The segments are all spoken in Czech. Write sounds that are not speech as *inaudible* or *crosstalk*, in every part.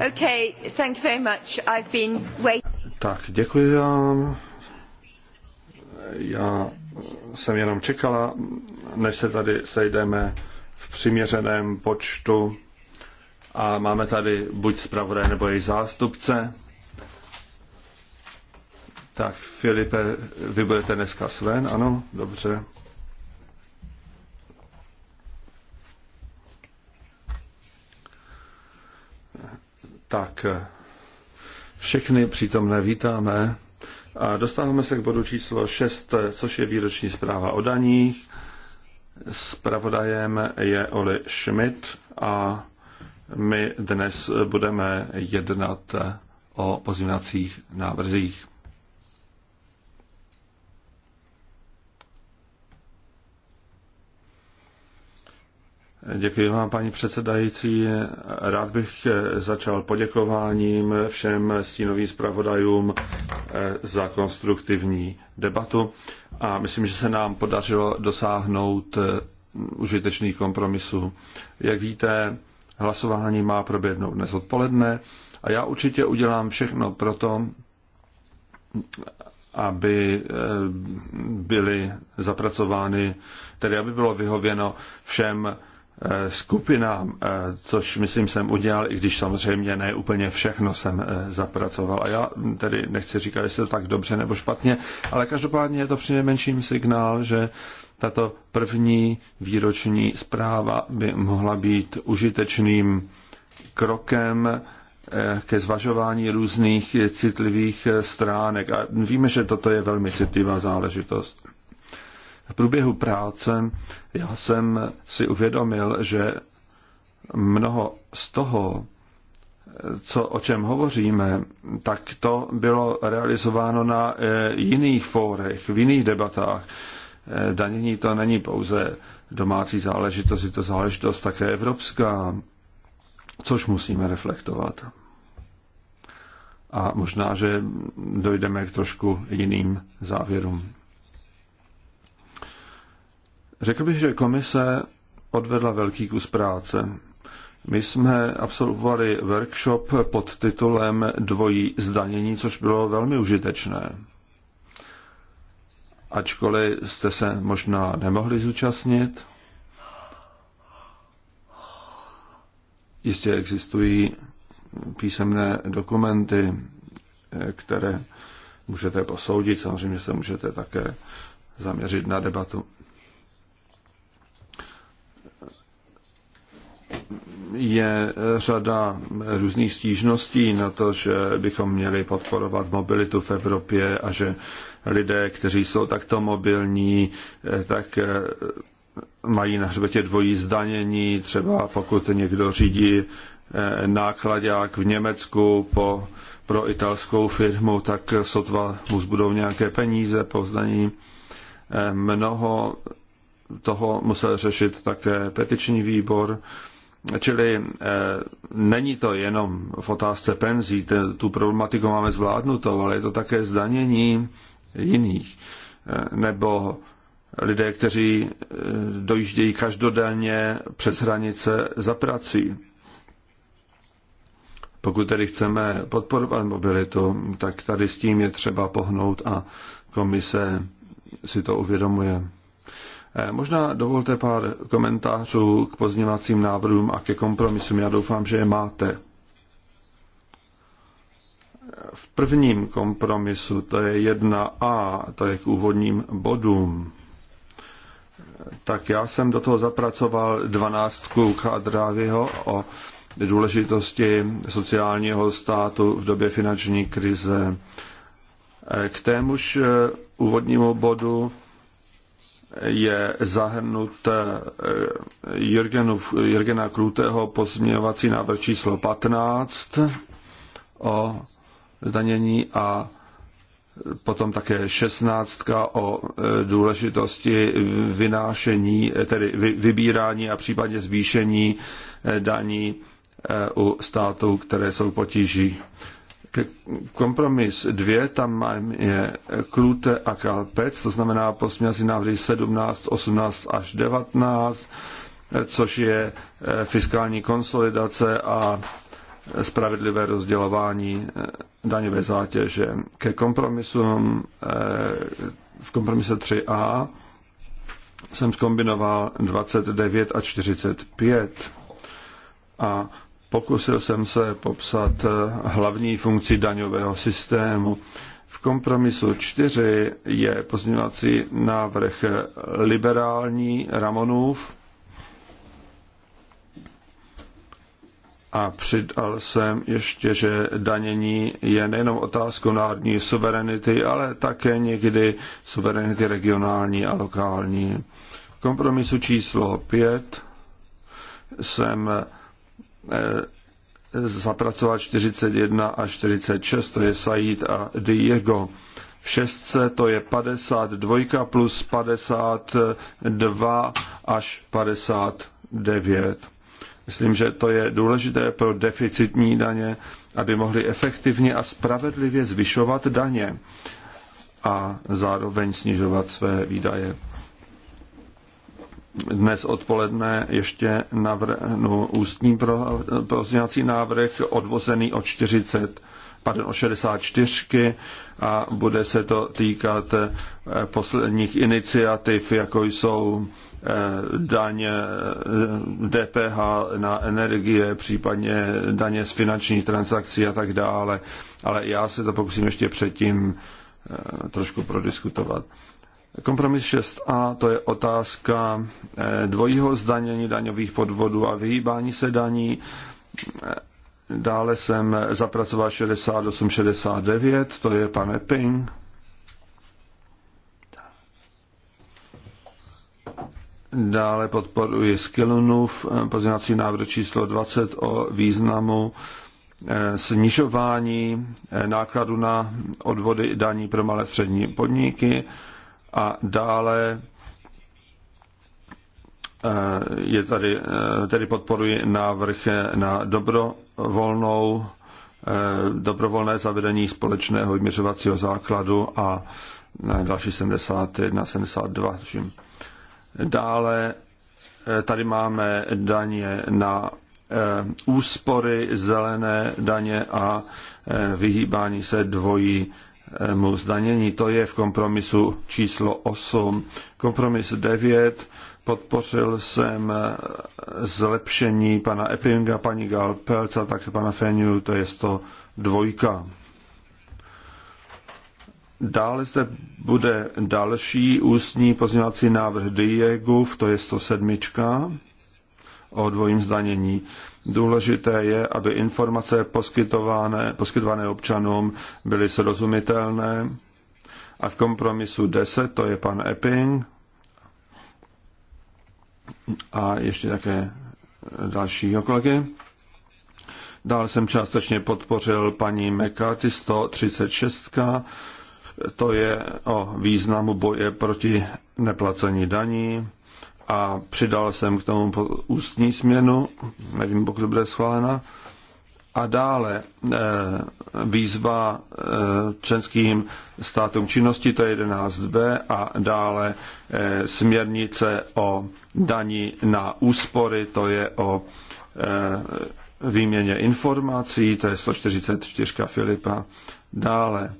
Okay, thank you very much. I've been waiting. Tak, děkuji vám. Já jsem jenom čekala, než se tady sejdeme v přiměřeném počtu a máme tady buď zpravodaj nebo její zástupce. Tak Filipe, vy budete dneska Sven, ano, dobře. Tak, všechny přítomné vítáme a dostáváme se k bodu číslo 6, což je výroční zpráva o daních. Spravodajem je Oli Schmidt a my dnes budeme jednat o pozměňovacích návrzích. Děkuji vám, paní předsedající. Rád bych začal poděkováním všem stínovým zpravodajům eh, za konstruktivní debatu a myslím, že se nám podařilo dosáhnout eh, užitečných kompromisů. Jak víte, hlasování má proběhnout dnes odpoledne a já určitě udělám všechno pro to, aby eh, byly zapracovány, tedy aby bylo vyhověno všem Eh, skupinám, eh, což myslím jsem udělal, i když samozřejmě ne úplně všechno jsem eh, zapracoval. A já tedy nechci říkat, jestli to tak dobře nebo špatně, ale každopádně je to přinejmenším signál, že tato první výroční zpráva by mohla být užitečným krokem ke zvažování různých citlivých stránek. A víme, že toto je velmi citlivá záležitost v průběhu práce já jsem si uvědomil, že mnoho z toho, co, o čem hovoříme, tak to bylo realizováno na eh, jiných fórech, v jiných debatách. Eh, danění to není pouze domácí záležitost, je to záležitost také evropská, což musíme reflektovat. A možná, že dojdeme k trošku jiným závěrům. Řekl bych, že komise odvedla velký kus práce. My jsme absolvovali workshop pod titulem Dvojí zdanění, což bylo velmi užitečné. Ačkoliv jste se možná nemohli zúčastnit, jistě existují písemné dokumenty, které můžete posoudit. Samozřejmě se můžete také zaměřit na debatu. je eh, řada eh, různých stížností na to, že bychom měli podporovat mobilitu v Evropě a že lidé, kteří jsou takto mobilní, eh, tak mají na hřbetě dvojí zdanění, třeba pokud někdo řídí nákladák v Německu po, pro italskou firmu, tak sotva mu zbudou nějaké peníze po zdanění. Mnoho toho musel řešit také petiční výbor Čili eh, není to jenom v otázce penzí, tu problematiku máme zvládnutou, ale je to také zdanění jiných. Eh, nebo lidé, kteří eh, dojíždějí každodenně přes hranice za prací. Pokud tedy chceme podporovat mobilitu, tak tady s tím je třeba pohnout a komise si to uvědomuje. Eh, možná dovolte pár komentářů k pozněvacím návrhům a ke kompromisům. Já doufám, že je máte. V prvním kompromisu, to je 1a, to je k úvodním bodům, tak já jsem do toho zapracoval dvanáctku Kadrávyho o důležitosti sociálního státu v době finanční krize. Eh, k témuž eh, úvodnímu bodu je zahrnut eh, Jirgena Krutého pozměňovací návrh číslo 15 o zdanění a potom také 16 o eh, důležitosti vynášení, eh, tedy vybírání a případně zvýšení daní u států, které jsou potíží kompromis 2, tam je Klute a Kalpec, to znamená posměnací návrhy 17, 18 až 19, což je eh, fiskální konsolidace a eh, spravedlivé rozdělování eh, daňové zátěže. Ke kompromisům v kompromise 3a jsem zkombinoval 29 a 45 a Pokusil jsem se popsat eh, hlavní funkci daňového systému. V kompromisu 4 je pozměňovací návrh liberální Ramonův a přidal jsem ještě, že danění je nejenom otázkou národní suverenity, ale také někdy suverenity regionální a lokální. V kompromisu číslo 5 jsem Eh, zapracovat 41 a 46, to je Said a Diego. V šestce to je 52 plus 52 až 59. Myslím, že to je důležité pro deficitní daně, aby mohli efektivně a spravedlivě zvyšovat daně a zároveň snižovat své výdaje. Dnes odpoledne ještě navrhnu ústní pozměňovací návrh odvozený od 40 pardon, o 64 a bude se to týkat eh, posledních iniciativ, jako jsou eh, daně DPH eh, na energie, případně daně z finančních transakcí a tak dále. Ale já se to pokusím ještě předtím trošku prodiskutovat. Kompromis 6a, to je otázka eh, dvojího zdanění daňových podvodů a vyhýbání se daní. Eh, dále jsem zapracoval 6869, to je pane Ping. Dále podporuji Skillnův eh, pozměňovací návrh číslo 20 o významu snižování nákladu na odvody daní pro malé střední podniky a dále eh, je tady, eh, tedy podporuji návrh na dobrovolnou, eh, dobrovolné zavedení společného vyměřovacího základu a další 71, 72. Dále tady máme daně na úspory, zelené daně a vyhýbání se dvojí mu zdanění. To je v kompromisu číslo 8. Kompromis 9 podpořil jsem zlepšení pana Eppinga, paní Galpelc a také pana Feniu, to je to dvojka. Dále zde bude další ústní pozměňovací návrh Diegův, to je to sedmička o dvojím zdanění. Důležité je, aby informace poskytované, poskytované občanům byly srozumitelné. A v kompromisu 10 to je pan Epping a ještě také dalšího kolegy. Dále jsem částečně podpořil paní McCarthy 136, to je o významu boje proti neplacení daní a přidal jsem k tomu ústní směnu, nevím, pokud bude schválena. A dále eh, výzva eh, členským státům činnosti, to je 11b, a dále eh, směrnice o daní na úspory, to je o výměně informací, to je 144 Filipa. Dále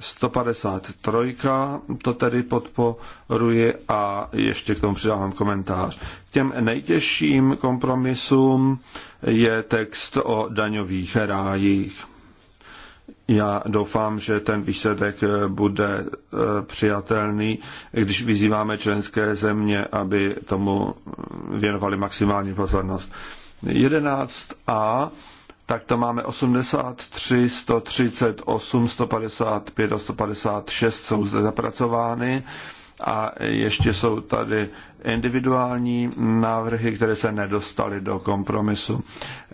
153, to tedy podporuji a ještě k tomu přidávám komentář. K těm nejtěžším kompromisům je text o daňových rájích. Já doufám, že ten výsledek bude e, přijatelný, když vyzýváme členské země, aby tomu věnovali maximální pozornost. 11a tak tam máme 83, 138, 155 a 156 jsou zde zapracovány a ještě jsou tady individuální návrhy, které se nedostaly do kompromisu.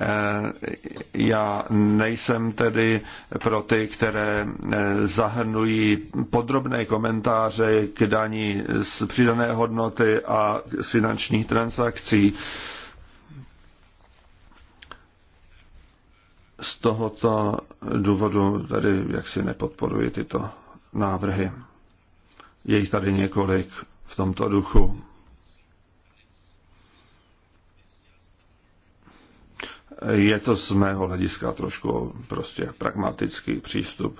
Eh, já nejsem tedy pro ty, které eh, zahrnují podrobné komentáře k daní z přidané hodnoty a z finančních transakcí Z tohoto důvodu tady jaksi nepodporuji tyto návrhy. Je jich tady několik v tomto duchu. Je to z mého hlediska trošku prostě pragmatický přístup.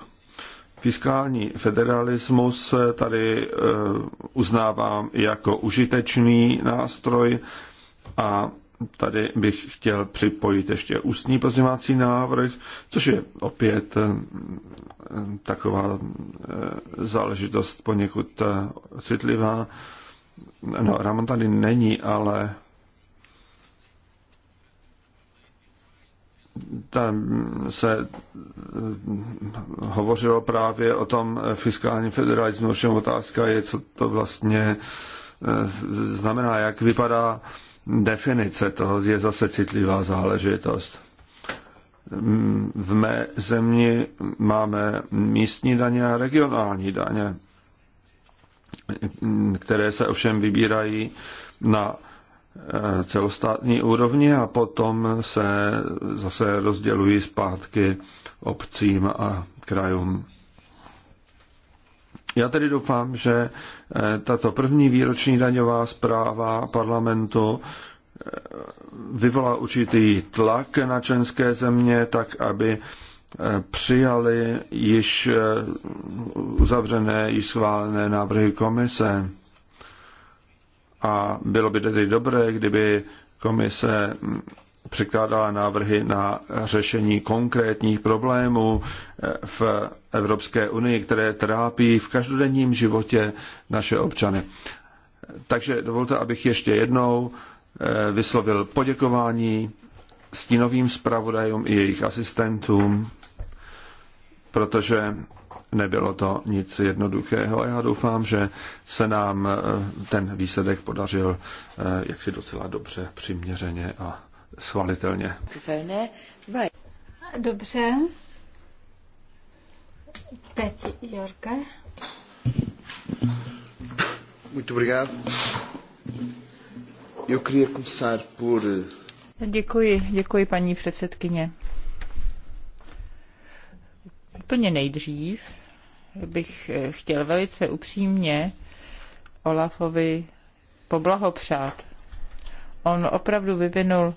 Fiskální federalismus tady e, uznávám jako užitečný nástroj a tady bych chtěl připojit ještě ústní pozměňovací návrh, což je opět eh, taková eh, záležitost poněkud eh, citlivá. No, Ramon tady není, ale tam se hovořilo právě o tom fiskálním federalismu, všem otázka je, co to vlastně znamená, jak vypadá definice toho je zase citlivá záležitost. V mé zemi máme místní daně a regionální daně, které se ovšem vybírají na eh, celostátní úrovni a potom se zase rozdělují zpátky obcím a krajům. Já tedy doufám, že eh, tato první výroční daňová zpráva parlamentu eh, vyvolá určitý tlak na členské země, tak aby eh, přijali již uzavřené, již schválené návrhy komise. A bylo by tedy dobré, kdyby komise hm, překládala návrhy na řešení konkrétních problémů v Evropské unii, které trápí v každodenním životě naše občany. Takže dovolte, abych ještě jednou eh, vyslovil poděkování stínovým zpravodajům i jejich asistentům, protože nebylo to nic jednoduchého. Já doufám, že se nám eh, ten výsledek podařil eh, jaksi docela dobře, přiměřeně a svalitelně. Dobře, Teď Jorka. Muito obrigado. Eu queria começar por... Eh, děkuji, děkuji paní předsedkyně. Úplně nejdřív bych eh, chtěl velice upřímně Olafovi poblahopřát. On opravdu vyvinul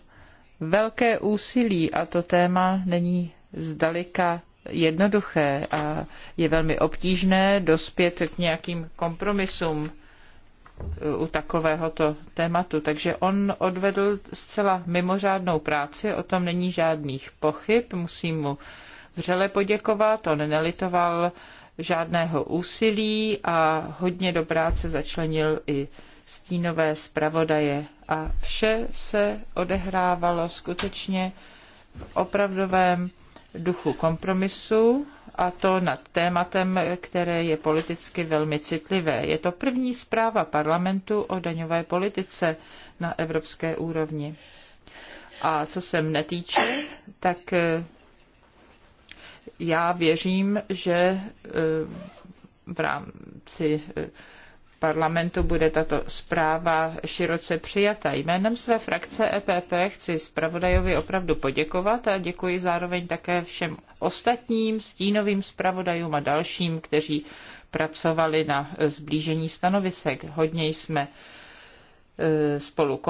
velké úsilí a to téma není zdaleka jednoduché a je velmi obtížné dospět k nějakým kompromisům uh, u takovéhoto tématu. Takže on odvedl zcela mimořádnou práci, o tom není žádných pochyb, musím mu vřele poděkovat, on nelitoval žádného úsilí a hodně do práce začlenil i stínové zpravodaje. A vše se odehrávalo skutečně v opravdovém duchu kompromisu a to nad tématem, které je politicky velmi citlivé. Je to první zpráva parlamentu o daňové politice na evropské úrovni. A co se mne týče, tak eh, já věřím, že eh, v rámci eh, parlamentu bude tato zpráva široce přijata. Jménem své frakce EPP chci zpravodajovi opravdu poděkovat a děkuji zároveň také všem ostatním stínovým zpravodajům a dalším, kteří pracovali na zblížení stanovisek. Hodně jsme Eh, spolu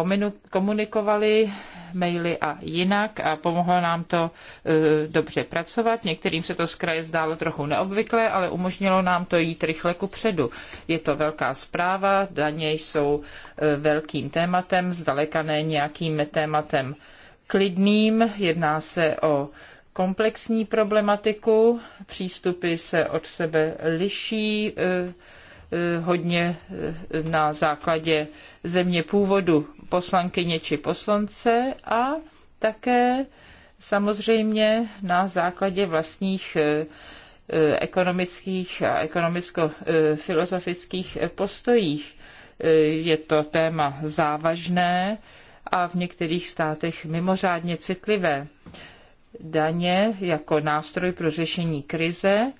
komunikovali, maily a jinak a pomohlo nám to eh, dobře pracovat. Některým se to z kraje zdálo trochu neobvyklé, ale umožnilo nám to jít rychle ku předu. Je to velká zpráva, daně jsou eh, velkým tématem, zdaleka ne nějakým tématem klidným, jedná se o komplexní problematiku, přístupy se od sebe liší, Eh, hodně eh, na základě země původu poslankyně či poslance a také samozřejmě na základě vlastních eh, ekonomických a ekonomicko-filozofických postojích. Je to téma závažné a v některých státech mimořádně citlivé. Daně jako nástroj pro řešení krize,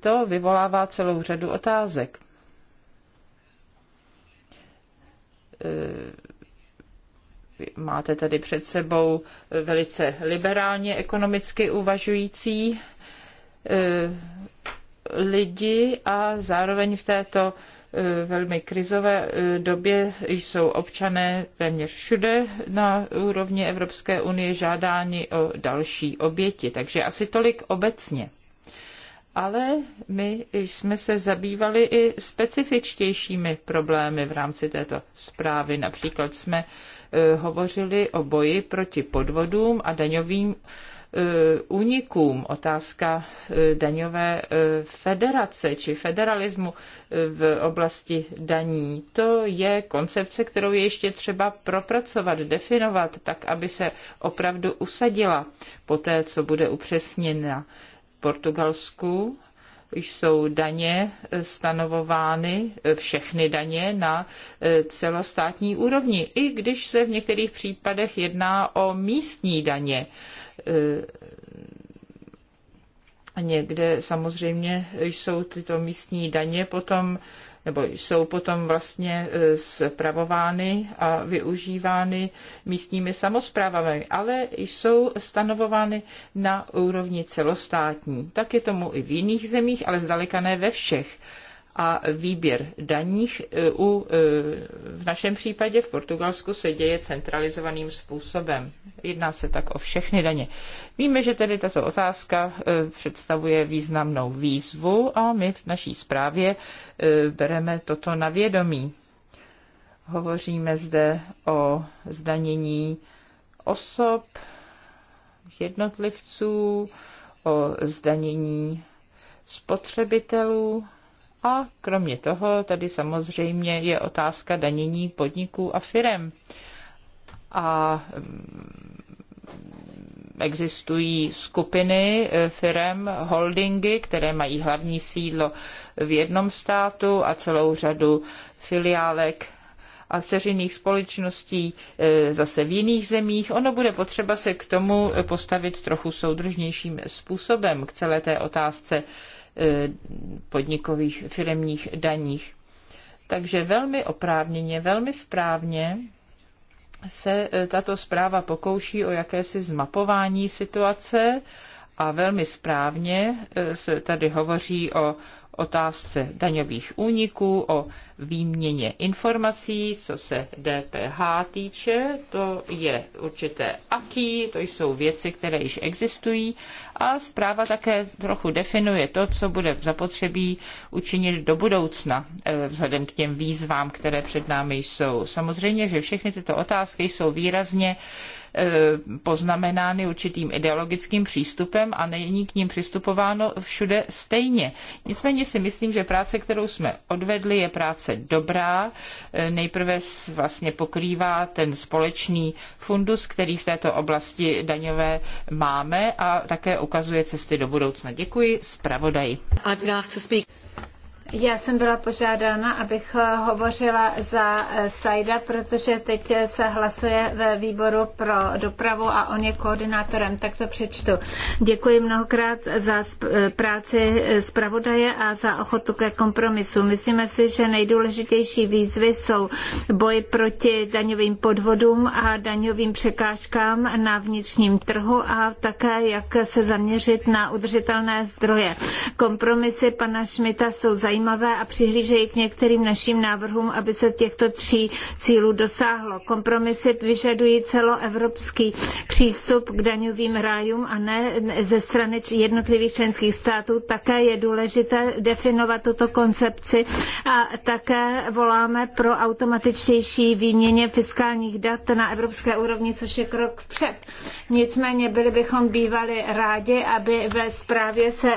to vyvolává celou řadu otázek. Eh, máte tady před sebou velice liberálně ekonomicky uvažující eh, lidi a zároveň v této eh, velmi krizové době jsou občané téměř všude na úrovni Evropské unie žádáni o další oběti. Takže asi tolik obecně ale my jsme se zabývali i specifičtějšími problémy v rámci této zprávy. Například jsme e, hovořili o boji proti podvodům a daňovým e, únikům, otázka e, daňové federace či federalismu v oblasti daní. To je koncepce, kterou je ještě třeba propracovat, definovat tak, aby se opravdu usadila po té, co bude upřesněna. Portugalsku jsou daně stanovovány, všechny daně na e, celostátní úrovni, i když se v některých případech jedná o místní daně. E, někde samozřejmě jsou tyto místní daně potom nebo jsou potom vlastně e, zpravovány a využívány místními samozprávami, ale jsou stanovovány na úrovni celostátní. Tak je tomu i v jiných zemích, ale zdaleka ne ve všech a výběr daních e, u, e, v našem případě v Portugalsku se děje centralizovaným způsobem. Jedná se tak o všechny daně. Víme, že tedy tato otázka e, představuje významnou výzvu a my v naší zprávě bereme toto na vědomí. Hovoříme zde o zdanění osob, jednotlivců, o zdanění spotřebitelů, a kromě toho tady samozřejmě je otázka danění podniků a firem. A mm, existují skupiny eh, firem, holdingy, které mají hlavní sídlo v jednom státu a celou řadu filiálek a ceřinných společností eh, zase v jiných zemích. Ono bude potřeba se k tomu postavit trochu soudržnějším způsobem k celé té otázce E, podnikových firemních daních. Takže velmi oprávněně, velmi správně se e, tato zpráva pokouší o jakési zmapování situace a velmi správně e, se tady hovoří o otázce daňových úniků, o výměně informací, co se DPH týče, to je určité aký, to jsou věci, které již existují a zpráva také trochu definuje to, co bude zapotřebí učinit do budoucna eh, vzhledem k těm výzvám, které před námi jsou. Samozřejmě, že všechny tyto otázky jsou výrazně Eh, poznamenány určitým ideologickým přístupem a není k ním přistupováno všude stejně. Nicméně si myslím, že práce, kterou jsme odvedli, je práce dobrá. Eh, nejprve vlastně pokrývá ten společný fundus, který v této oblasti daňové máme a také ukazuje cesty do budoucna. Děkuji zpravodaji. Já jsem byla požádána, abych eh, hovořila za eh, Sajda, protože teď eh, se hlasuje ve výboru pro dopravu a on je koordinátorem, tak to přečtu. Děkuji mnohokrát za práci zpravodaje a za ochotu ke kompromisu. Myslíme si, že nejdůležitější výzvy jsou boj proti daňovým podvodům a daňovým překážkám na vnitřním trhu a také, jak se zaměřit na udržitelné zdroje. Kompromisy pana Šmita jsou zajímavé zajímavé a přihlížejí k některým našim návrhům, aby se těchto tří cílů dosáhlo. Kompromisy vyžadují celoevropský přístup k daňovým rájům a ne ze strany jednotlivých členských států. Také je důležité definovat tuto koncepci a také voláme pro automatičtější výměně fiskálních dat na evropské úrovni, což je krok vpřed. Nicméně byli bychom bývali rádi, aby ve zprávě se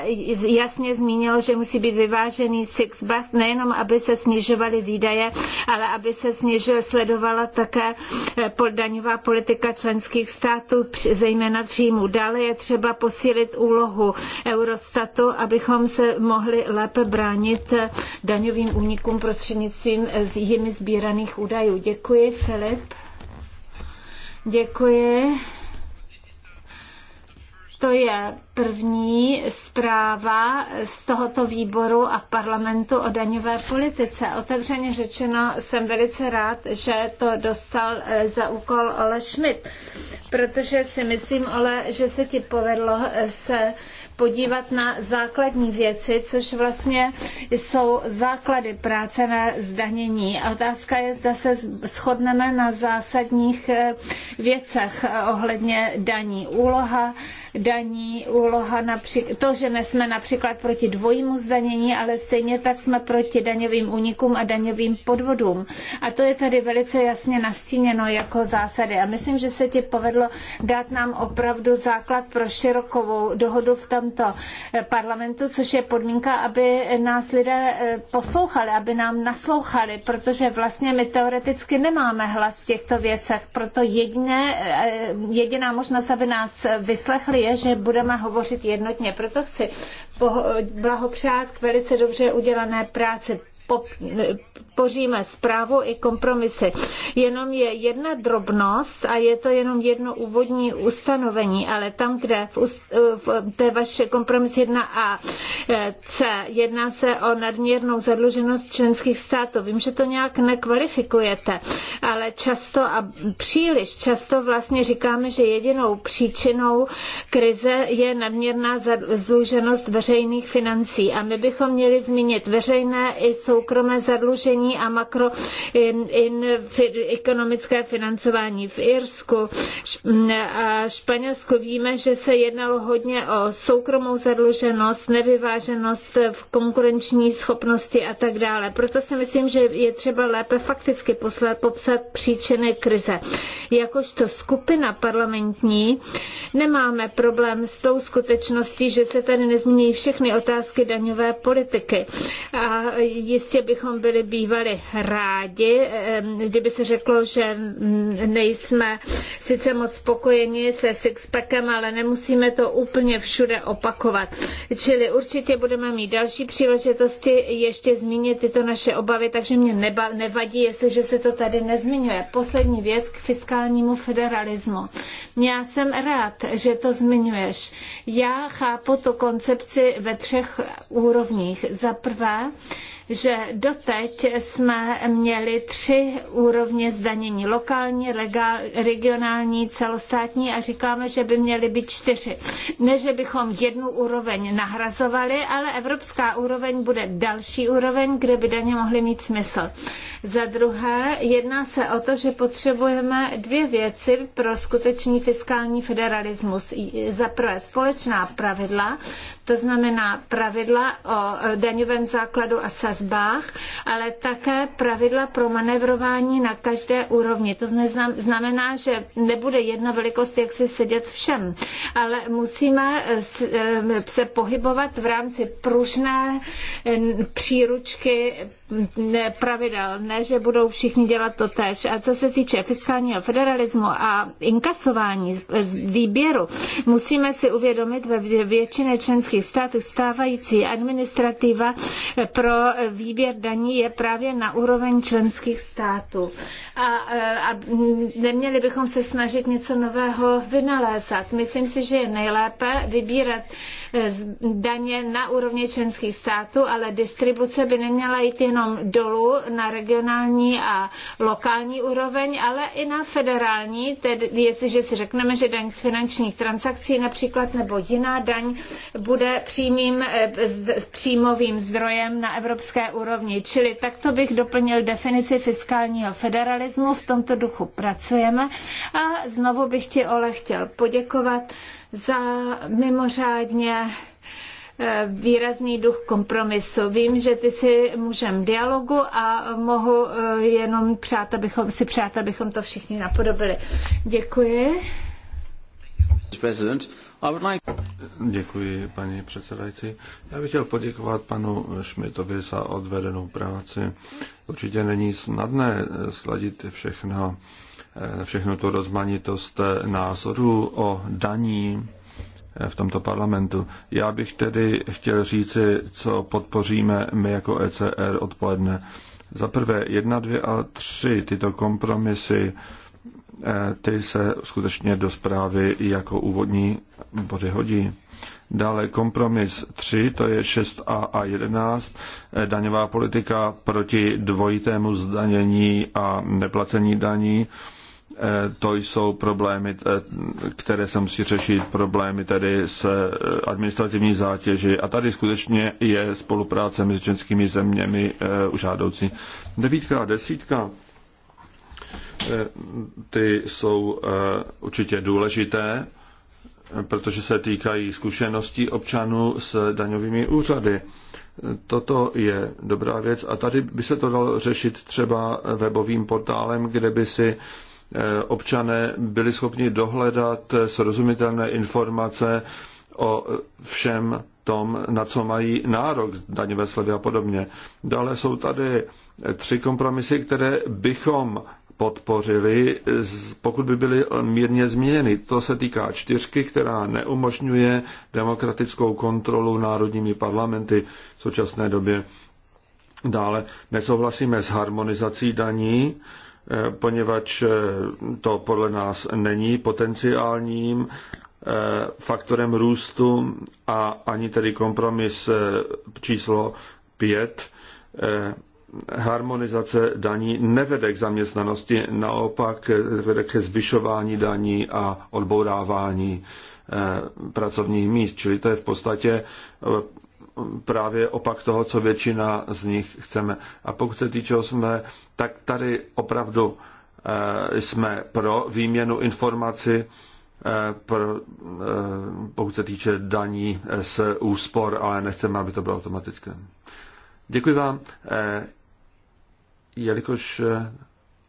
jasně zmínilo, že musí být vyvážený Sixpack, nejenom aby se snižovaly výdaje, ale aby se snižil, sledovala také eh, daňová politika členských států, zejména příjmů. Dále je třeba posílit úlohu Eurostatu, abychom se mohli lépe bránit eh, daňovým únikům prostřednictvím z eh, jimi sbíraných údajů. Děkuji, Filip. Děkuji. To je první zpráva z tohoto výboru a parlamentu o daňové politice. Otevřeně řečeno jsem velice rád, že to dostal eh, za úkol Ole Schmidt, protože si myslím, Ole, že se ti povedlo eh, se podívat na základní věci, což vlastně jsou základy práce na zdanění. Otázka je, zda se shodneme na zásadních eh, věcech eh, ohledně daní. Úloha daní, úloha například, to, že jsme například proti dvojímu zdanění, ale stejně tak jsme proti daňovým únikům a daňovým podvodům. A to je tady velice jasně nastíněno jako zásady. A myslím, že se ti povedlo dát nám opravdu základ pro širokovou dohodu v tom tomto parlamentu, což je podmínka, aby nás lidé eh, poslouchali, aby nám naslouchali, protože vlastně my teoreticky nemáme hlas v těchto věcech, proto jediné, eh, jediná možnost, aby nás vyslechli, je, že budeme hovořit jednotně. Proto chci blahopřát k velice dobře udělané práci poříme zprávu i kompromisy. Jenom je jedna drobnost a je to jenom jedno úvodní ustanovení, ale tam, kde v, eh, v té vaše kompromis 1a eh, C jedná se o nadměrnou zadluženost členských států. Vím, že to nějak nekvalifikujete, ale často a příliš často vlastně říkáme, že jedinou příčinou krize je nadměrná zadluženost veřejných financí a my bychom měli zmínit veřejné i sou soukromé zadlužení a makroekonomické financování v Irsku a Španělsku. Víme, že se jednalo hodně o soukromou zadluženost, nevyváženost v konkurenční schopnosti a tak dále. Proto si myslím, že je třeba lépe fakticky popsat příčiny krize. Jakožto skupina parlamentní nemáme problém s tou skutečností, že se tady nezmění všechny otázky daňové politiky. A jist Jistě bychom byli bývali rádi, kdyby se řeklo, že nejsme sice moc spokojeni se sixpackem, ale nemusíme to úplně všude opakovat. Čili určitě budeme mít další příležitosti ještě zmínit tyto naše obavy, takže mě neba, nevadí, jestliže se to tady nezmiňuje. Poslední věc k fiskálnímu federalismu. Já jsem rád, že to zmiňuješ. Já chápu tu koncepci ve třech úrovních. Za prvé, že doteď jsme měli tři úrovně zdanění. Lokální, legál, regionální, celostátní a říkáme, že by měly být čtyři. Ne, že bychom jednu úroveň nahrazovali, ale evropská úroveň bude další úroveň, kde by daně mohly mít smysl. Za druhé, jedná se o to, že potřebujeme dvě věci pro skutečný fiskální federalismus. Za prvé společná pravidla, to znamená pravidla o daňovém základu a sazbě vazbách, ale také pravidla pro manevrování na každé úrovni. To znamená, že nebude jedna velikost, jak si sedět všem, ale musíme eh, se pohybovat v rámci pružné eh, příručky pravidel, ne, že budou všichni dělat to tež. A co se týče fiskálního federalismu a inkasování z výběru, musíme si uvědomit, že většině členských států stávající administrativa pro eh, výběr daní je právě na úroveň členských států. A, e, a neměli bychom se snažit něco nového vynalézat. Myslím si, že je nejlépe vybírat e, daně na úrovni členských států, ale distribuce by neměla jít jenom dolů na regionální a lokální úroveň, ale i na federální, tedy jestliže si řekneme, že daň z finančních transakcí například nebo jiná daň bude přímým e, příjmovým zdrojem na evropské evropské úrovni. Čili takto bych doplnil definici fiskálního federalismu, v tomto duchu pracujeme a znovu bych ti, Ole, chtěl poděkovat za mimořádně eh, výrazný duch kompromisu. Vím, že ty si mužem dialogu a mohu eh, jenom přát, abychom, si přát, abychom to všichni napodobili. Děkuji. President, Děkuji, paní předsedající. Já bych chtěl poděkovat panu Šmitovi za odvedenou práci. Určitě není snadné sladit všechno, eh, všechno tu rozmanitost eh, názorů o daní eh, v tomto parlamentu. Já bych tedy chtěl říci, co podpoříme my jako ECR odpoledne. Za prvé jedna, dvě a tři tyto kompromisy Eh, ty se skutečně do zprávy jako úvodní body hodí. Dále kompromis 3, to je 6a a 11, eh, daňová politika proti dvojitému zdanění a neplacení daní. Eh, to jsou problémy, které se musí řešit, problémy tedy s administrativní zátěží. A tady skutečně je spolupráce mezi českými zeměmi užádoucí. Devítka a desítka ty jsou eh, určitě důležité, protože se týkají zkušeností občanů s daňovými úřady. Toto je dobrá věc a tady by se to dalo řešit třeba webovým portálem, kde by si eh, občané byli schopni dohledat srozumitelné informace o všem tom, na co mají nárok, daňové slevy a podobně. Dále jsou tady tři kompromisy, které bychom podpořili, pokud by byly mírně změněny. To se týká čtyřky, která neumožňuje demokratickou kontrolu národními parlamenty v současné době. Dále nesouhlasíme s harmonizací daní, e, poněvadž e, to podle nás není potenciálním e, faktorem růstu a ani tedy kompromis číslo pět harmonizace daní nevede k zaměstnanosti, naopak vede ke zvyšování daní a odbourávání eh, pracovních míst. Čili to je v podstatě eh, právě opak toho, co většina z nich chceme. A pokud se týče osmé, tak tady opravdu eh, jsme pro výměnu informací, pro, pokud se týče daní z úspor, ale nechceme, aby to bylo automatické. Děkuji vám. Jelikož eh,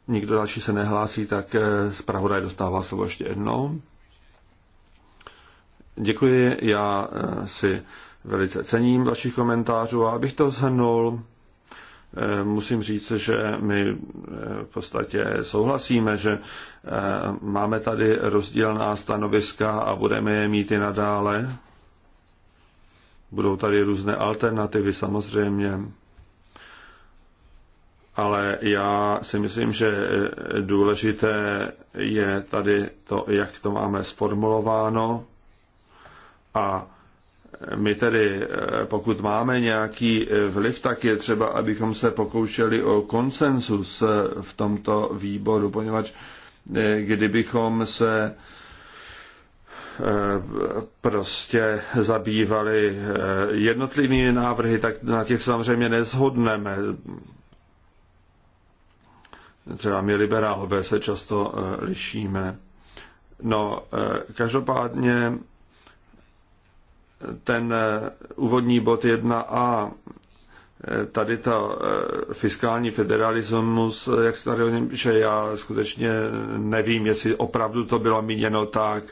nikdo další se nehlásí, tak eh, zpravodaj dostává slovo ještě jednou. Děkuji, já eh, si velice cením vašich komentářů a abych to zhrnul, musím říct, že my v podstatě souhlasíme, že máme tady rozdílná stanoviska a budeme je mít i nadále. Budou tady různé alternativy samozřejmě ale já si myslím, že důležité je tady to, jak to máme sformulováno. A my tedy, pokud máme nějaký vliv, tak je třeba, abychom se pokoušeli o konsensus v tomto výboru, poněvadž eh, kdybychom se eh, prostě zabývali eh, jednotlivými návrhy, tak na těch samozřejmě nezhodneme. Třeba my liberálové se často eh, lišíme. No, eh, každopádně eh, ten úvodní bod 1a, tady ta fiskální federalismus, jak se tady o něm píše, já skutečně nevím, jestli opravdu to bylo míněno tak,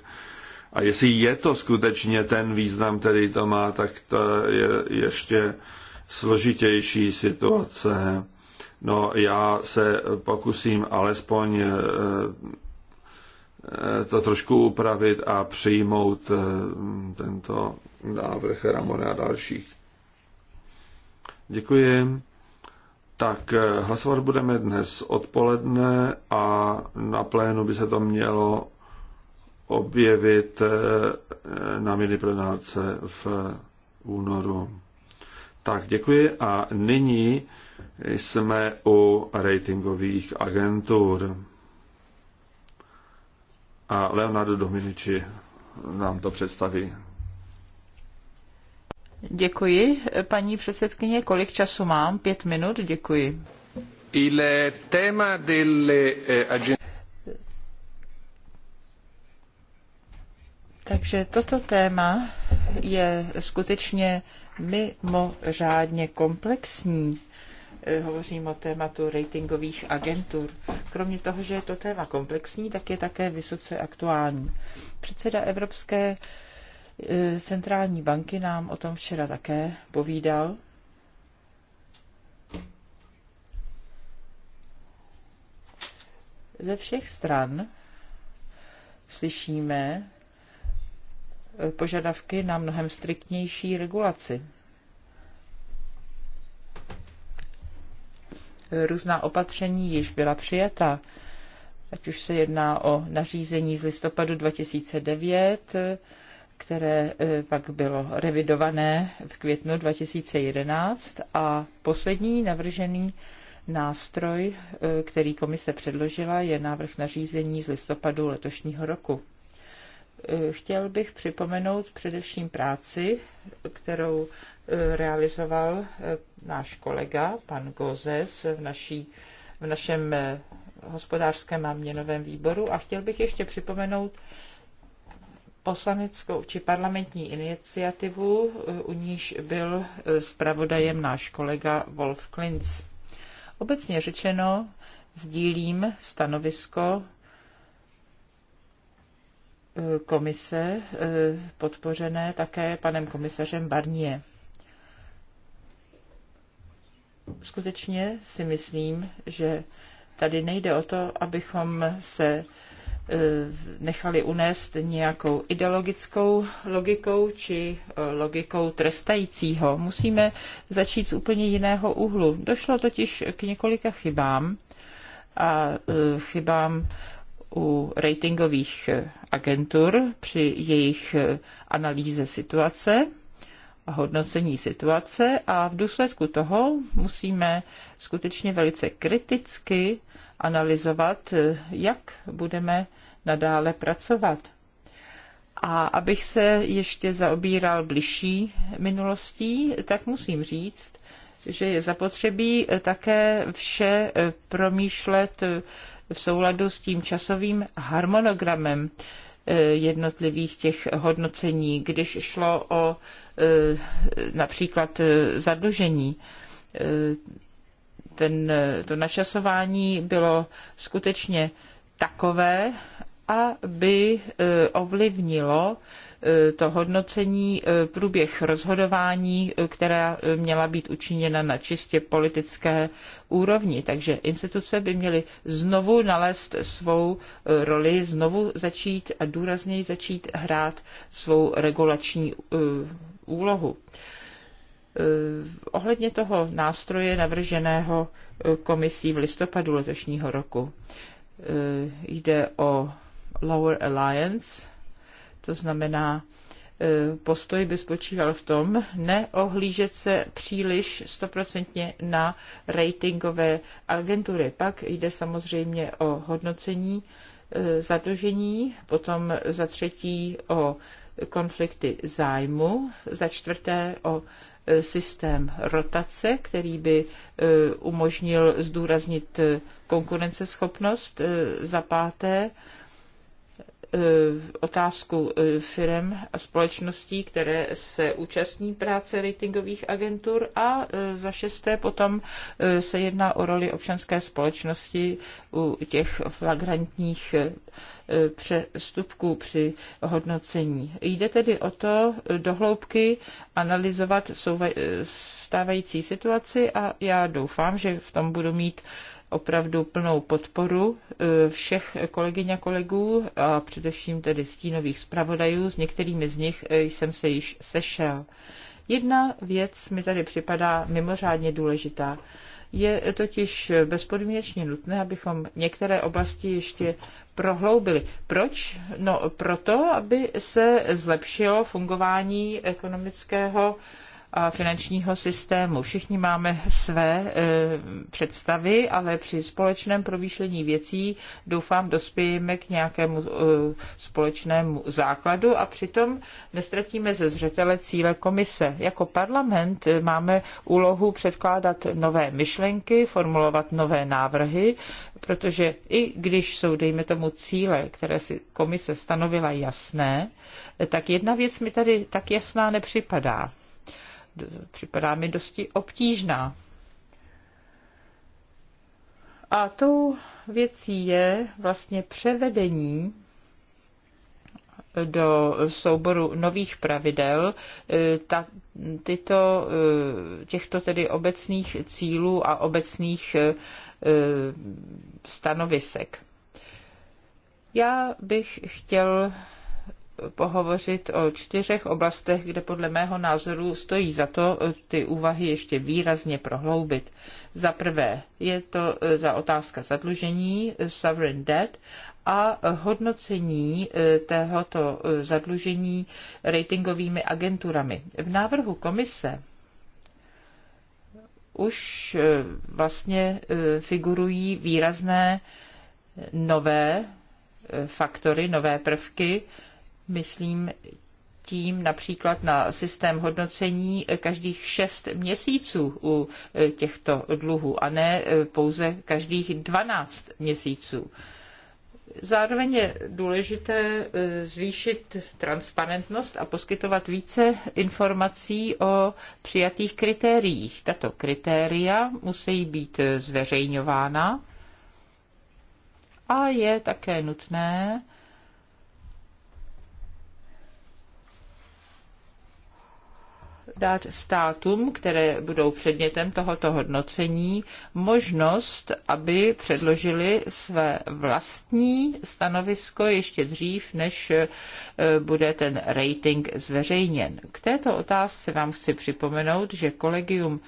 a jestli je to skutečně ten význam, který to má, tak to je ještě složitější situace. No, já se pokusím alespoň eh, eh, to trošku upravit a přijmout eh, tento návrh Ramona a dalších. Děkuji. Tak hlasovat budeme dnes odpoledne a na plénu by se to mělo objevit na miniplenárce v únoru. Tak děkuji a nyní jsme u ratingových agentur. A Leonardo Dominici nám to představí. Děkuji, paní předsedkyně. Kolik času mám? Pět minut, děkuji. Il tema delle eh, agen... Takže toto téma je skutečně mimořádně komplexní Hovořím o tématu ratingových agentur. Kromě toho, že je to téma komplexní, tak je také vysoce aktuální. Předseda Evropské e, centrální banky nám o tom včera také povídal. Ze všech stran slyšíme e, požadavky na mnohem striktnější regulaci. různá opatření již byla přijata. Ať už se jedná o nařízení z listopadu 2009, které eh, pak bylo revidované v květnu 2011 a poslední navržený nástroj, eh, který komise předložila, je návrh nařízení z listopadu letošního roku. Eh, chtěl bych připomenout především práci, kterou realizoval eh, náš kolega, pan Gozes, v, naší, v našem eh, hospodářském a měnovém výboru. A chtěl bych ještě připomenout poslaneckou či parlamentní iniciativu, eh, u níž byl zpravodajem náš kolega Wolf Klinz. Obecně řečeno, sdílím stanovisko komise, podpořené také panem komisařem Barnier skutečně si myslím, že tady nejde o to, abychom se e, nechali unést nějakou ideologickou logikou či e, logikou trestajícího. Musíme začít z úplně jiného úhlu. Došlo totiž k několika chybám a e, chybám u ratingových agentur při jejich analýze situace hodnocení situace a v důsledku toho musíme skutečně velice kriticky analyzovat, jak budeme nadále pracovat. A abych se ještě zaobíral bližší minulostí, tak musím říct, že je zapotřebí také vše eh, promýšlet eh, v souladu s tím časovým harmonogramem. Eh, jednotlivých těch hodnocení, když šlo o eh, například eh, zadlužení. Ten, to načasování bylo skutečně takové, aby ovlivnilo to hodnocení, e, průběh rozhodování, e, která e, měla být učiněna na čistě politické úrovni. Takže instituce by měly znovu nalézt svou roli, znovu začít a důrazněji začít hrát svou regulační úlohu ohledně toho nástroje navrženého komisí v listopadu letošního roku. Jde o Lower Alliance, to znamená, e, postoj by spočíval v tom, neohlížet se příliš stoprocentně na ratingové agentury. Pak jde samozřejmě o hodnocení e, zadlužení, potom za třetí o konflikty zájmu, za čtvrté o e, systém rotace, který by umožnil zdůraznit konkurenceschopnost, za páté E, otázku e, firm a společností, které se účastní práce ratingových agentur a e, za šesté potom se jedná o roli občanské společnosti u těch flagrantních přestupků při hodnocení. Jde tedy o to dohloubky analyzovat stávající situaci a já doufám, že v tom budu mít opravdu plnou podporu e, všech kolegyň a kolegů a především tedy stínových zpravodajů. S některými z nich e, jsem se již sešel. Jedna věc mi tady připadá mimořádně důležitá. Je totiž bezpodmínečně nutné, abychom některé oblasti ještě prohloubili. Proč? No proto, aby se zlepšilo fungování ekonomického a finančního systému. Všichni máme své e, představy, ale při společném promýšlení věcí doufám dospějeme k nějakému e, společnému základu a přitom nestratíme ze zřetele cíle komise. Jako parlament e, máme úlohu předkládat nové myšlenky, formulovat nové návrhy, protože i když jsou, dejme tomu, cíle, které si komise stanovila jasné, tak jedna věc mi tady tak jasná nepřipadá připadá mi dosti obtížná. A tou věcí je vlastně převedení do souboru nových pravidel eh, ta, tyto, eh, těchto tedy obecných cílů a obecných eh, stanovisek. Já bych chtěl pohovořit o čtyřech oblastech, kde podle mého názoru stojí za to eh, ty úvahy ještě výrazně prohloubit. Za prvé je to eh, za otázka zadlužení, eh, sovereign debt, a hodnocení tohoto zadlužení ratingovými agenturami. V návrhu komise už vlastně figurují výrazné nové faktory, nové prvky, Myslím tím například na systém hodnocení každých šest měsíců u e, těchto dluhů a ne e, pouze každých dvanáct měsíců. Zároveň je důležité e, zvýšit transparentnost a poskytovat více informací o přijatých kritériích. Tato kritéria musí být zveřejňována a je také nutné dát státům, které budou předmětem tohoto hodnocení, možnost, aby předložili své vlastní stanovisko ještě dřív, než eh, bude ten rating zveřejněn. K této otázce vám chci připomenout, že kolegium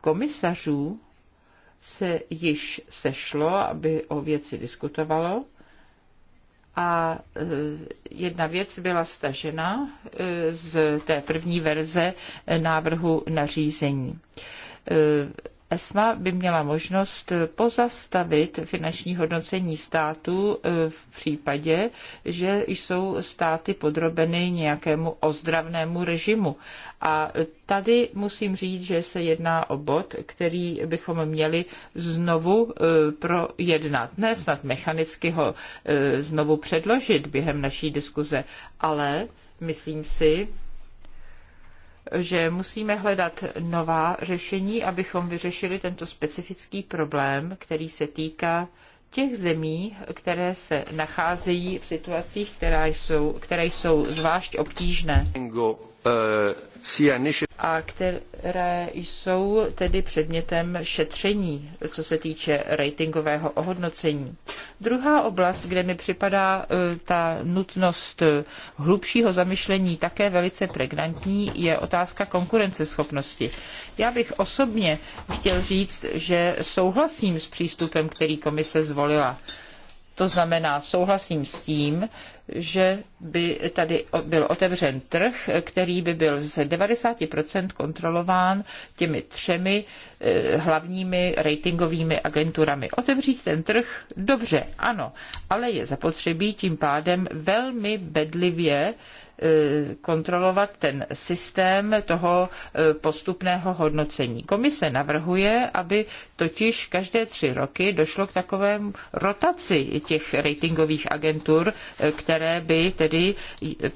komisařů se již sešlo, aby o věci diskutovalo a e, jedna věc byla stažena e, z té první verze e, návrhu nařízení ESMA by měla možnost pozastavit finanční hodnocení států e, v případě, že jsou státy podrobeny nějakému ozdravnému režimu. A tady musím říct, že se jedná o bod, který bychom měli znovu e, projednat. Ne snad mechanicky ho e, znovu předložit během naší diskuze, ale myslím si, že musíme hledat nová řešení, abychom vyřešili tento specifický problém, který se týká těch zemí, které se nacházejí v situacích, které jsou, které jsou zvlášť obtížné. Uh, a které jsou tedy předmětem šetření, co se týče ratingového ohodnocení. Druhá oblast, kde mi připadá uh, ta nutnost hlubšího zamyšlení také velice pregnantní, je otázka konkurenceschopnosti. Já bych osobně chtěl říct, že souhlasím s přístupem, který komise zvolila. To znamená, souhlasím s tím, že by tady byl otevřen trh, který by byl z 90% kontrolován těmi třemi eh, hlavními ratingovými agenturami. Otevřít ten trh, dobře, ano, ale je zapotřebí tím pádem velmi bedlivě Eh, kontrolovat ten systém toho eh, postupného hodnocení. Komise navrhuje, aby totiž každé tři roky došlo k takové rotaci těch ratingových agentur, eh, které by tedy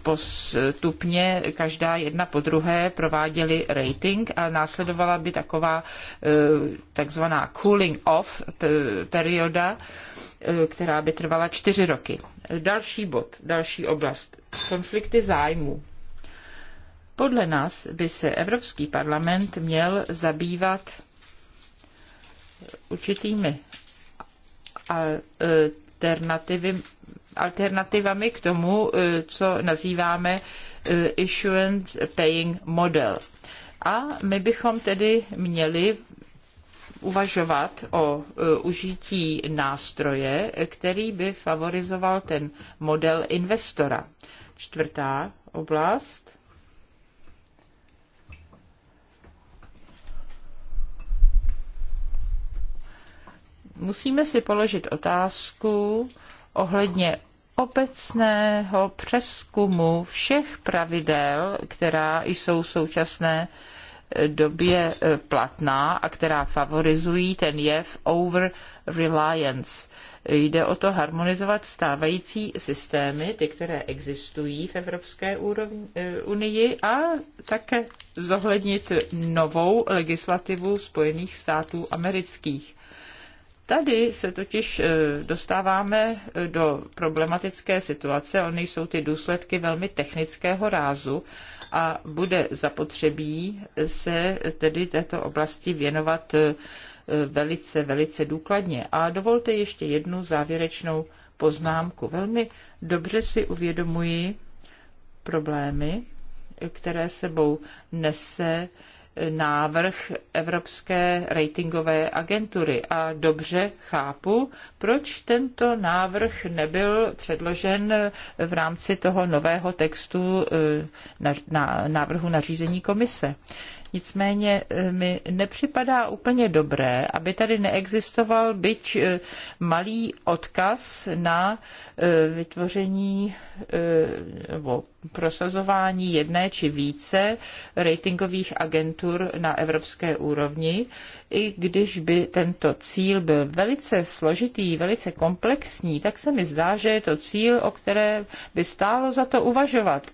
postupně každá jedna po druhé prováděly rating a následovala by taková takzvaná cooling off perioda, která by trvala čtyři roky. Další bod, další oblast konflikty zájmů. Podle nás by se Evropský parlament měl zabývat určitými alternativy, e, alternativami k tomu, e, co nazýváme e, issuance paying model. A my bychom tedy měli uvažovat o užití nástroje, který by favorizoval ten model investora. Čtvrtá oblast. Musíme si položit otázku ohledně obecného přeskumu všech pravidel, která jsou v současné eh, době eh, platná a která favorizují ten jev over reliance Jde o to harmonizovat stávající systémy, ty, které existují v Evropské úrovni, eh, unii a také zohlednit novou legislativu Spojených států amerických. Tady se totiž eh, dostáváme eh, do problematické situace, ony jsou ty důsledky velmi technického rázu a bude zapotřebí se tedy této oblasti věnovat velice, velice důkladně. A dovolte ještě jednu závěrečnou poznámku. Velmi dobře si uvědomuji problémy, které sebou nese eh, návrh Evropské ratingové agentury a dobře chápu, proč tento návrh nebyl předložen eh, v rámci toho nového textu eh, na návrhu nařízení komise. Nicméně e, mi nepřipadá úplně dobré, aby tady neexistoval byť e, malý odkaz na e, vytvoření nebo prosazování jedné či více ratingových agentur na evropské úrovni, i když by tento cíl byl velice složitý, velice komplexní, tak se mi zdá, že je to cíl, o které by stálo za to uvažovat.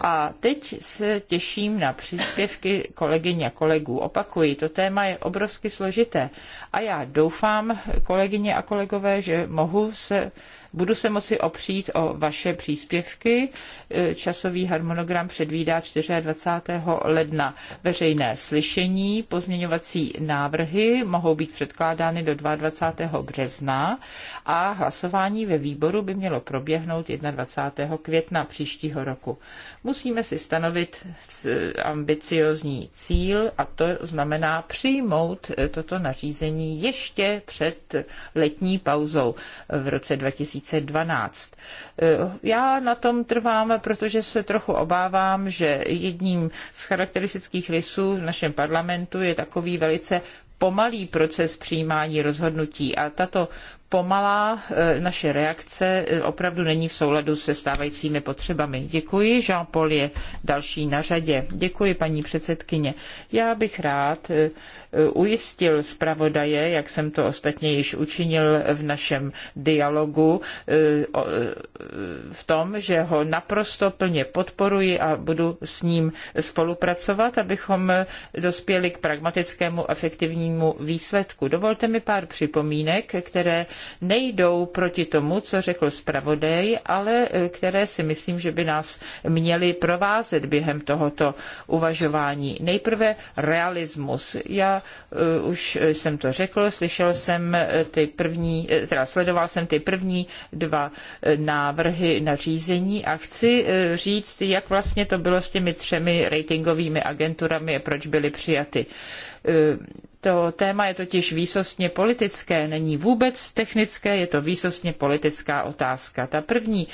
A teď se těším na příspěvky kolegy kolegyň a kolegů. Opakuji, to téma je obrovsky složité a já doufám, kolegyně a kolegové, že mohu se Budu se moci opřít o vaše příspěvky. E, časový harmonogram předvídá 24. ledna veřejné slyšení. Pozměňovací návrhy mohou být předkládány do 22. března a hlasování ve výboru by mělo proběhnout 21. května příštího roku. Musíme si stanovit e, ambiciozní cíl a to znamená přijmout e, toto nařízení ještě před letní pauzou v roce 2020. 2012. Eh, já na tom trvám, protože se trochu obávám, že jedním z charakteristických rysů v našem parlamentu je takový velice pomalý proces přijímání rozhodnutí a tato pomalá eh, naše reakce eh, opravdu není v souladu se stávajícími potřebami. Děkuji, Jean-Paul je další na řadě. Děkuji, paní předsedkyně. Já bych rád eh, ujistil zpravodaje, jak jsem to ostatně již učinil v našem dialogu, v tom, že ho naprosto plně podporuji a budu s ním spolupracovat, abychom dospěli k pragmatickému efektivnímu výsledku. Dovolte mi pár připomínek, které nejdou proti tomu, co řekl zpravodaj, ale e, které si myslím, že by nás měly provázet během tohoto uvažování. Nejprve realismus. Já uh, už jsem to řekl, slyšel jsem e, ty první, teda sledoval jsem ty první dva návrhy na řízení a chci říct, jak vlastně to bylo s těmi třemi ratingovými agenturami a proč byly přijaty to téma je totiž výsostně politické, není vůbec technické, je to výsostně politická otázka. Ta první,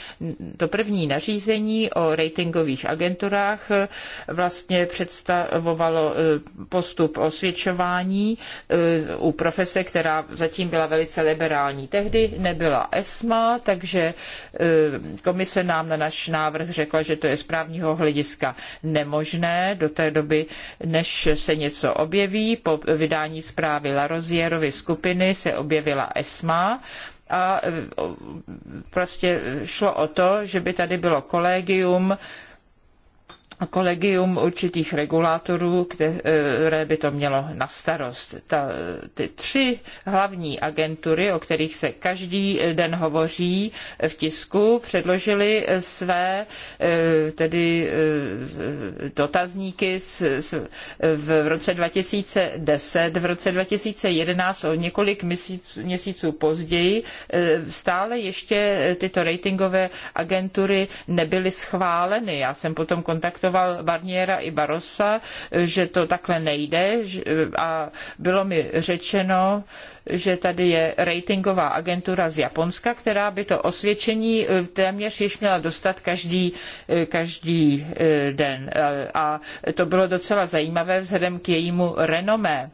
to první nařízení o ratingových agenturách eh, vlastně představovalo eh, postup osvědčování eh, u profese, která zatím byla velice liberální. Tehdy nebyla ESMA, takže komise nám na náš návrh řekla, že to je z právního hlediska nemožné do té doby, než se něco objeví po vydání vydání zprávy Larozierovy skupiny se objevila ESMA, a e, prostě šlo o to, že by tady bylo kolegium kolegium určitých regulátorů, které by to mělo na starost. Ta, ty tři hlavní agentury, o kterých se každý den hovoří v tisku, předložily své eh, tedy eh, dotazníky z, z, v roce 2010, v roce 2011 o několik měsíc, měsíců později. Eh, stále ještě tyto ratingové agentury nebyly schváleny. Já jsem potom kontaktovala konfrontoval Barniera i Barossa, že to takhle nejde a bylo mi řečeno, že tady je ratingová agentura z Japonska, která by to osvědčení eh, téměř již měla dostat každý, eh, každý eh, den. A to bylo docela zajímavé vzhledem k jejímu renomé.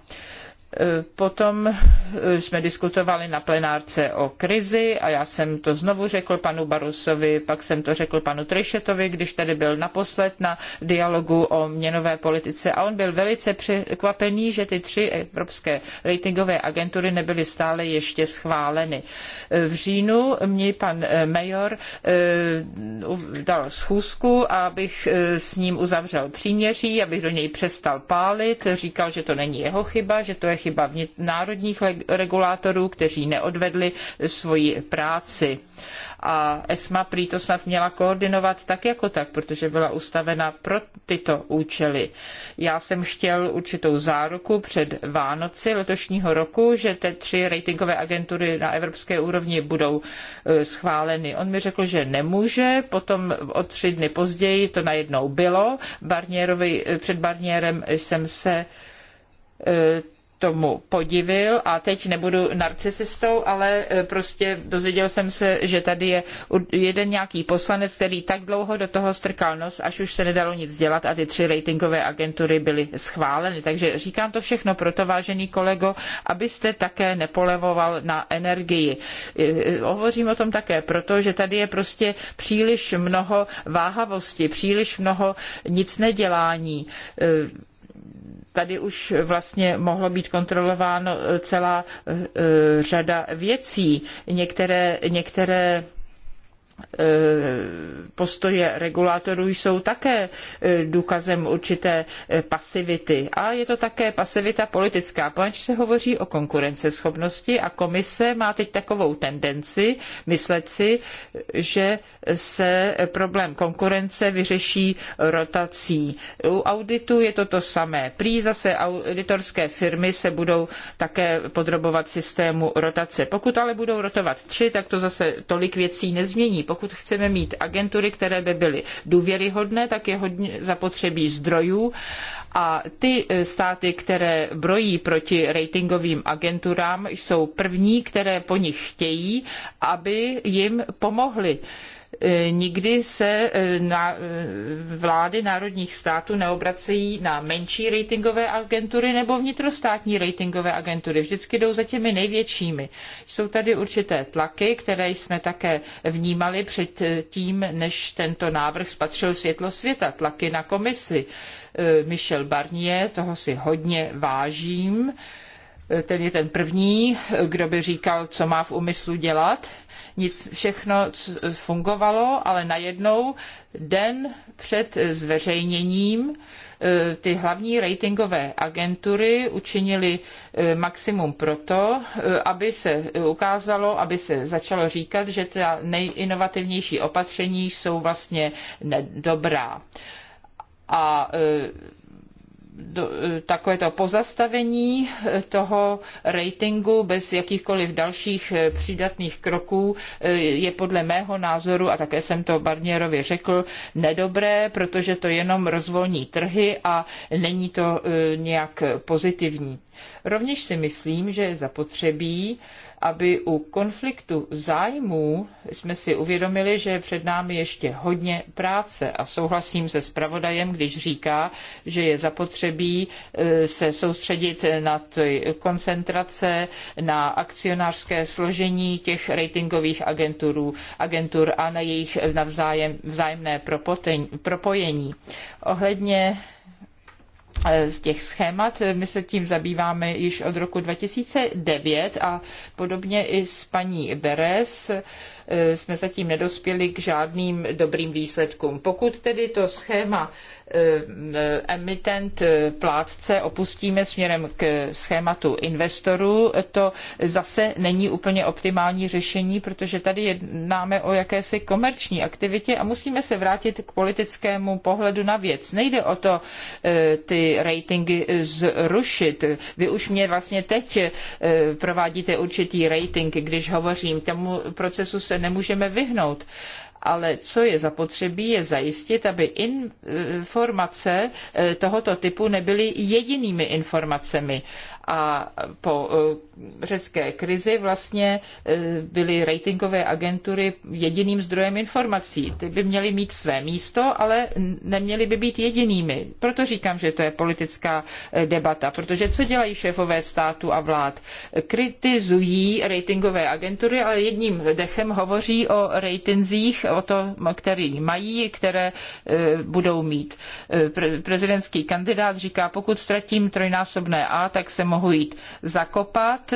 Potom eh, jsme diskutovali na plenárce o krizi a já jsem to znovu řekl panu Barusovi, pak jsem to řekl panu Trišetovi, když tady byl naposled na dialogu o měnové politice a on byl velice překvapený, že ty tři evropské ratingové agentury nebyly stále ještě schváleny. Eh, v říjnu mě pan eh, Major dal schůzku, abych s ním uzavřel příměří, abych do něj přestal pálit, říkal, že to není jeho chyba, že to je chyba vnit- národních regulátorů, kteří neodvedli svoji práci. A ESMA prý to snad měla koordinovat tak jako tak, protože byla ustavena pro tyto účely. Já jsem chtěl určitou záruku před Vánoci letošního roku, že ty tři ratingové agentury na evropské úrovni budou e, schváleny. On mi řekl, že nemůže, potom o tři dny později to najednou bylo. Barnierovi, e, před Barnierem jsem se e, tomu podivil a teď nebudu narcisistou, ale e, prostě dozvěděl jsem se, že tady je jeden nějaký poslanec, který tak dlouho do toho strkal nos, až už se nedalo nic dělat a ty tři ratingové agentury byly schváleny. Takže říkám to všechno proto, vážený kolego, abyste také nepolevoval na energii. E, e, hovořím o tom také proto, že tady je prostě příliš mnoho váhavosti, příliš mnoho nic nedělání tady už vlastně mohlo být kontrolováno celá eh, eh, řada věcí. Některé, některé Eh, postoje regulátorů jsou také eh, důkazem určité eh, pasivity. A je to také pasivita politická, poněvadž se hovoří o konkurenceschopnosti a komise má teď takovou tendenci myslet si, že se problém konkurence vyřeší rotací. U auditu je to to samé. Prý zase auditorské firmy se budou také podrobovat systému rotace. Pokud ale budou rotovat tři, tak to zase tolik věcí nezmění pokud chceme mít agentury, které by byly důvěryhodné, tak je hodně zapotřebí zdrojů a ty eh, státy, které brojí proti ratingovým agenturám, jsou první, které po nich chtějí, aby jim pomohly E, nikdy se e, na e, vlády národních států neobracejí na menší ratingové agentury nebo vnitrostátní ratingové agentury. Vždycky jdou za těmi největšími. Jsou tady určité tlaky, které jsme také vnímali před tím, než tento návrh spatřil světlo světa. Tlaky na komisi. Michel Barnier, toho si hodně vážím Eh, ten je ten první, eh, kdo by říkal, co má v úmyslu dělat. Nic, všechno eh, fungovalo, ale najednou den před zveřejněním ty hlavní ratingové agentury učinili maximum proto, aby se ukázalo, aby se začalo říkat, že ta nejinovativnější opatření jsou vlastně nedobrá. A do, eh, takovéto pozastavení eh, toho ratingu bez jakýchkoliv dalších eh, přídatných kroků je podle mého názoru, a také jsem to Barnierovi řekl, nedobré, protože to jenom rozvolní trhy a není to nějak pozitivní. Rovněž si myslím, že je zapotřebí aby u konfliktu zájmů jsme si uvědomili, že je před námi ještě hodně práce a souhlasím se zpravodajem, když říká, že je zapotřebí e, se soustředit na ty koncentrace, na akcionářské složení těch ratingových agenturů, agentur a na jejich navzájem, vzájemné propojení. Ohledně E, z těch schémat. My se tím zabýváme již od roku 2009 a podobně i s paní Beres e, jsme zatím nedospěli k žádným dobrým výsledkům. Pokud tedy to schéma Eh, emitent eh, plátce opustíme směrem k schématu investorů, to zase není úplně optimální řešení, protože tady jednáme o jakési komerční aktivitě a musíme se vrátit k politickému pohledu na věc. Nejde o to eh, ty ratingy zrušit. Vy už mě vlastně teď provádíte určitý rating, když hovořím. Tomu procesu se nemůžeme vyhnout ale co je zapotřebí, je zajistit, aby informace eh, tohoto typu nebyly jedinými informacemi a po e, řecké krizi vlastně e, byly ratingové agentury jediným zdrojem informací. Ty by měly mít své místo, ale neměly by být jedinými. Proto říkám, že to je politická e, debata, protože co dělají šéfové státu a vlád? Kritizují ratingové agentury, ale jedním dechem hovoří o ratingzích, o to, který mají, které budou mít. Prezidentský kandidát říká, pokud ztratím trojnásobné A, tak se mohu mohu jít zakopat,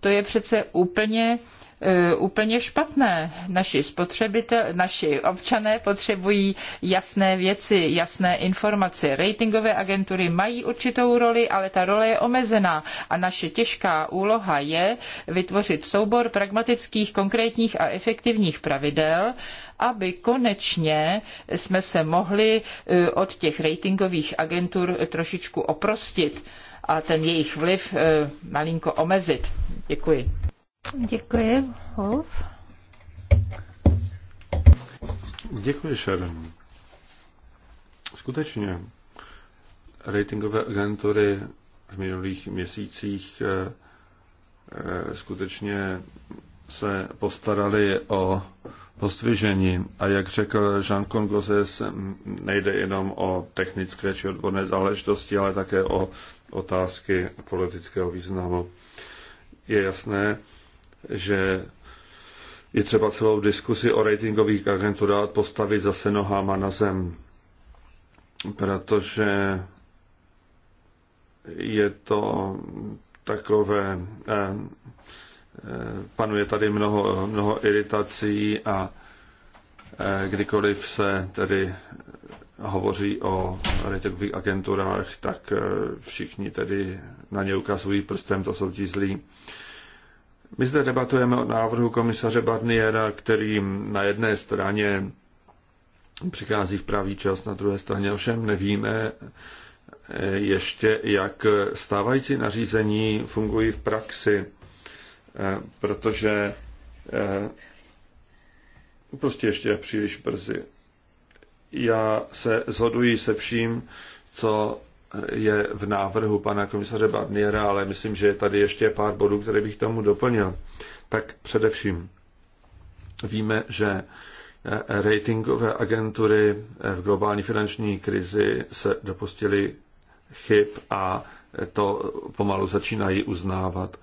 to je přece úplně eh, úplně špatné. Naši spotřebitel, naši občané potřebují jasné věci, jasné informace. Ratingové agentury mají určitou roli, ale ta role je omezená a naše těžká úloha je vytvořit soubor pragmatických, konkrétních a efektivních pravidel, aby konečně jsme se mohli eh, od těch ratingových agentur trošičku oprostit a ten jejich vliv eh, malinko omezit. Děkuji. Děkuji, Wolf. Děkuji, Sharon. Skutečně, ratingové agentury v minulých měsících eh, eh, skutečně se postarali o postvižení. A jak řekl Jean-Claude nejde jenom o technické či odborné záležitosti, ale také o otázky politického významu. Je jasné, že je třeba celou diskusi o ratingových agenturách postavit zase nohama na zem, protože je to takové, eh, eh, panuje tady mnoho, mnoho iritací a eh, kdykoliv se tedy hovoří o ratingových agenturách, tak eh, všichni tedy na ně ukazují prstem, to jsou ti zlí. My zde debatujeme o návrhu komisaře Barniera, který na jedné straně přichází v pravý čas, na druhé straně ovšem nevíme eh, ještě, jak stávající nařízení fungují v praxi, eh, protože prostě ještě je příliš brzy já se zhoduji se vším, co je v návrhu pana komisaře Barniera, ale myslím, že je tady ještě pár bodů, které bych tomu doplnil. Tak především víme, že eh, ratingové agentury eh, v globální finanční krizi se dopustily chyb a eh, to pomalu začínají uznávat.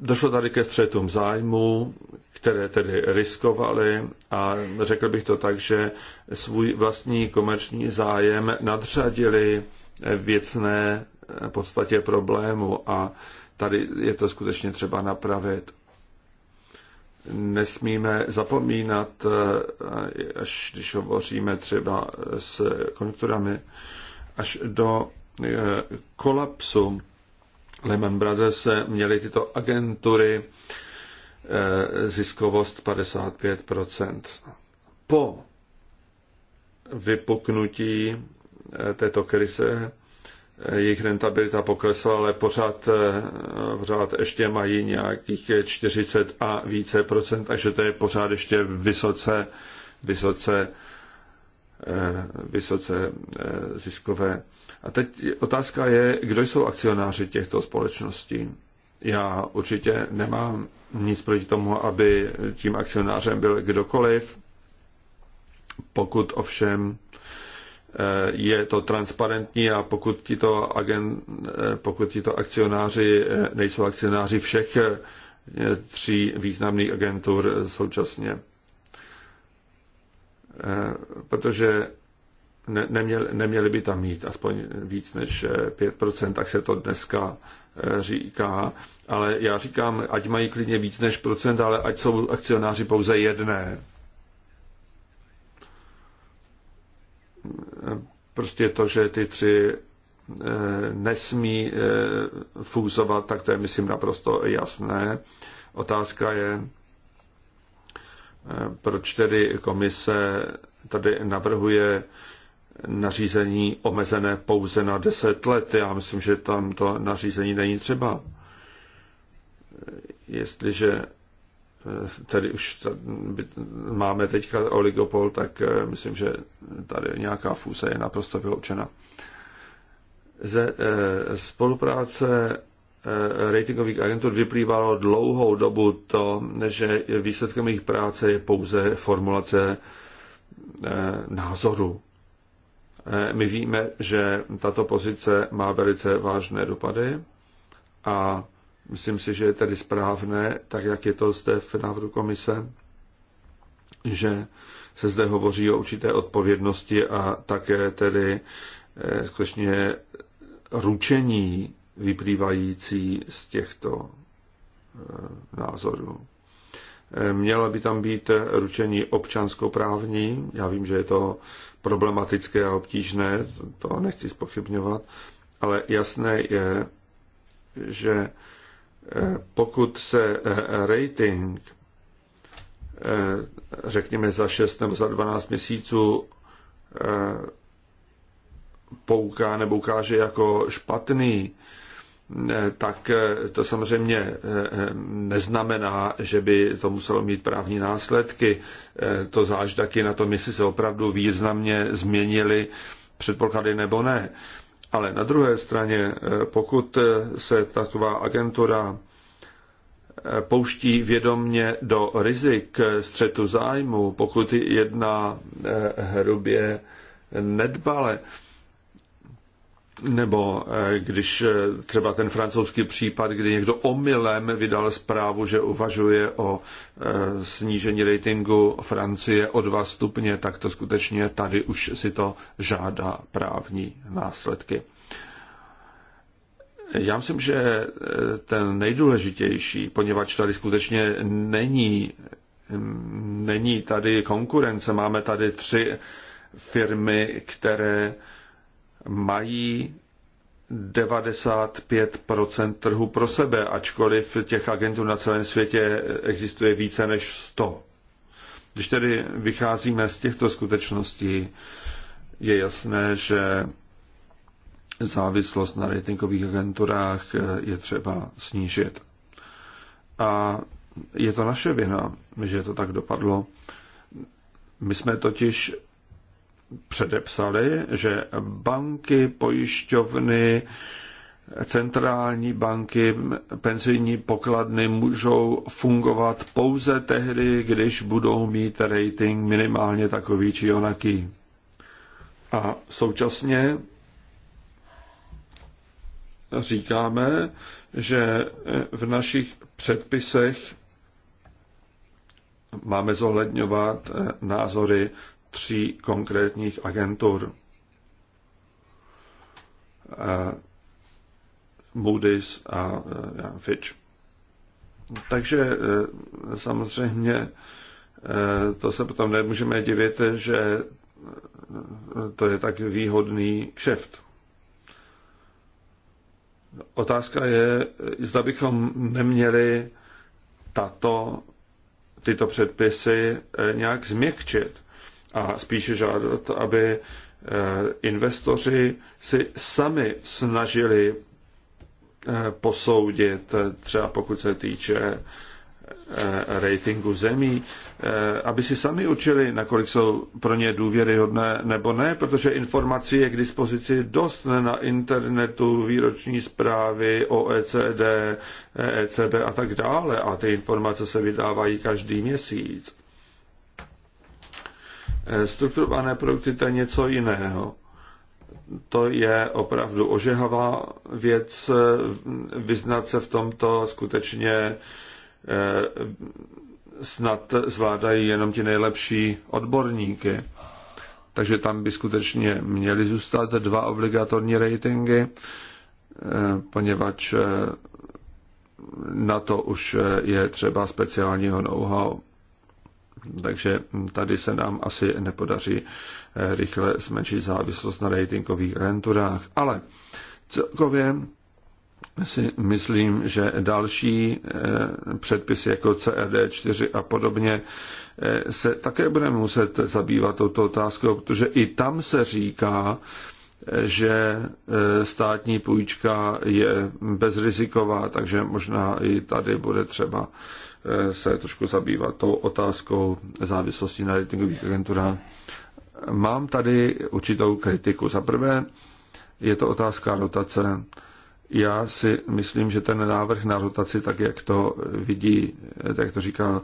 Došlo tady ke střetům zájmu, které tedy riskovaly a řekl bych to tak, že svůj vlastní komerční zájem nadřadili věcné podstatě problému a tady je to skutečně třeba napravit. Nesmíme zapomínat, až když hovoříme třeba s konjunkturami, až do kolapsu Lehman Brothers eh, měly tyto agentury eh, ziskovost 55 Po vypuknutí eh, této krize jejich rentabilita poklesla, ale pořád, pořád ještě mají nějakých 40 a více procent, takže to je pořád ještě vysoce, vysoce, vysoce ziskové. A teď otázka je, kdo jsou akcionáři těchto společností. Já určitě nemám nic proti tomu, aby tím akcionářem byl kdokoliv, pokud ovšem eh, je to transparentní a pokud tito, agent, eh, pokud tito akcionáři eh, nejsou akcionáři všech tří významných agentur současně. Protože neměl, neměli by tam mít aspoň víc než 5%, eh, tak se to dneska eh, říká. Ale já říkám, ať mají klidně víc než procent, ale ať jsou akcionáři pouze jedné. Prostě to, že ty tři eh, nesmí fúzovat, tak to je, myslím, naprosto jasné. Otázka je, proč tedy komise tady navrhuje nařízení omezené pouze na 10 let. Já myslím, že tam to nařízení není třeba. Jestliže eh, tady už máme teďka oligopol, tak eh, myslím, že tady nějaká fúze je naprosto vyloučena. Ze eh, spolupráce ratingových agentur vyplývalo dlouhou dobu to, že výsledkem jejich práce je pouze formulace názoru Eh, my víme, že tato pozice má velice vážné dopady a myslím si, že je tedy správné, tak jak je to zde v návrhu komise, že se zde hovoří o určité odpovědnosti a také tedy eh, skutečně ručení vyplývající z těchto eh, názorů. Mělo by tam být ručení občanskoprávní. Já vím, že je to problematické a obtížné, to nechci spochybňovat, ale jasné je, že eh, pokud se eh, rating, eh, řekněme za 6 nebo za 12 měsíců, pouká nebo ukáže jako špatný, Eh, tak eh, to samozřejmě eh, neznamená, že by to muselo mít právní následky. To záleží taky na tom, jestli se opravdu významně změnily předpoklady nebo ne. Ale na druhé straně, pokud se taková agentura pouští vědomně do rizik střetu zájmu, pokud jedná hrubě nedbale, nebo eh, když eh, třeba ten francouzský případ, kdy někdo omylem vydal zprávu, že uvažuje o eh, snížení ratingu Francie o dva stupně, tak to skutečně tady už si to žádá právní následky. Já myslím, že ten nejdůležitější, poněvadž tady skutečně není, mm, není tady konkurence, máme tady tři firmy, které mají 95 trhu pro sebe, ačkoliv těch agentů na celém světě existuje více než 100. Když tedy vycházíme z těchto skutečností, je jasné, že závislost na ratingových agenturách je třeba snížit. A je to naše vina, že to tak dopadlo. My jsme totiž předepsali, že banky, pojišťovny, centrální banky, penzijní pokladny můžou fungovat pouze tehdy, když budou mít rating minimálně takový či onaký. A současně říkáme, že v našich předpisech máme zohledňovat názory tří konkrétních agentur. Moody's a Fitch. Takže e, samozřejmě e, to se potom nemůžeme divit, že e, to je tak výhodný kšeft. Otázka je, zda bychom neměli tato, tyto předpisy nějak změkčit a spíše žádat, aby eh, investoři si sami snažili eh, posoudit, eh, třeba pokud se týče ratingu zemí, aby si sami učili, nakolik jsou pro ně důvěryhodné nebo ne, protože informací je k dispozici dost na internetu, výroční zprávy, OECD, ECB e a tak dále a ty informace se vydávají každý měsíc. Eh, strukturované produkty to je něco jiného. To je opravdu ožehavá věc, eh, vyznat se v tomto skutečně eh, snad zvládají jenom ti nejlepší odborníky. Takže tam by skutečně měly zůstat dva obligatorní ratingy, poněvadž na to už je třeba speciálního know-how. Takže tady se nám asi nepodaří eh, rychle zmenšit závislost na ratingových agenturách. Ale celkově si myslím, že další eh, předpisy jako CRD4 e a podobně eh, se také budeme muset zabývat touto otázkou, protože i tam se říká, že eh, státní půjčka je bezriziková, takže možná i tady bude třeba eh, se trošku zabývat tou otázkou závislosti na ratingových agenturách. Mám tady určitou kritiku. Za prvé je to otázka rotace. Já si myslím, že ten návrh na rotaci, tak jak to vidí, eh, tak jak to říkal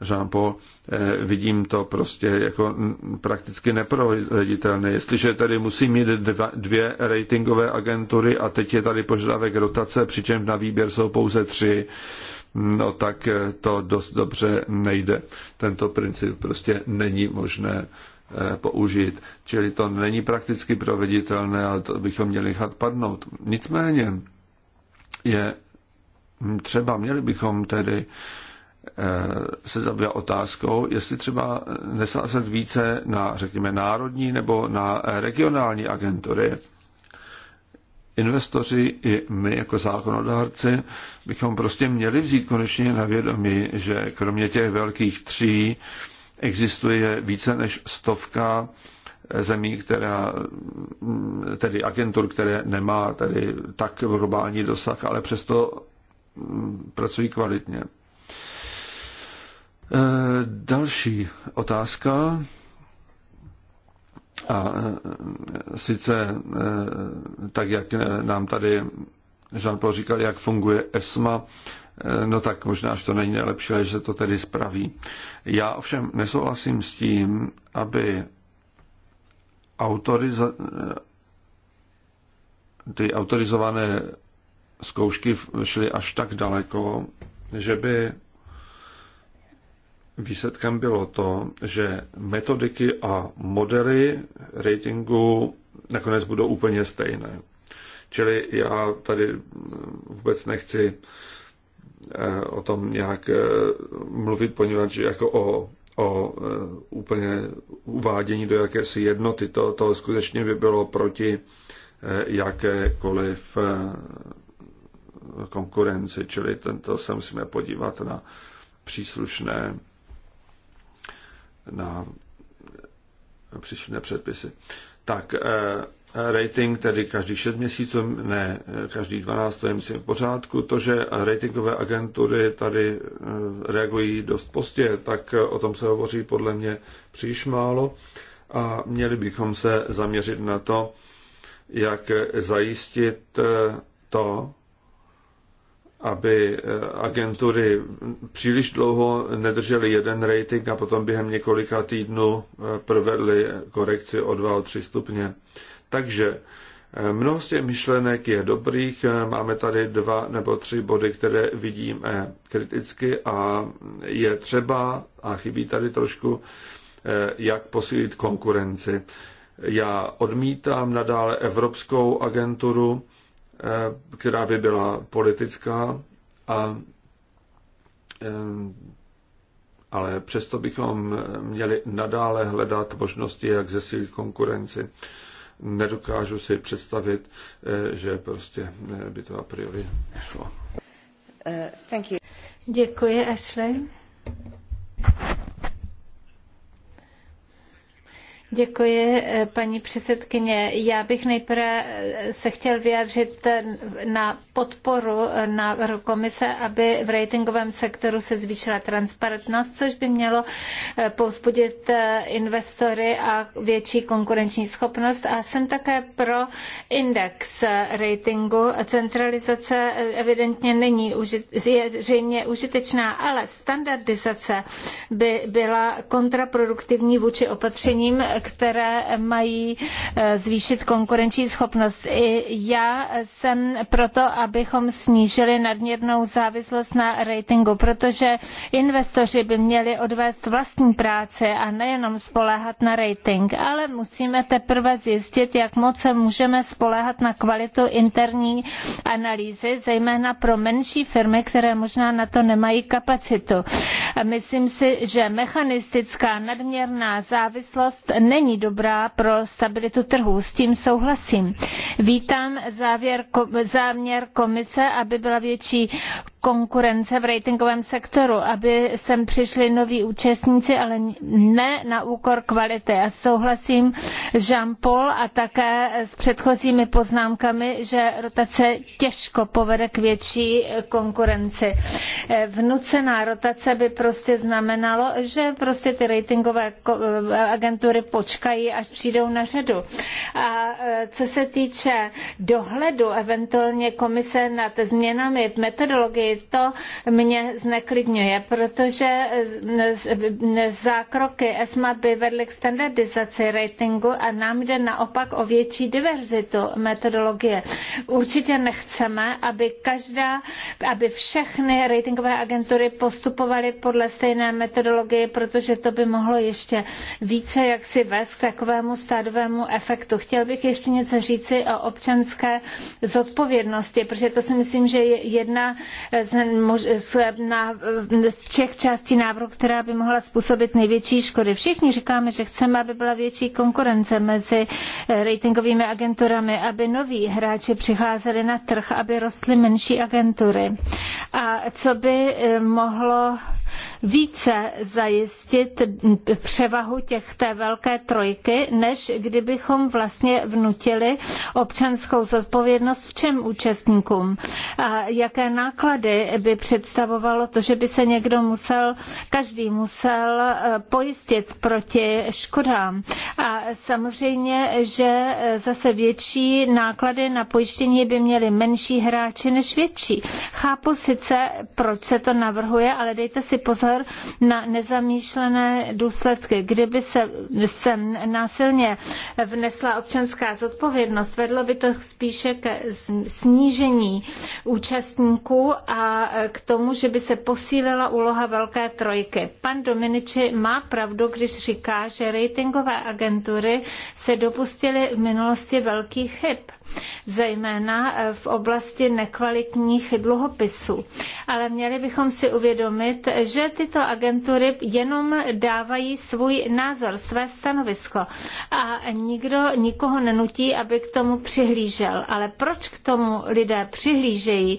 Jean-Paul, eh, vidím to prostě jako prakticky neproveditelné. Jestliže tady musí mít dva, dvě ratingové agentury a teď je tady požadavek rotace, přičemž na výběr jsou pouze tři, no tak eh, to dost dobře nejde. Tento princip prostě není možné eh, použít. Čili to není prakticky proveditelné, ale to bychom měli nechat padnout. Nicméně je hm, třeba, měli bychom tedy Eh, se zabývá otázkou, jestli třeba nesázet více na, řekněme, národní nebo na regionální agentury. Investoři i my jako zákonodárci bychom prostě měli vzít konečně na vědomí, že kromě těch velkých tří existuje více než stovka zemí, která, tedy agentur, které nemá tedy tak globální dosah, ale přesto mm, pracují kvalitně. Eh, další otázka. A eh, sice eh, tak, jak nám tady Jean-Paul říkal, jak funguje ESMA, no tak možná, až to není nejlepší, ale že to tedy spraví. Já ovšem nesouhlasím s tím, aby autoriza- ty autorizované zkoušky šly až tak daleko, že by Výsledkem bylo to, že metodiky a modely ratingu nakonec budou úplně stejné. Čili já tady vůbec nechci eh, o tom nějak eh, mluvit, poněvadž jako o, o eh, úplně uvádění do jakési jednoty, to, to skutečně by bylo proti jakékoliv konkurenci, čili tento se musíme podívat na příslušné na příslušné předpisy. Tak eh, rating tedy každý 6 měsíců, ne eh, každý 12, to je myslím v pořádku. To, že ratingové agentury tady eh, reagují dost pozdě, tak o tom se hovoří podle mě příliš málo a měli bychom se zaměřit na to, jak zajistit to, aby eh, agentury příliš dlouho nedržely jeden rating a potom během několika týdnů eh, provedly korekci o 2 o 3 stupně. Takže eh, mnoho z těch myšlenek je dobrých. Máme tady dva nebo tři body, které vidíme kriticky a je třeba, a chybí tady trošku, jak posílit konkurenci. Já odmítám nadále Evropskou agenturu, Eh, která by byla politická, a, eh, ale přesto bychom měli nadále hledat možnosti, jak zesílit konkurenci. Nedokážu si představit, eh, že prostě by to a priori šlo. Uh, thank you. Děkuji, Ashley. Děkuji, eh, paní předsedkyně. Já bych nejprve eh, se chtěl vyjádřit eh, na podporu návrhu komise, aby v ratingovém sektoru se zvýšila transparentnost, což by mělo povzbudit investory a větší konkurenční schopnost. A jsem také pro index ratingu. Centralizace evidentně není je zřejmě užitečná, ale standardizace by byla kontraproduktivní vůči opatřením, které mají eh, zvýšit konkurenční schopnost. I já jsem proto, abychom snížili nadměrnou závislost na ratingu, protože investoři by měli odvést vlastní práci a nejenom spoléhat na rating, ale musíme teprve zjistit, jak moc se můžeme spoléhat na kvalitu interní analýzy, zejména pro menší firmy, které možná na to nemají kapacitu. Myslím si, že mechanistická nadměrná závislost není dobrá pro stabilitu trhu. S tím souhlasím. Vítám závěr, záměr komise, aby byla větší konkurence v ratingovém sektoru, aby sem přišli noví účastníci, ale ne na úkor kvality. A souhlasím s Jean-Paul a také s předchozími poznámkami, že rotace těžko povede k větší konkurenci. Vnucená rotace by prostě znamenalo, že prostě ty ratingové agentury počkají, až přijdou na řadu. A e, co se týče dohledu, eventuálně komise nad změnami v metodologii, to mě zneklidňuje, protože zákroky ESMA by vedly k standardizaci ratingu a nám jde naopak o větší diverzitu metodologie. Určitě nechceme, aby každá, aby všechny ratingové agentury postupovaly podle stejné metodologie, protože to by mohlo ještě více jaksi vést k takovému stádovému efektu. Chtěl bych ještě něco říci o občanské zodpovědnosti, protože to si myslím, že je jedna z, na, z těch částí návrhu, která by mohla způsobit největší škody. Všichni říkáme, že chceme, aby byla větší konkurence mezi eh, ratingovými agenturami, aby noví hráči přicházeli na trh, aby rostly menší agentury. A co by eh, mohlo více zajistit převahu těch té velké trojky, než kdybychom vlastně vnutili občanskou zodpovědnost všem účastníkům. A jaké náklady by představovalo to, že by se někdo musel, každý musel eh, pojistit proti škodám. A samozřejmě, že eh, zase větší náklady na pojištění by měly menší hráči než větší. Chápu sice, proč se to navrhuje, ale dejte si pozor na nezamýšlené důsledky. Kdyby se sem násilně vnesla občanská zodpovědnost, vedlo by to spíše k snížení účastníků a k tomu, že by se posílila úloha velké trojky. Pan Dominiči má pravdu, když říká, že ratingové agentury se dopustily v minulosti velkých chyb zejména v oblasti nekvalitních dluhopisů. Ale měli bychom si uvědomit, že tyto agentury jenom dávají svůj názor, své stanovisko a nikdo nikoho nenutí, aby k tomu přihlížel. Ale proč k tomu lidé přihlížejí?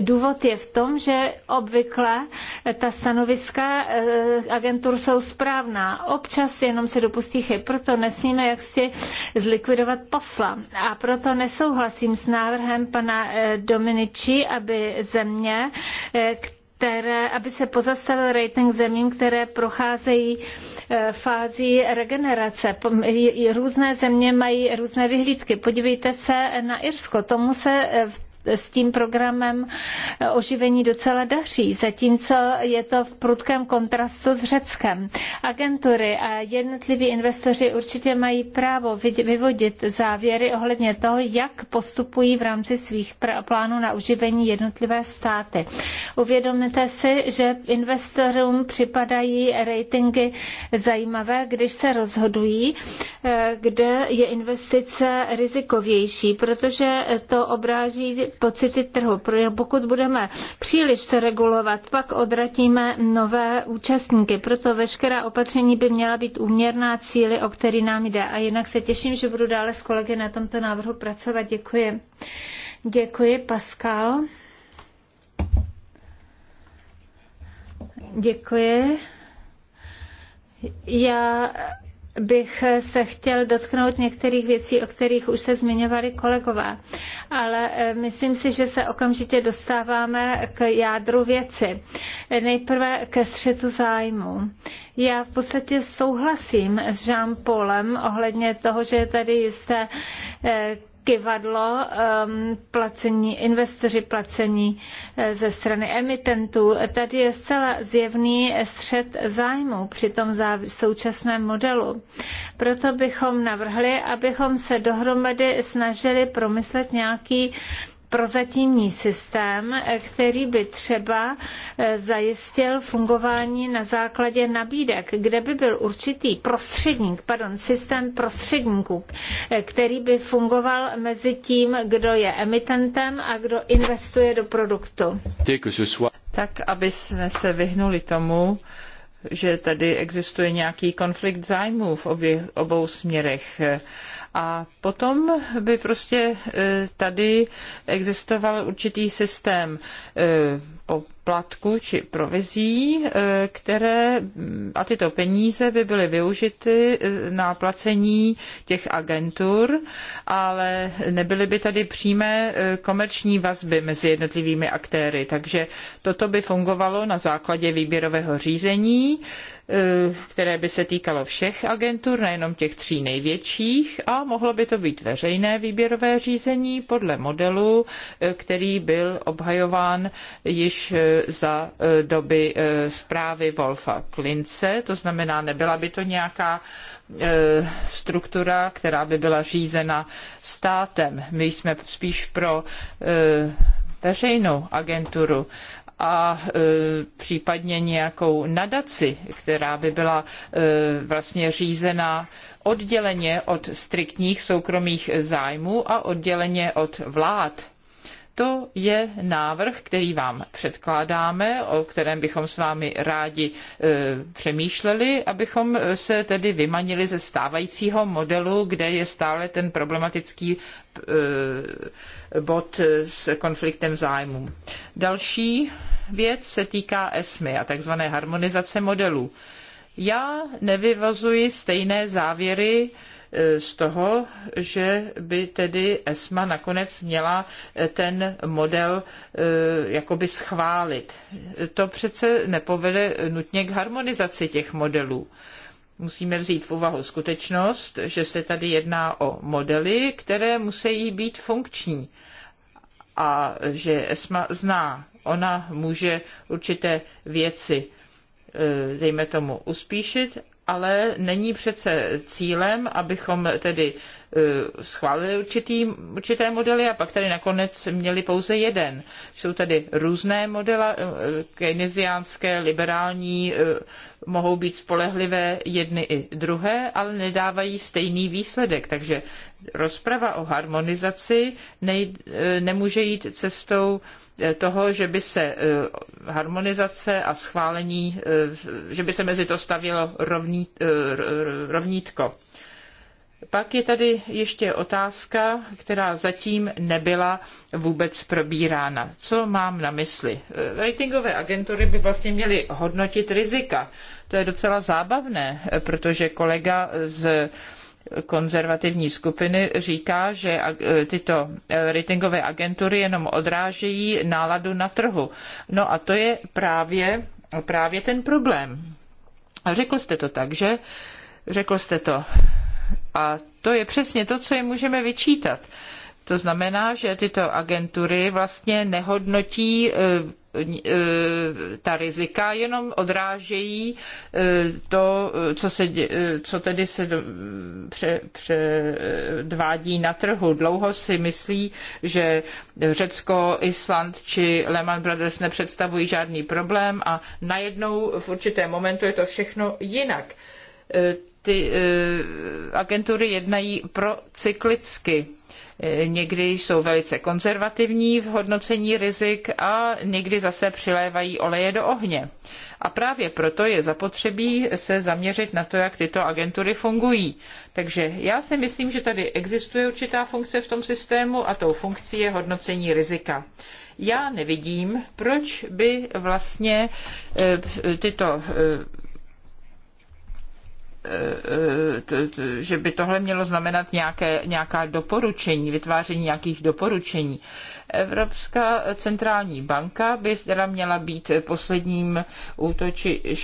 Důvod je v tom, že obvykle ta stanoviska eh, agentur jsou správná. Občas jenom se dopustí chyb, proto nesmíme jaksi zlikvidovat posla. A proto nesouhlasím s návrhem pana eh, Dominici, aby země, které eh, které, aby se pozastavil rating zemím, které procházejí eh, fází regenerace. Různé země mají různé vyhlídky. Podívejte se na Irsko. Tomu se eh, v s tím programem oživení docela daří, zatímco je to v prudkém kontrastu s Řeckem. Agentury a jednotliví investoři určitě mají právo vyvodit závěry ohledně toho, jak postupují v rámci svých plánů na oživení jednotlivé státy. Uvědomte si, že investorům připadají ratingy zajímavé, když se rozhodují, eh, kde je investice rizikovější, protože to obráží pocity trhu. Pokud budeme příliš regulovat, pak odratíme nové účastníky. Proto veškerá opatření by měla být úměrná cíli, o který nám jde. A jinak se těším, že budu dále s kolegy na tomto návrhu pracovat. Děkuji. Děkuji, Pascal. Děkuji. Já bych se chtěl dotknout některých věcí, o kterých už se zmiňovali kolegové. Ale eh, myslím si, že se okamžitě dostáváme k jádru věci. Nejprve ke střetu zájmu. Já v podstatě souhlasím s Jean Paulem ohledně toho, že je tady jisté eh, kyvadlo um, ehm, placení, investoři placení eh, ze strany emitentů. Tady je zcela zjevný střed zájmu při tom současném modelu. Proto bychom navrhli, abychom se dohromady snažili promyslet nějaký prozatímní systém, který by třeba eh, zajistil fungování na základě nabídek, kde by byl určitý prostředník, pardon, systém prostředníků, eh, který by fungoval mezi tím, kdo je emitentem a kdo investuje do produktu. Tak, aby jsme se vyhnuli tomu, že tady existuje nějaký konflikt zájmů v obě, obou směrech. A potom by prostě e, tady existoval určitý systém e, poplatku či provizí, e, které mm, a tyto peníze by byly využity na placení těch agentur, ale nebyly by tady přímé komerční vazby mezi jednotlivými aktéry. Takže toto by fungovalo na základě výběrového řízení Eh, které by se týkalo všech agentur, nejenom těch tří největších, a mohlo by to být veřejné výběrové řízení podle modelu, eh, který byl obhajován již eh, za doby zprávy Wolfa Klince, to znamená, nebyla by to nějaká struktura, která by byla řízena státem. My jsme spíš pro veřejnou agenturu a e, případně nějakou nadaci, která by byla e, vlastně řízena odděleně od striktních soukromých zájmů a odděleně od vlád. To je návrh, který vám předkládáme, o kterém bychom s vámi rádi e, přemýšleli, abychom se tedy vymanili ze stávajícího modelu, kde je stále ten problematický bod s konfliktem zájmů. Další věc se týká ESMY a tzv. harmonizace modelů. Já nevyvazuji stejné závěry e, z toho, že by tedy ESMA nakonec měla e, ten model e, jakoby schválit. To přece nepovede nutně k harmonizaci těch modelů. Musíme vzít v úvahu skutečnost, že se tady jedná o modely, které musí být funkční a že ESMA zná ona může určité věci, eh, dejme tomu, uspíšit, ale není přece cílem, abychom tedy eh, schválili určitý, určité modely a pak tady nakonec měli pouze jeden. Jsou tady různé modely, eh, keynesiánské, liberální, mohou být spolehlivé jedny i druhé, ale nedávají stejný výsledek. Takže rozprava o harmonizaci nej, e, nemůže jít cestou e, toho, že by se e, harmonizace a schválení, že by se mezi to stavělo rovní, rovnítko. Pak je tady ještě otázka, která zatím nebyla vůbec probírána. Co mám na mysli? Ratingové agentury by vlastně měly hodnotit rizika. To je docela zábavné, protože kolega z konzervativní skupiny říká, že tyto eh, ratingové agentury jenom odrážejí náladu na trhu. No a to je právě, právě ten problém. A řekl jste to tak, že? Řekl jste to. A to je přesně to, co je můžeme vyčítat. To znamená, že tyto agentury vlastně nehodnotí eh, ta rizika jenom odrážejí eh, to, co, se, eh, co tedy se předvádí na trhu. Dlouho si myslí, že Řecko, Island či Lehman Brothers nepředstavují žádný problém a najednou v určitém momentu je to všechno jinak. Eh, ty agentury jednají procyklicky. cyklicky někdy jsou velice konzervativní v hodnocení rizik a někdy zase přilévají oleje do ohně. A právě proto je zapotřebí se zaměřit na to, jak tyto agentury fungují. Takže já si myslím, že tady existuje určitá funkce v tom systému a tou funkcí je hodnocení rizika já nevidím, proč by vlastně eh, tyto eh, Eh, eh, že by tohle mělo znamenat nějaké, nějaká doporučení, vytváření nějakých doporučení. Evropská centrální banka by teda měla být posledním útočištěm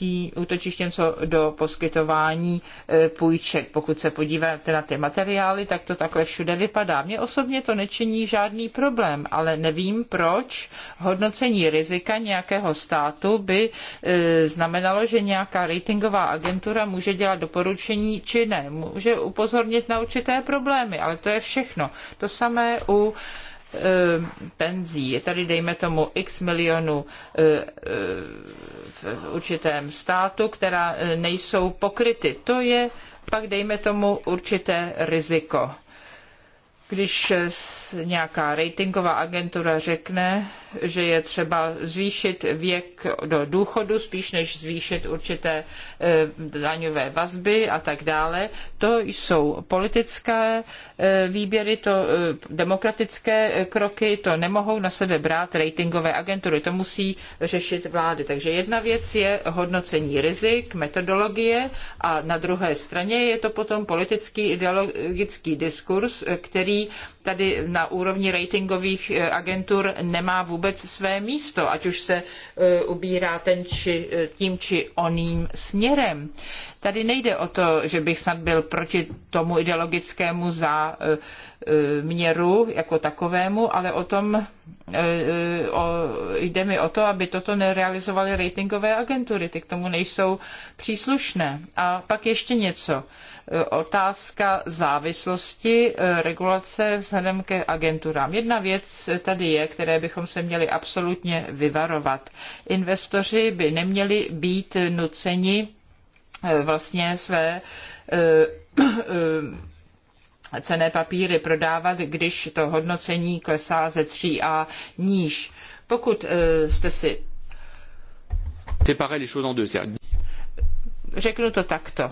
útočiští, útočištěm co do poskytování e, půjček. Pokud se podíváte na ty materiály, tak to takhle všude vypadá. Mně osobně to nečiní žádný problém, ale nevím, proč hodnocení rizika nějakého státu by e, znamenalo, že nějaká ratingová agentura může dělat doporučení či ne. Může upozornit na určité problémy, ale to je všechno. To samé u Eh, penzí. Je tady, dejme tomu, x milionů eh, eh, v určitém státu, která nejsou pokryty. To je pak, dejme tomu, určité riziko. Když nějaká ratingová agentura řekne, že je třeba zvýšit věk do důchodu, spíš než zvýšit určité eh, daňové vazby a tak dále. To jsou politické eh, výběry, to eh, demokratické kroky, to nemohou na sebe brát ratingové agentury, to musí řešit vlády. Takže jedna věc je hodnocení rizik, metodologie a na druhé straně je to potom politický ideologický diskurs, který tady na úrovni ratingových agentur nemá vůbec vůbec své místo, ať už se e, ubírá ten či, e, tím či oným směrem. Tady nejde o to, že bych snad byl proti tomu ideologickému záměru e, jako takovému, ale o tom o, jde mi o to, aby toto nerealizovaly ratingové agentury, ty k tomu nejsou příslušné. A pak ještě něco otázka závislosti eh, regulace vzhledem ke agenturám. Jedna věc tady je, které bychom se měli absolutně vyvarovat. Investoři by neměli být nuceni eh, vlastně své eh, cené papíry prodávat, když to hodnocení klesá ze 3A níž. Pokud jste si Řeknu to takto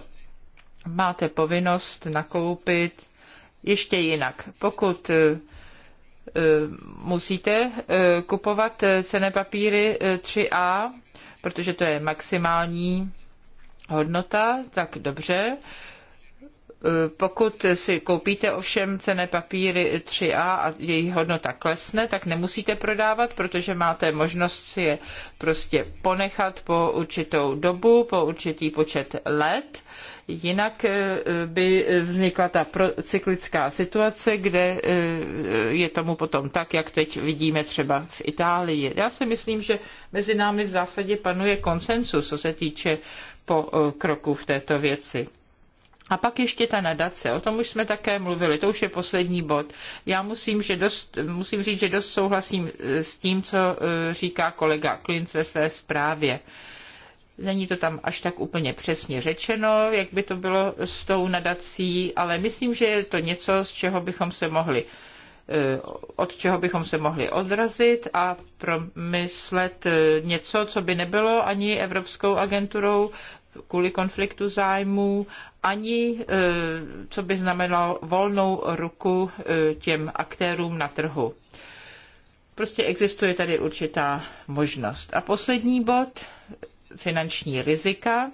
máte povinnost nakoupit ještě jinak. Pokud eh, eh, musíte eh, kupovat cené papíry 3A, protože to je maximální hodnota, tak dobře. Pokud si koupíte ovšem cené papíry 3A a jejich hodnota klesne, tak nemusíte prodávat, protože máte možnost si je prostě ponechat po určitou dobu, po určitý počet let Jinak eh, by vznikla ta cyklická situace, kde eh, je tomu potom tak, jak teď vidíme třeba v Itálii. Já si myslím, že mezi námi v zásadě panuje konsensus, co se týče po eh, kroku v této věci. A pak ještě ta nadace, o tom už jsme také mluvili, to už je poslední bod. Já musím, že dost, musím říct, že dost souhlasím s tím, co říká kolega Klinc ve své zprávě. Není to tam až tak úplně přesně řečeno, jak by to bylo s tou nadací, ale myslím, že je to něco, z čeho bychom se mohli eh, od čeho bychom se mohli odrazit a promyslet eh, něco, co by nebylo ani Evropskou agenturou kvůli konfliktu zájmů, ani eh, co by znamenalo volnou ruku těm aktérům na trhu. Prostě existuje tady určitá možnost. A poslední bod, finanční rizika,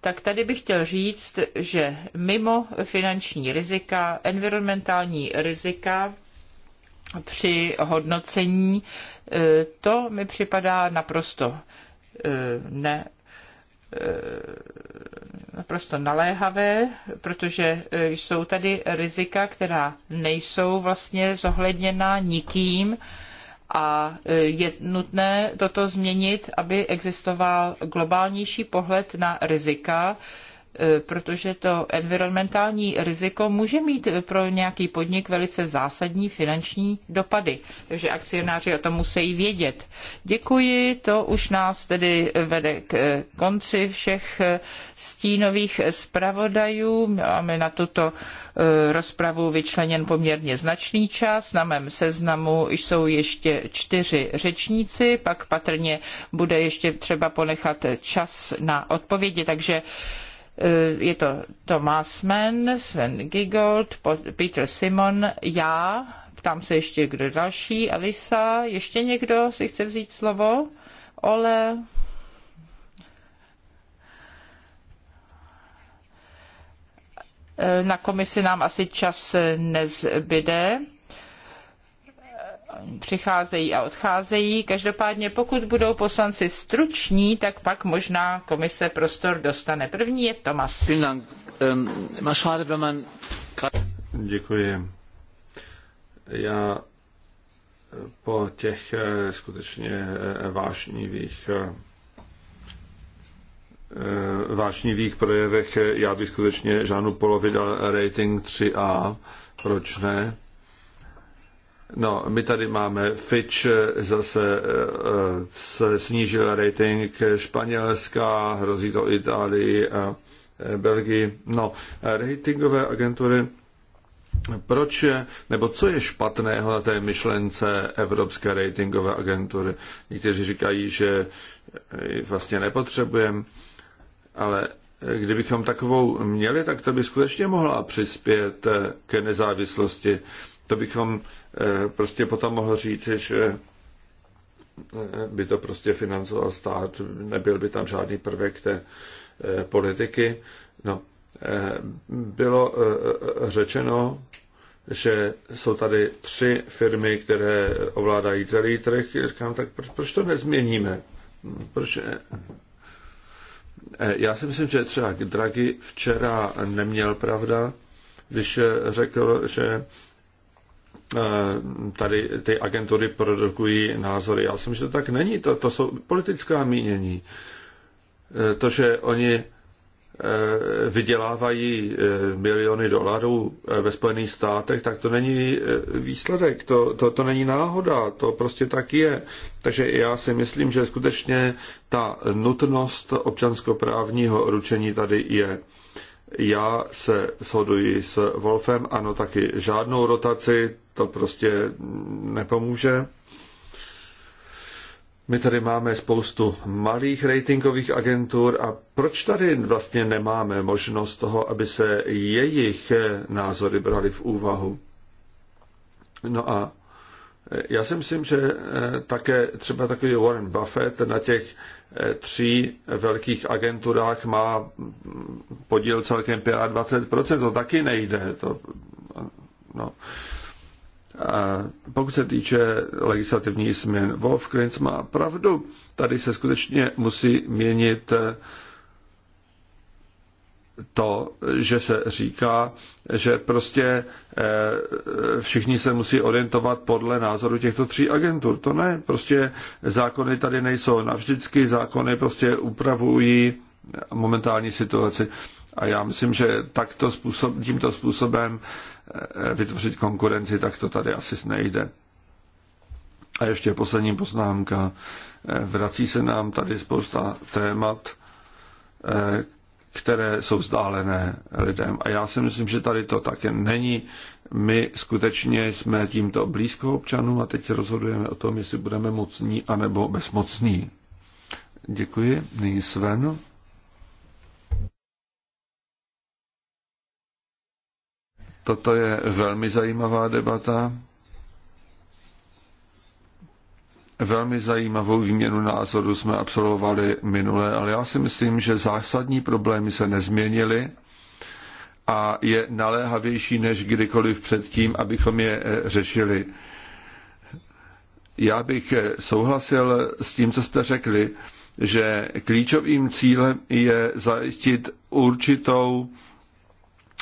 tak tady bych chtěl říct, že mimo finanční rizika, environmentální rizika při hodnocení, eh, to mi připadá naprosto eh, ne eh, naprosto naléhavé, protože jsou tady rizika, která nejsou vlastně zohledněna nikým a e, je nutné toto změnit, aby existoval globálnější pohled na rizika, E, protože to environmentální riziko může mít pro nějaký podnik velice zásadní finanční dopady. Takže akcionáři o tom musí vědět. Děkuji, to už nás tedy vede k e, konci všech e, stínových zpravodajů. Máme na tuto rozpravu vyčleněn poměrně značný čas. Na mém seznamu jsou ještě čtyři řečníci, pak patrně bude ještě třeba ponechat čas na odpovědi, takže Eh, je to Thomas Mann, Sven Gigold, Peter Simon, já, ptám se ještě kdo další, Elisa, ještě někdo si chce vzít slovo? Ole, eh, na komisi nám asi čas nezbyde přicházejí a odcházejí. Každopádně pokud budou poslanci struční, tak pak možná komise prostor dostane. První je Tomas. Ähm, Děkuji. Já eh, po těch eh, skutečně eh, vášnivých vášnivých projevech já bych skutečně žádnou polovit dal rating 3A. Proč ne? No, my tady máme Fitch eh, zase eh, eh, se snížil rating Španělska, hrozí to Itálii a Belgii. No, ratingové agentury, proč, nebo co je špatného na té myšlence Evropské ratingové agentury? Někteří říkají, že vlastně nepotřebujeme, ale kdybychom takovou měli, tak to by skutečně mohla přispět ke nezávislosti to bychom eh, prostě potom mohl říct, že eh, by to prostě financoval stát, nebyl by tam žádný prvek té eh, politiky. No, bylo řečeno, že jsou tady tři firmy, které ovládají celý trh. Říkám, tak proč, proč to nezměníme? Proč? Já si myslím, že třeba Draghi včera neměl pravda, když řekl, že Eh, tady ty agentury produkují názory. Já jsem, že to tak není. To, to jsou politická mínění. Eh, to, že oni eh, vydělávají miliony dolarů ve Spojených státech, tak to není výsledek, to, to, to není náhoda, to prostě tak je. Takže já si myslím, že skutečně ta nutnost občanskoprávního ručení tady je. Já se shoduji s Wolfem, ano, taky žádnou rotaci, to prostě nepomůže. My tady máme spoustu malých ratingových agentur a proč tady vlastně nemáme možnost toho, aby se jejich názory brali v úvahu? No a já si myslím, že eh, také třeba takový Warren Buffett na těch tří velkých agenturách má podíl celkem 25%, to taky nejde. To, no. A pokud se týče legislativní změn, Wolf Klintz má pravdu. Tady se skutečně musí měnit to, že se říká, že prostě eh, všichni se musí orientovat podle názoru těchto tří agentur. To ne, prostě zákony tady nejsou navždycky, zákony prostě upravují momentální situaci. A já myslím, že takto způsob, tímto způsobem eh, vytvořit konkurenci, tak to tady asi nejde. A ještě poslední poznámka. Eh, vrací se nám tady spousta témat, které jsou vzdálené lidem. A já si myslím, že tady to také není. My skutečně jsme tímto blízko občanům a teď se rozhodujeme o tom, jestli budeme mocní anebo bezmocní. Děkuji. Nyní Sven. Toto je velmi zajímavá debata. Velmi zajímavou výměnu názoru jsme absolvovali minule, ale já si myslím, že zásadní problémy se nezměnily a je naléhavější než kdykoliv předtím, abychom je eh, řešili. Já bych eh, souhlasil s tím, co jste řekli, že klíčovým cílem je zajistit určitou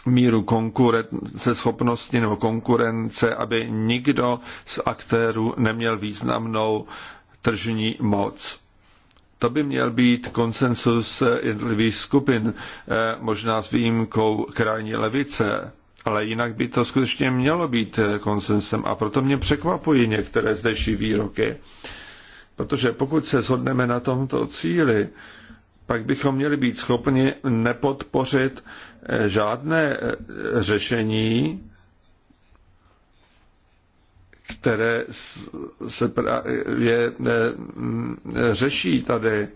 míru konkurenceschopnosti nebo konkurence, aby nikdo z aktérů neměl významnou tržní moc. To by měl být konsensus jednotlivých skupin, eh, možná s výjimkou krajní levice, ale jinak by to skutečně mělo být eh, konsensem a proto mě překvapují některé zdejší výroky. Protože pokud se shodneme na tomto cíli, pak bychom měli být schopni nepodpořit žádné eh, řešení, které se právě eh, mm, řeší tady,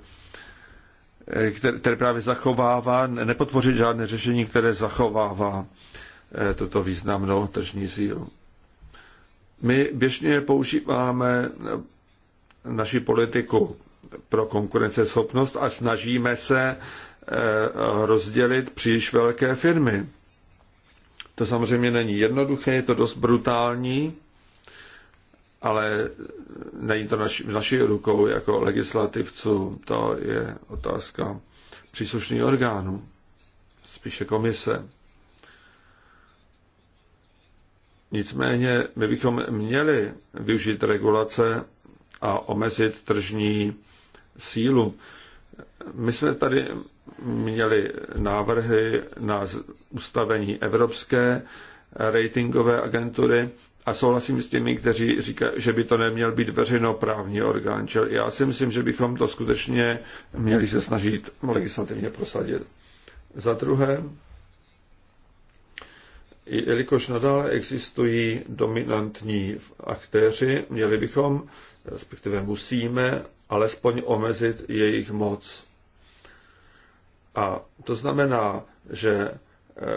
eh, které právě zachovává, nepodpořit žádné řešení, které zachovává toto významnou tržní sílu. My běžně používáme naši politiku pro konkurenceschopnost a snažíme se Eh, rozdělit příliš velké firmy. To samozřejmě není jednoduché, je to dost brutální, ale není to naš, v naší rukou jako legislativců, to je otázka příslušných orgánů, spíše komise. Nicméně my bychom měli využít regulace a omezit tržní sílu. My jsme tady měli návrhy na ustavení Evropské ratingové agentury a souhlasím s těmi, kteří říkají, že by to neměl být veřejnoprávní orgán. Čili já si myslím, že bychom to skutečně měli se snažit legislativně prosadit. Za druhé, jelikož nadále existují dominantní aktéři, měli bychom, respektive musíme, alespoň omezit jejich moc. A to znamená, že eh,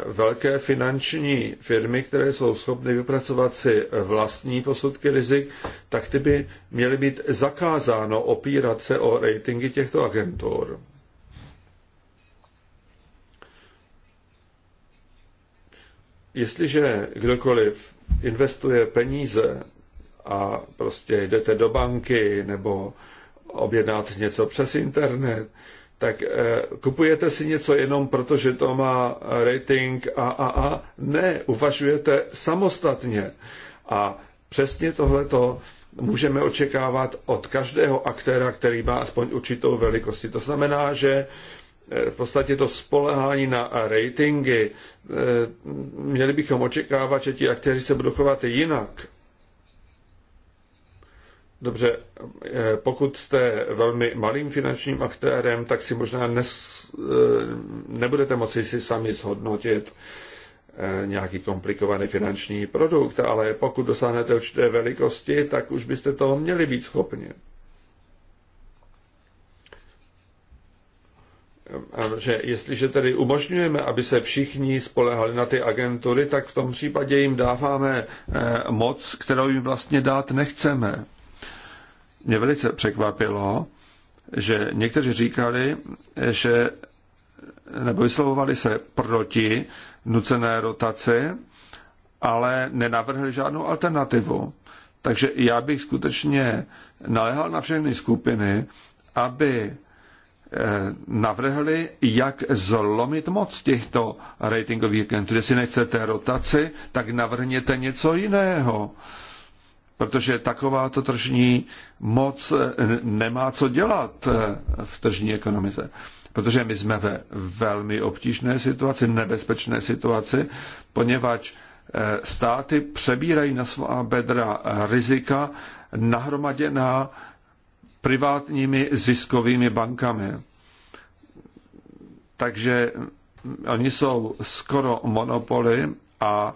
velké finanční firmy, které jsou schopny vypracovat si vlastní posudky rizik, tak ty by měly být zakázáno opírat se o ratingy těchto agentur. Jestliže kdokoliv investuje peníze a prostě jdete do banky nebo objednáte něco přes internet, tak eh, kupujete si něco jenom proto, že to má rating a, a, a. Ne, uvažujete samostatně. A přesně tohleto můžeme očekávat od každého aktéra, který má aspoň určitou velikosti. To znamená, že eh, v podstatě to spolehání na ratingy, eh, měli bychom očekávat, že ti aktéři se budou chovat jinak Dobře, eh, pokud jste velmi malým finančním aktérem, tak si možná nes, eh, nebudete moci si sami zhodnotit eh, nějaký komplikovaný finanční produkt, ale pokud dosáhnete určité velikosti, tak už byste toho měli být schopni. že jestliže tedy umožňujeme, aby se všichni spolehali na ty agentury, tak v tom případě jim dáváme moc, kterou jim vlastně dát nechceme mě velice překvapilo, že někteří říkali, že nebo vyslovovali se proti nucené rotaci, ale nenavrhli žádnou alternativu. Takže já bych skutečně naléhal na všechny skupiny, aby eh, navrhli, jak zlomit moc těchto ratingových agentů. Jestli nechcete rotaci, tak navrhněte něco jiného protože takováto tržní moc eh, nemá co dělat eh, v tržní ekonomice. Protože my jsme ve velmi obtížné situaci, nebezpečné situaci, poněvadž eh, státy přebírají na svá bedra rizika nahromaděná privátními ziskovými bankami. Takže mm, oni jsou skoro monopoly a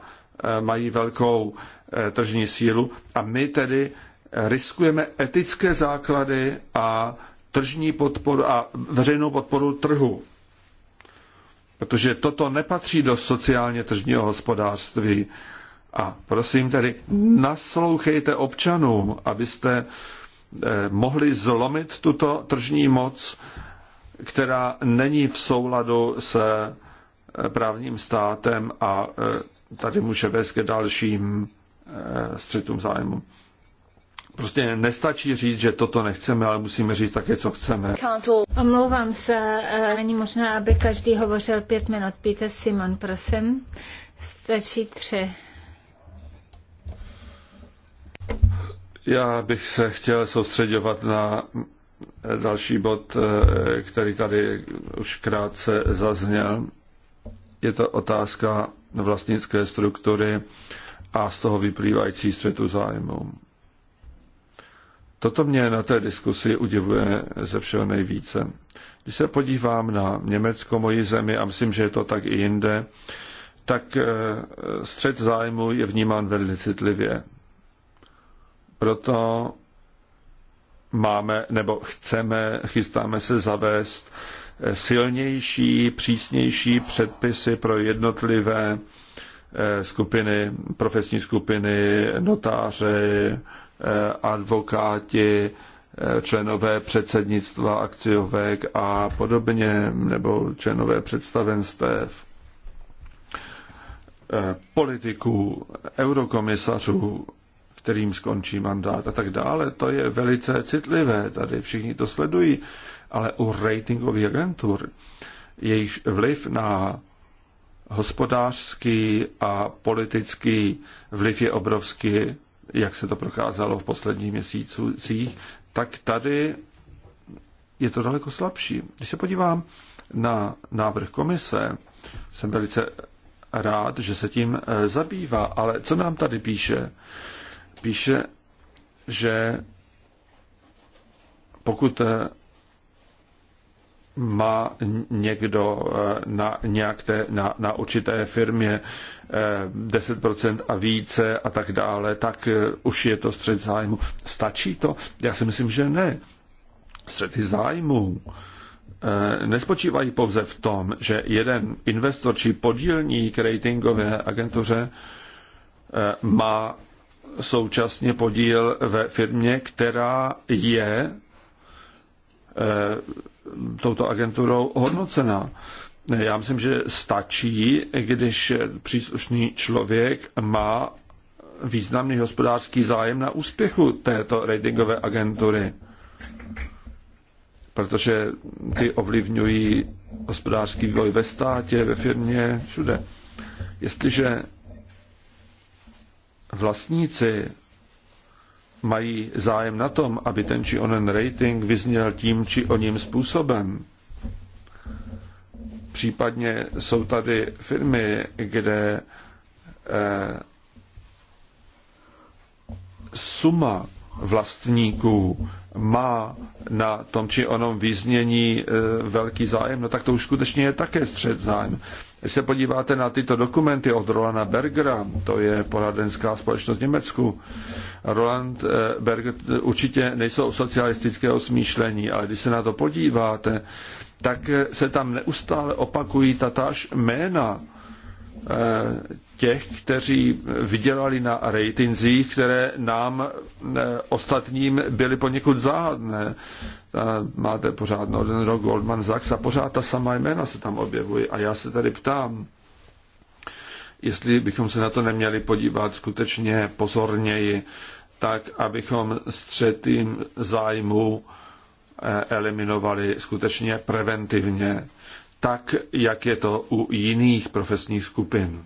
mají velkou Eh, tržní sílu a my tedy riskujeme etické základy a tržní podporu a veřejnou podporu trhu. Protože toto nepatří do sociálně tržního hospodářství. A prosím tedy, naslouchejte občanům, abyste eh, mohli zlomit tuto tržní moc, která není v souladu se eh, právním státem a tady může vést k dalším Eh, střetům zájmu. Prostě nestačí říct, že toto nechceme, ale musíme říct také, co chceme. Omlouvám se, eh, není možné, aby každý hovořil pět minut. Píte Simon, prosím. Stačí tři. Já bych se chtěl soustředovat na další bod, eh, který tady už krátce zazněl. Je to otázka vlastnické struktury a z toho vyplývající střetu zájmu. Toto mě na té diskusi udivuje ze všeho nejvíce. Když se podívám na Německo, moji zemi, a myslím, že je to tak i jinde, tak eh, střed zájmu je vnímán velmi citlivě. Proto máme nebo chceme, chystáme se zavést eh, silnější, přísnější předpisy pro jednotlivé Eh, skupiny, profesní skupiny, notáři, eh, advokáti, eh, členové předsednictva akciovek a podobně, nebo členové představenstev, politiků, eurokomisařů, kterým skončí mandát a tak dále. To je velice citlivé, tady všichni to sledují, ale u ratingových agentur, jejich vliv na hospodářský a politický vliv je obrovský, jak se to prokázalo v posledních měsících, tak tady je to daleko slabší. Když se podívám na návrh komise, jsem velice rád, že se tím eh, zabývá, ale co nám tady píše? Píše, že pokud eh, má někdo eh, na, nějaké, na, na určité firmě 10% eh, a více a tak dále, tak eh, už je to střed zájmu. Stačí to? Já si myslím, že ne. Střety zájmu nespočívají pouze v tom, že jeden investor či podílník ratingové agentuře má současně podíl ve firmě, která je touto agenturou hodnocena. Já myslím, že stačí, když příslušný člověk má významný hospodářský zájem na úspěchu této ratingové agentury, protože ty ovlivňují hospodářský vývoj ve státě, ve firmě, všude. Jestliže vlastníci mají zájem na tom, aby ten či onen rating vyzněl tím či oním způsobem. Případně jsou tady firmy, kde eh, suma vlastníků má na tom či onom význění eh, velký zájem, no tak to už skutečně je také střed zájem. Když se podíváte na tyto dokumenty od Rolanda Bergera, to je poradenská společnost v Německu, Roland eh, Berger eh, určitě nejsou socialistického smýšlení, ale když se na to podíváte, tak eh, se tam neustále opakují tatáž jména těch, kteří vydělali na ratingzích, které nám e, ostatním byly poněkud záhadné. E, máte pořád Northern Rock, Goldman Sachs a pořád ta samá jména se tam objevují. A já se tady ptám, jestli bychom se na to neměli podívat skutečně pozorněji, tak abychom střetým zájmu e, eliminovali skutečně preventivně, tak jak je to u jiných profesních skupin.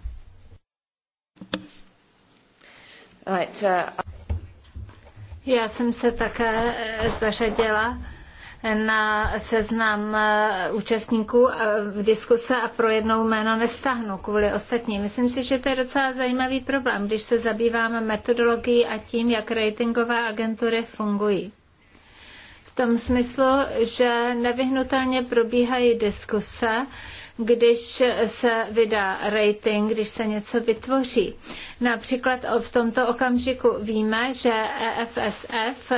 Uh, Já jsem se také eh, zařadila na seznam eh, účastníků eh, v diskuse a pro jednou jméno nestahnu kvůli ostatním. Myslím si, že to je docela zajímavý problém, když se zabýváme metodologií a tím, jak ratingové agentury fungují. V tom smyslu, že nevyhnutelně probíhají diskuse, když se vydá rating, když se něco vytvoří. Například v tomto okamžiku víme, že EFSF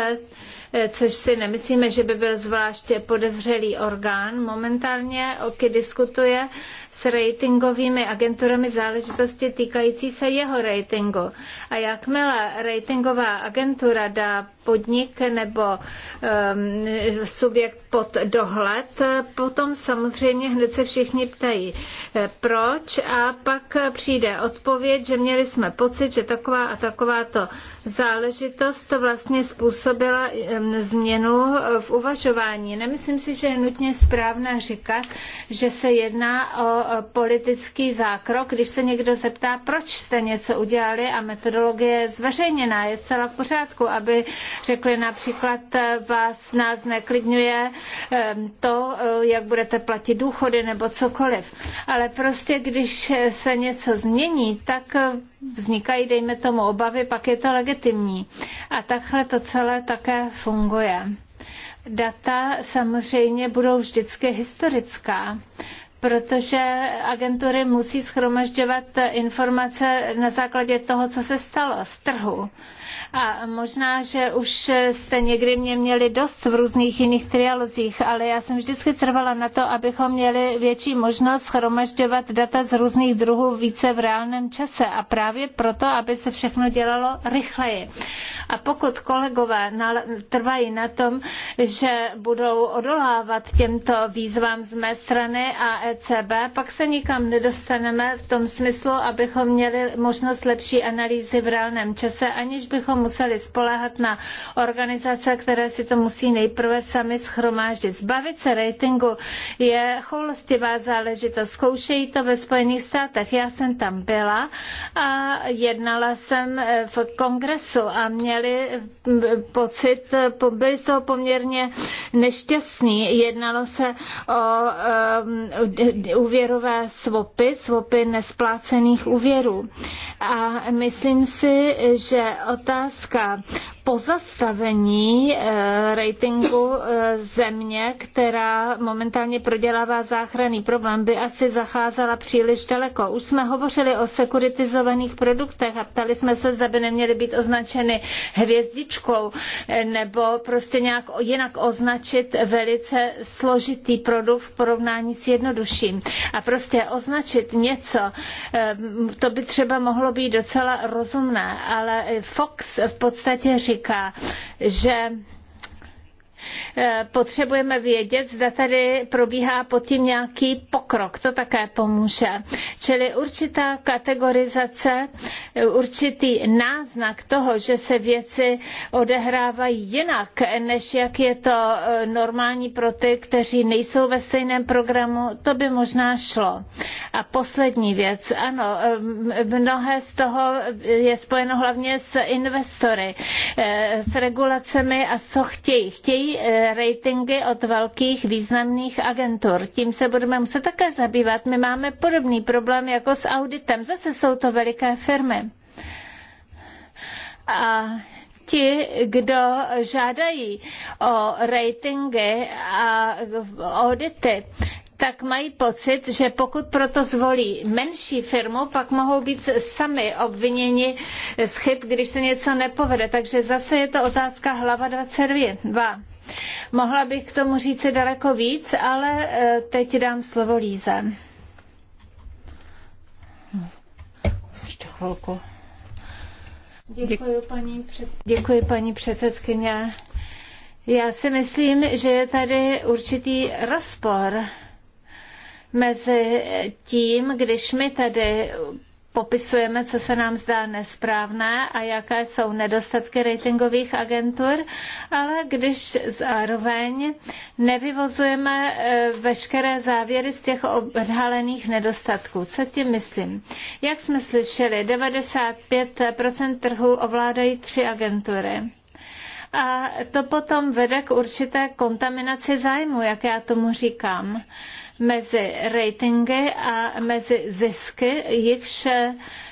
což si nemyslíme, že by byl zvláště podezřelý orgán. Momentálně OKY diskutuje s ratingovými agenturami záležitosti týkající se jeho ratingu. A jakmile ratingová agentura dá podnik nebo ehm, subjekt pod dohled, potom samozřejmě hned se všichni ptají, eh, proč a pak přijde odpověď, že měli jsme pocit, že taková a taková to. záležitost to vlastně způsobila ehm, změnu eh, v uvažování. Nemyslím si, že je nutně správné říkat, že se jedná o politický zákrok, když se někdo zeptá, proč jste něco udělali a metodologie je zveřejněná, je zcela v pořádku, aby řekli například, eh, vás nás neklidňuje ehm, to, eh, jak budete platit důchody nebo cokoliv. Ale prostě, když se něco změní, tak eh, vznikají, dejme tomu, obavy, pak je to legitimní. A takhle to celé také funguje data samozřejmě budou vždycky historická protože agentury musí schromažďovat informace na základě toho, co se stalo z trhu. A možná, že už jste někdy mě měli dost v různých jiných trialozích, ale já jsem vždycky trvala na to, abychom měli větší možnost schromažďovat data z různých druhů více v reálném čase a právě proto, aby se všechno dělalo rychleji. A pokud kolegové trvají na tom, že budou odolávat těmto výzvám z mé strany a ECB, pak se nikam nedostaneme v tom smyslu, abychom měli možnost lepší analýzy v reálném čase, aniž bychom museli spoléhat na organizace, které si to musí nejprve sami schromáždit. Zbavit se ratingu je choulostivá záležitost. Zkoušejí to ve Spojených státech. Já jsem tam byla a jednala jsem e, v kongresu a měli pocit, byli z toho poměrně nešťastní. Jednalo se o e, úvěrové svopy, svopy nesplácených úvěrů. A myslím si, že otázka pozastavení eh, ratingu eh, země, která momentálně prodělává záchranný problém, by asi zacházela příliš daleko. Už jsme hovořili o sekuritizovaných produktech a ptali jsme se, zda by neměly být označeny hvězdičkou eh, nebo prostě nějak jinak označit velice složitý produkt v porovnání s jednodušším. A prostě označit něco, to by třeba mohlo být docela rozumné, ale Fox v podstatě říká, říká, že Eh, potřebujeme vědět, zda tady probíhá pod tím nějaký pokrok. To také pomůže. Čili určitá kategorizace, eh, určitý náznak toho, že se věci odehrávají jinak, než jak je to eh, normální pro ty, kteří nejsou ve stejném programu, to by možná šlo. A poslední věc. Ano, mnohé z toho je spojeno hlavně s investory, s regulacemi a co chtějí. Chtějí Eh, ratingy od velkých významných agentur. Tím se budeme muset také zabývat. My máme podobný problém jako s auditem. Zase jsou to veliké firmy. A ti, kdo žádají o ratingy a audity, tak mají pocit, že pokud proto zvolí menší firmu, pak mohou být sami obviněni z chyb, když se něco nepovede. Takže zase je to otázka hlava 22. Mohla bych k tomu říci daleko víc, ale eh, teď dám slovo Líze. Ještě chvilku. Děkuji paní, před... Děkuji, paní předsedkyně. Já si myslím, že je tady určitý rozpor mezi tím, když my tedy popisujeme, co se nám zdá nesprávné a jaké jsou nedostatky ratingových agentur, ale když zároveň nevyvozujeme eh, veškeré závěry z těch odhalených nedostatků. Co tím myslím? Jak jsme slyšeli, 95% trhu ovládají tři agentury. A to potom vede k určité kontaminaci zájmu, jak já tomu říkám mezi ratingy a mezi zisky, jichž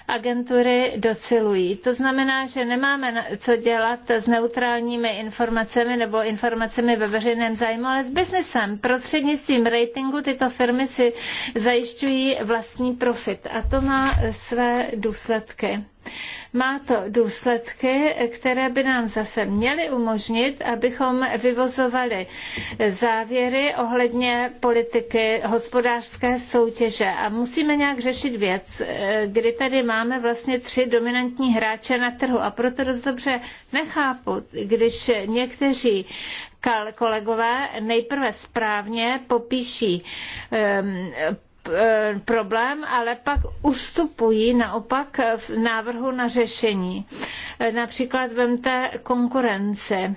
agentury docelují. To znamená, že nemáme co dělat s neutrálními informacemi nebo informacemi ve veřejném zájmu, ale s biznesem. Prostřednictvím ratingu tyto firmy si zajišťují vlastní profit a to má své důsledky. Má to důsledky, které by nám zase měly umožnit, abychom vyvozovali závěry ohledně politiky hospodářské soutěže. A musíme nějak řešit věc, eh, kdy tady máme vlastně tři dominantní hráče na trhu. A proto dost dobře nechápu, když někteří kolegové nejprve správně popíší ehm, Eh, problém, ale pak ustupují naopak v návrhu na řešení. Eh, například vemte konkurenci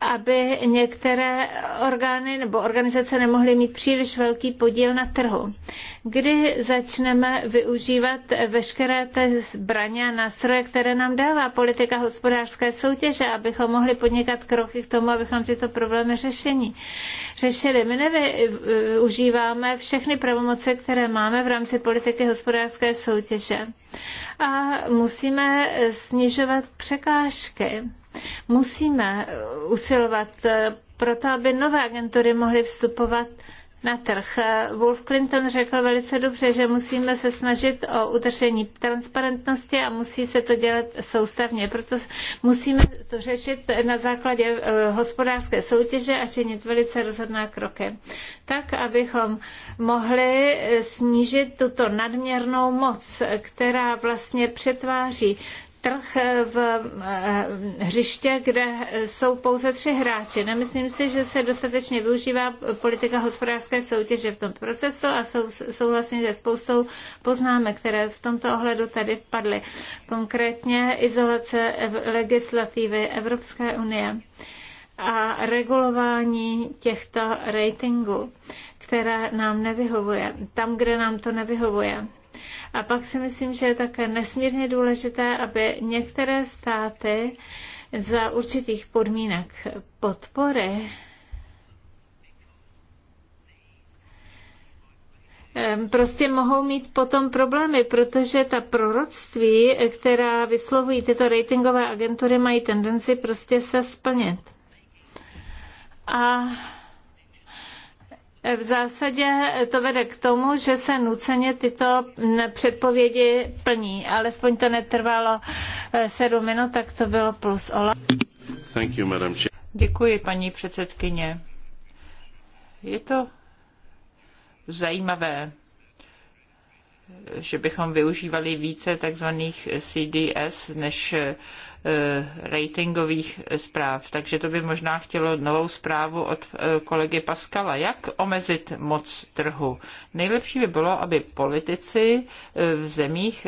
aby některé orgány nebo organizace nemohly mít příliš velký podíl na trhu. Kdy začneme využívat veškeré ty zbraně a nástroje, které nám dává politika hospodářské soutěže, abychom mohli podnikat kroky k tomu, abychom tyto problémy řešení. řešili. My nevyužíváme všechny pravomoce, které máme v rámci politiky hospodářské soutěže. A musíme snižovat překážky Musíme eh, usilovat eh, proto, aby nové agentury mohly vstupovat na trh. Eh, Wolf Clinton řekl velice dobře, že musíme se snažit o udržení transparentnosti a musí se to dělat soustavně. Proto musíme to řešit na základě hospodářské soutěže a činit velice rozhodná kroky. Tak, abychom mohli snížit tuto nadměrnou moc, která vlastně přetváří trh v eh, hřiště, kde jsou pouze tři hráči. Nemyslím no, si, že se dostatečně využívá politika hospodářské soutěže v tom procesu a sou, souhlasím se spoustou poznámek, které v tomto ohledu tady padly. Konkrétně izolace legislativy Evropské unie a regulování těchto ratingů, které nám nevyhovuje, tam, kde nám to nevyhovuje. A pak si myslím, že je také nesmírně důležité, aby některé státy za určitých podmínek podpory prostě mohou mít potom problémy, protože ta proroctví, která vyslovují tyto ratingové agentury, mají tendenci prostě se splnit. A v zásadě to vede k tomu, že se nuceně tyto předpovědi plní. Alespoň to netrvalo eh, sedm minut, tak to bylo plus Ola. Thank you, madam. Děkuji, paní předsedkyně. Je to zajímavé, že bychom využívali více takzvaných CDS než Eh, ratingových zpráv. Takže to by možná chtělo novou zprávu od eh, kolegy Paskala. Jak omezit moc trhu? Nejlepší by bylo, aby politici eh, v zemích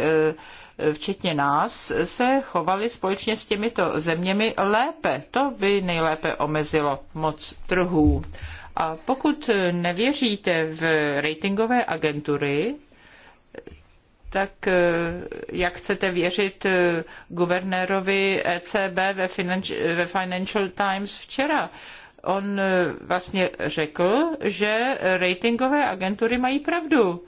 včetně nás, se chovali společně s těmito zeměmi lépe. To by nejlépe omezilo moc trhů. A pokud nevěříte v ratingové agentury, tak eh, jak chcete věřit eh, guvernérovi ECB ve, ve Financial Times včera? On eh, vlastně řekl, že ratingové agentury mají pravdu.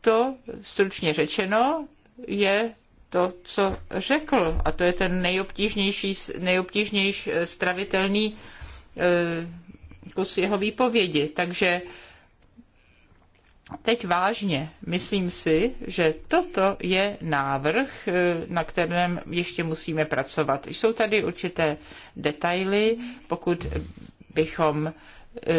To, stručně řečeno, je to, co řekl. A to je ten nejobtížnější, nejobtížnější stravitelný kus jeho výpovědi. Takže Teď vážně, myslím si, že toto je návrh, eh, na kterém ještě musíme pracovat. Jsou tady určité detaily, pokud bychom E,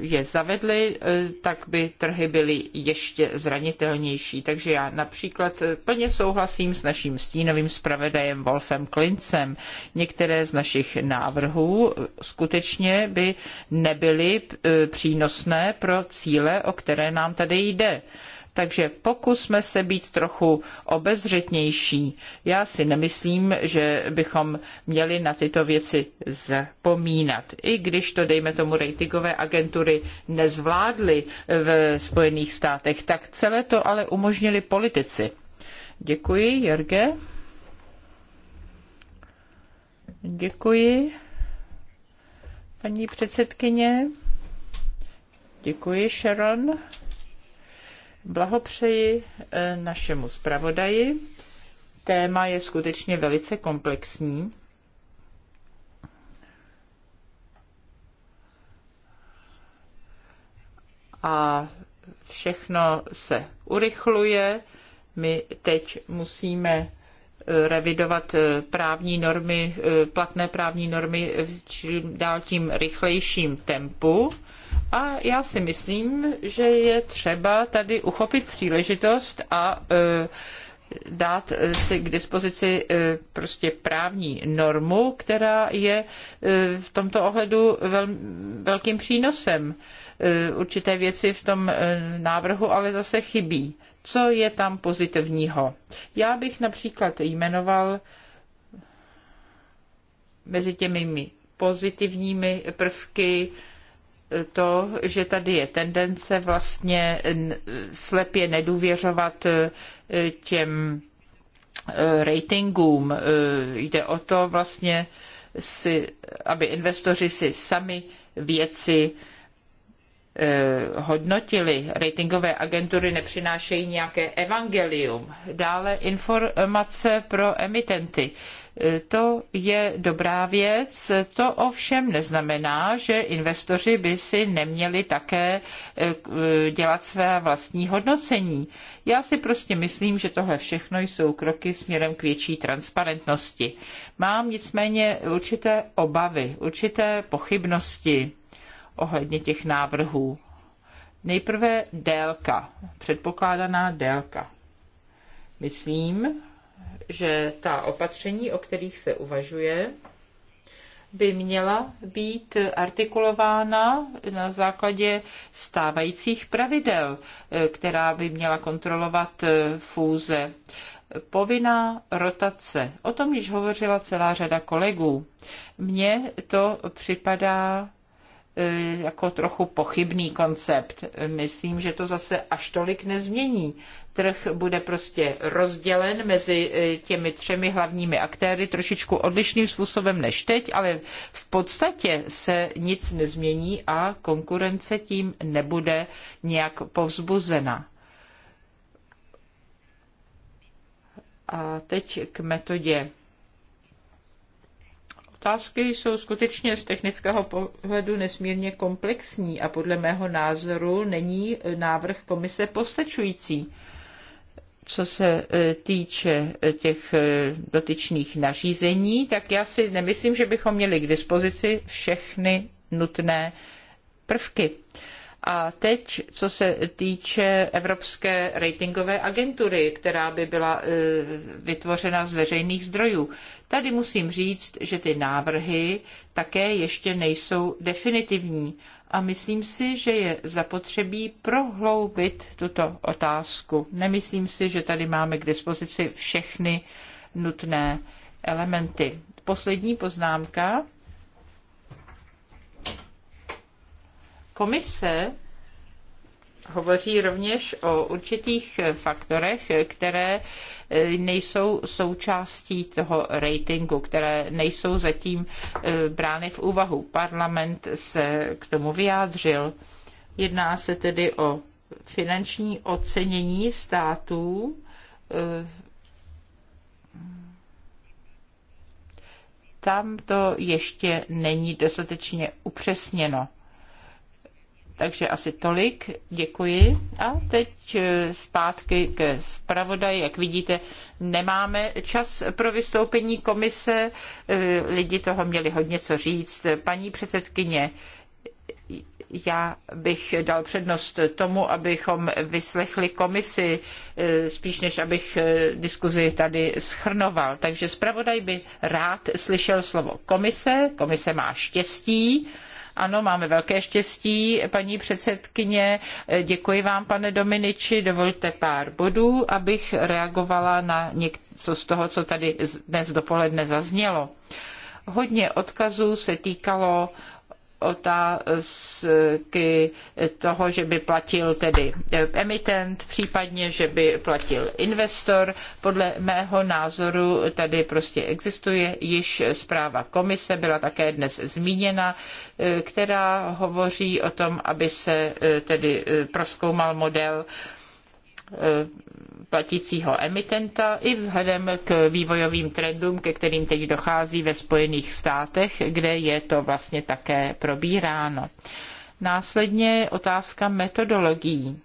je zavedli, e, tak by trhy byly ještě zranitelnější. Takže já například plně souhlasím s naším stínovým zpravodajem Wolfem Klincem. Některé z našich návrhů skutečně by nebyly e, přínosné pro cíle, o které nám tady jde takže pokusme se být trochu obezřetnější. Já si nemyslím, že bychom měli na tyto věci zapomínat. I když to, dejme tomu, ratingové agentury nezvládly v Spojených státech, tak celé to ale umožnili politici. Děkuji, Jorge. Děkuji, paní předsedkyně. Děkuji, Sharon. Blahopřeji eh, našemu zpravodaji. Téma je skutečně velice komplexní. A všechno se urychluje. My teď musíme eh, revidovat eh, právní normy, platné právní normy v čím dál tím rychlejším tempu a já si myslím, že je třeba tady uchopit příležitost a e, dát si k dispozici e, prostě právní normu, která je e, v tomto ohledu velkým přínosem. Určité věci v tom návrhu ale zase chybí. Co je tam pozitivního? Já bych například jmenoval mezi těmi pozitivními prvky to, že tady je tendence vlastně slepě nedůvěřovat e, těm e, ratingům. E, jde o to vlastně, si, aby investoři si sami věci hodnotili. Ratingové agentury nepřinášejí nějaké evangelium. Dále informace pro emitenty. To je dobrá věc, to ovšem neznamená, že investoři by si neměli také eh, eh, dělat své vlastní hodnocení. Já si prostě myslím, že tohle všechno jsou kroky směrem k větší transparentnosti. Mám nicméně určité obavy, určité pochybnosti ohledně těch návrhů. Nejprve délka, předpokládaná délka. Myslím, že ta opatření, o kterých se uvažuje, by měla být artikulována na základě stávajících pravidel, eh, která by měla kontrolovat eh, fúze. Povinná rotace. O tom již hovořila celá řada kolegů. Mně to připadá E, jako trochu pochybný koncept. Myslím, že to zase až tolik nezmění. Trh bude prostě rozdělen mezi e, těmi třemi hlavními aktéry trošičku odlišným způsobem než teď, ale v podstatě se nic nezmění a konkurence tím nebude nějak povzbuzena. A teď k metodě otázky jsou skutečně z technického pohledu nesmírně komplexní a podle mého názoru není návrh komise postačující co se e, týče e, těch e, dotyčných nařízení, tak já si nemyslím, že bychom měli k dispozici všechny nutné prvky. A teď, co se týče Evropské ratingové agentury, která by byla e, vytvořena z veřejných zdrojů, tady musím říct, že ty návrhy také ještě nejsou definitivní. A myslím si, že je zapotřebí prohloubit tuto otázku. Nemyslím si, že tady máme k dispozici všechny nutné elementy. Poslední poznámka Komise hovoří rovněž o určitých faktorech, které eh, nejsou součástí toho ratingu, které nejsou zatím eh, brány v úvahu. Parlament se k tomu vyjádřil. Jedná se tedy o finanční ocenění států eh, tam to ještě není dostatečně upřesněno. Takže asi tolik, děkuji. A teď eh, zpátky ke zpravodaji. Jak vidíte, nemáme čas pro vystoupení komise. Eh, lidi toho měli hodně co říct. Paní předsedkyně, já bych dal přednost tomu, abychom vyslechli komisi, eh, spíš než abych diskuzi tady schrnoval. Takže zpravodaj by rád slyšel slovo komise. Komise má štěstí. Ano, máme velké štěstí, paní předsedkyně. Děkuji vám, pane Dominiči. Dovolte pár bodů, abych reagovala na něco z toho, co tady dnes dopoledne zaznělo. Hodně odkazů se týkalo otázky toho, že by platil tedy emitent, případně, že by platil investor. Podle mého názoru tady prostě existuje již zpráva komise, byla také dnes zmíněna, eh, která hovoří o tom, aby se eh, tedy eh, proskoumal model Eh, platícího emitenta i vzhledem k vývojovým trendům, ke kterým teď dochází ve Spojených státech, kde je to vlastně také probíráno. Následně otázka metodologií.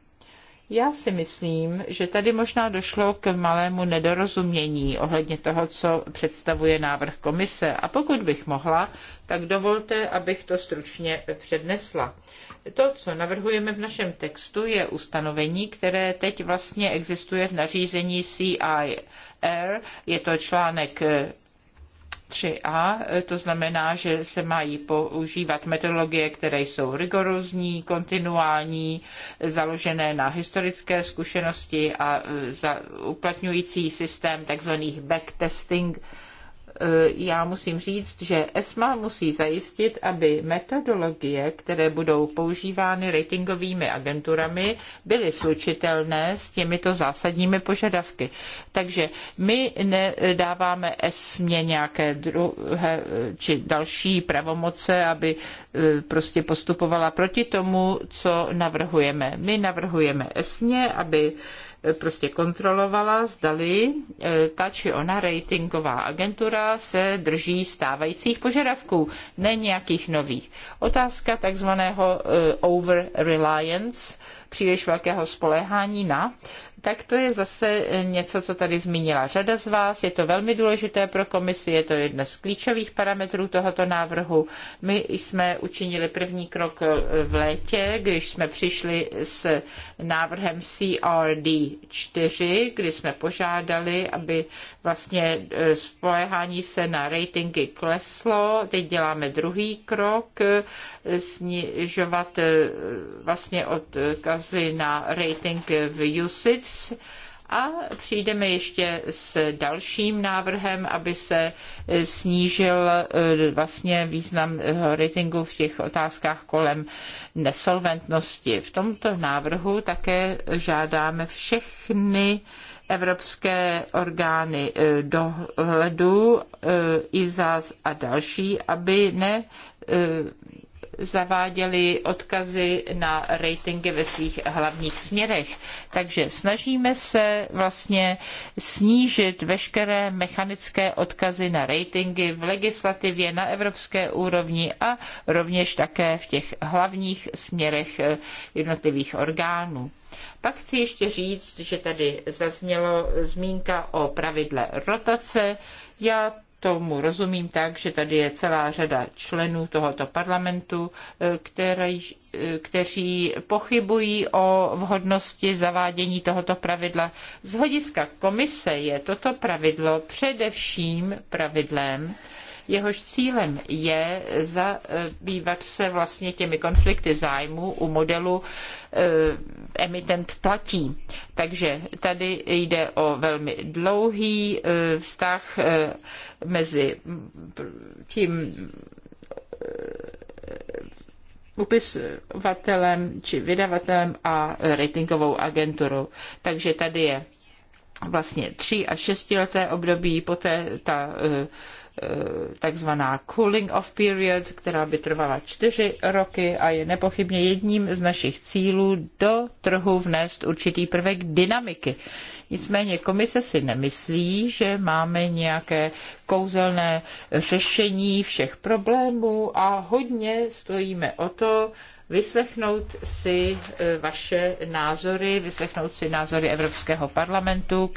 Já si myslím, že tady možná došlo k malému nedorozumění ohledně toho, co představuje návrh komise. A pokud bych mohla, tak dovolte, abych to stručně přednesla. To, co navrhujeme v našem textu, je ustanovení, které teď vlastně existuje v nařízení CIR. Je to článek 3a, to znamená, že se mají používat metodologie, které jsou rigorózní, kontinuální, založené na historické zkušenosti a e, za, uplatňující systém tzv. backtesting Eh, já musím říct, že ESMA musí zajistit, aby metodologie, které budou používány ratingovými agenturami, byly slučitelné s těmito zásadními požadavky. Takže my nedáváme ESMě nějaké druhé eh, či další pravomoce, aby eh, prostě postupovala proti tomu, co navrhujeme. My navrhujeme ESMě, aby prostě kontrolovala, zdali e, ta či ona ratingová agentura se drží stávajících požadavků, ne nějakých nových. Otázka takzvaného e, over reliance, příliš velkého spoléhání na tak to je zase něco, co tady zmínila řada z vás. Je to velmi důležité pro komisi, je to jedna z klíčových parametrů tohoto návrhu. My jsme učinili první krok v létě, když jsme přišli s návrhem CRD4, kdy jsme požádali, aby vlastně e, spolehání se na ratingy kleslo. Teď děláme druhý krok, e, snižovat e, vlastně odkazy na rating v usage, dnes a přijdeme ještě s dalším návrhem, aby se eh, snížil eh, vlastně význam eh, ratingu v těch otázkách kolem nesolventnosti. V tomto návrhu také žádáme všechny evropské orgány dohledu, IZAS a další, aby ne zaváděli odkazy na ratingy ve svých hlavních směrech. Takže snažíme se vlastně snížit veškeré mechanické odkazy na ratingy v legislativě na evropské úrovni a rovněž také v těch hlavních směrech eh, jednotlivých orgánů. Pak chci ještě říct, že tady zaznělo zmínka o pravidle rotace. Já tomu rozumím tak, že tady je celá řada členů tohoto parlamentu, eh, který, eh, kteří pochybují o vhodnosti zavádění tohoto pravidla. Z hlediska komise je toto pravidlo především pravidlem, jehož cílem je zabývat se vlastně těmi konflikty zájmů u modelu eh, emitent platí. Takže tady jde o velmi dlouhý eh, vztah eh, mezi tím upisovatelem či vydavatelem a ratingovou agenturou. Takže tady je vlastně tři a šestileté leté období, poté ta Eh, takzvaná cooling off period, která by trvala čtyři roky a je nepochybně jedním z našich cílů do trhu vnést určitý prvek dynamiky. Nicméně komise si nemyslí, že máme nějaké kouzelné řešení všech problémů a hodně stojíme o to, vyslechnout si e, vaše názory, vyslechnout si názory Evropského parlamentu,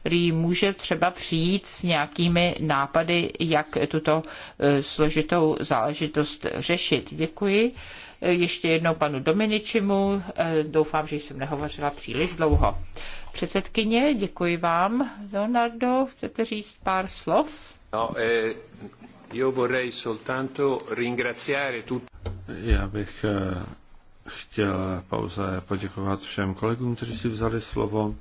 který může třeba přijít s nějakými nápady, jak tuto e, složitou záležitost řešit. Děkuji e, ještě jednou panu Dominičimu. Doufám, že jsem nehovořila příliš dlouho. Předsedkyně, děkuji vám. Leonardo, chcete říct pár slov? No, eh, io vorrei soltanto ringraziare tutti. Já bych eh, chtěl pouze poděkovat všem kolegům, kteří si vzali slovo.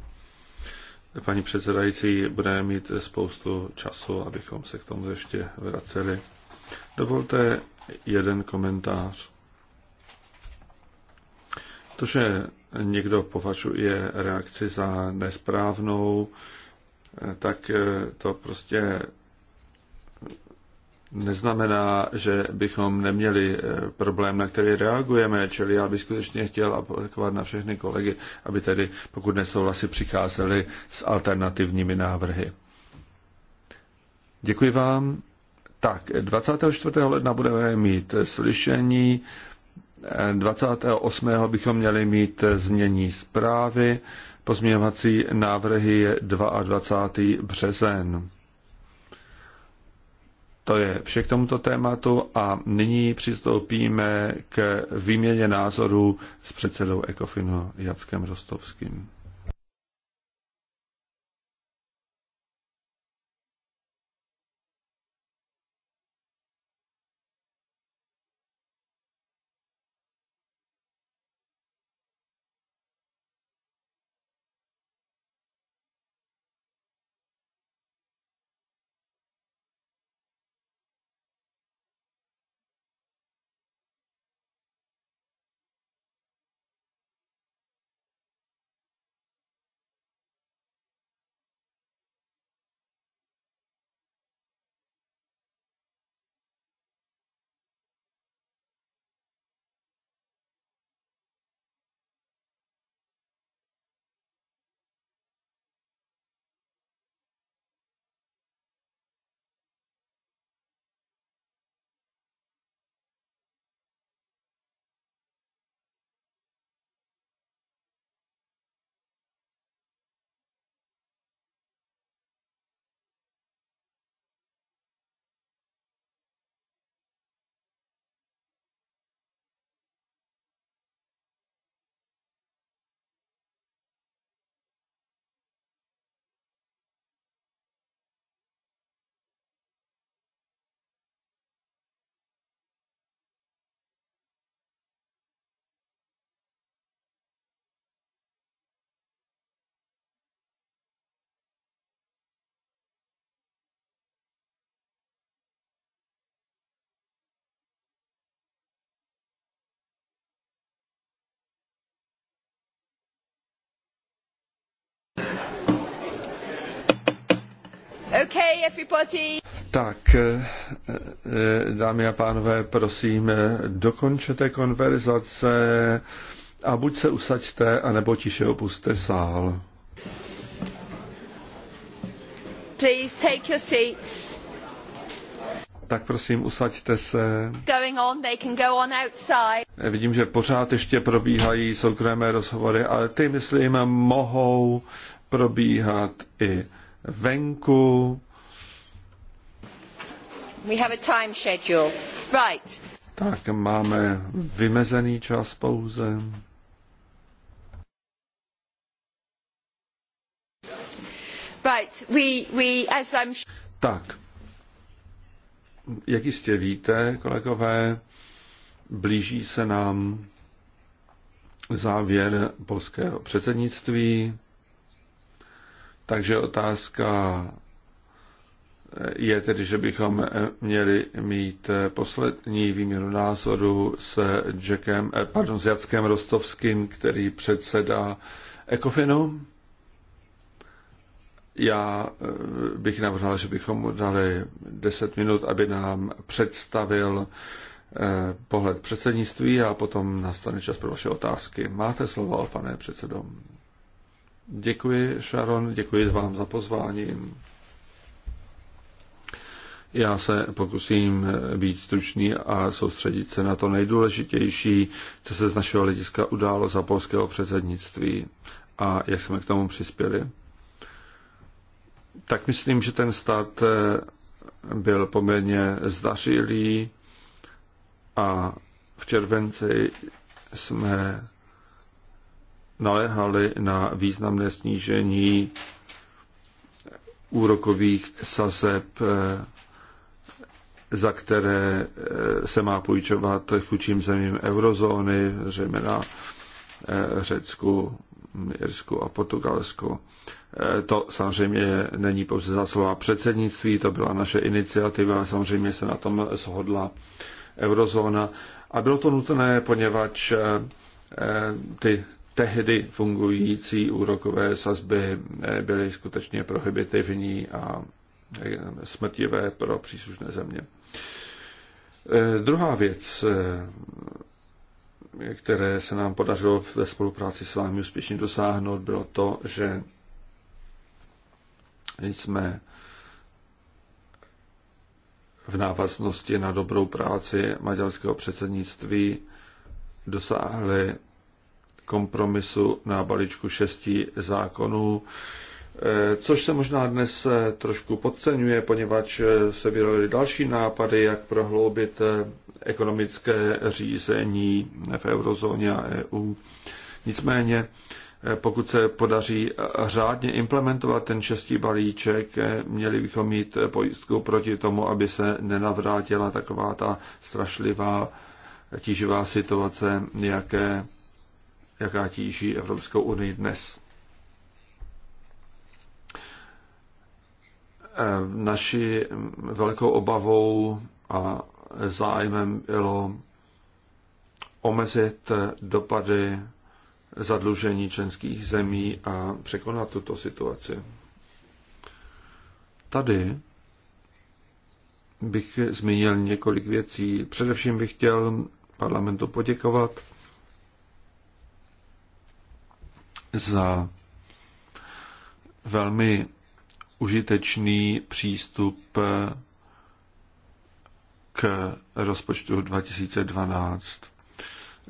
Paní předsedající bude mít spoustu času, abychom se k tomu ještě vraceli. Dovolte jeden komentář. To, že někdo považuje reakci za nesprávnou, eh, tak eh, to prostě neznamená, že bychom neměli eh, problém, na který reagujeme, čili já bych skutečně chtěl aplikovat na všechny kolegy, aby tedy, pokud nesouhlasí, přicházeli s alternativními návrhy. Děkuji vám. Tak, 24. ledna budeme mít slyšení, 28. Eh, bychom měli mít eh, znění zprávy, pozměňovací návrhy je 22. březen. To je vše k tomuto tématu a nyní přistoupíme k výměně názorů s předsedou Ekofinu Jackem Rostovským. Okay, everybody. Tak, eh, eh, dámy a pánové, prosím, eh, dokončete konverzace a buď se usaďte, anebo tiše opuste sál. Please take your seats. Tak prosím, usaďte se. Going on, they can go on outside. Vidím, že pořád ještě probíhají soukromé rozhovory, ale ty, myslím, mohou probíhat i venku. We have a time schedule. Right. Tak máme vymezený čas pouze. Right, we, we, as I'm... Tak, jak jistě víte, kolegové, blíží se nám závěr polského předsednictví takže otázka je tedy, že bychom měli mít poslední výměnu názoru s, Jackem, pardon, s Jackem Rostovským, který předsedá Ekofinu. Já bych navrhl, že bychom mu dali 10 minut, aby nám představil eh, pohled předsednictví a potom nastane čas pro vaše otázky. Máte slovo, pane předsedo. Děkuji, Sharon, děkuji vám za pozvání. Já se pokusím být stručný a soustředit se na to nejdůležitější, co se z našeho hlediska událo za polského předsednictví a jak jsme k tomu přispěli. Tak myslím, že ten stát eh, byl poměrně zdařilý a v červenci jsme naléhali na významné snížení úrokových sazeb, eh, za které eh, se má půjčovat chudším zemím eurozóny, zejména eh, Řecku, Irsku a Portugalsku. To samozřejmě není pouze zásluha předsednictví, to byla naše iniciativa, samozřejmě se na tom shodla eurozóna. A bylo to nutné, poněvadž ty tehdy fungující úrokové sazby eh, byly skutečně prohibitivní a eh, smrtivé pro příslušné země. Eh, druhá věc, které se nám podařilo ve spolupráci s vámi úspěšně dosáhnout, bylo to, že jsme v návaznosti na dobrou práci maďarského předsednictví dosáhli kompromisu na balíčku šesti zákonů, eh, což se možná dnes eh, trošku podceňuje, poněvadž eh, se vyrojily další nápady, jak prohloubit ekonomické řízení v eurozóně a EU. Nicméně, pokud se podaří řádně implementovat ten šestý balíček, měli bychom mít pojistku proti tomu, aby se nenavrátila taková ta strašlivá tíživá situace, jaké jaká tíží Evropskou unii dnes. Eh, naši velkou obavou a zájmem bylo omezit dopady zadlužení členských zemí a překonat tuto situaci. Tady bych zmínil několik věcí. Především bych chtěl parlamentu poděkovat za velmi užitečný přístup k rozpočtu 2012.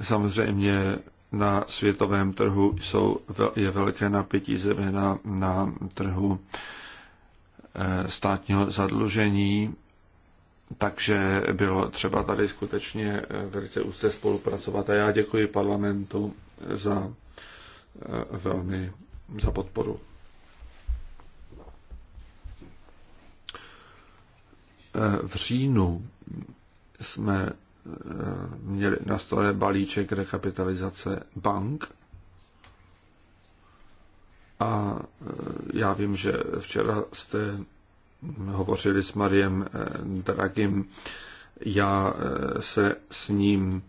Samozřejmě na světovém trhu jsou, je velké napětí zejména na trhu eh, státního zadlužení, takže bylo třeba tady skutečně eh, velice úzce spolupracovat a já děkuji parlamentu za Eh, velmi za podporu. Eh, v říjnu jsme eh, měli na stole balíček rekapitalizace bank a já vím, že včera jste hovořili s Mariem Dragim, já se s ním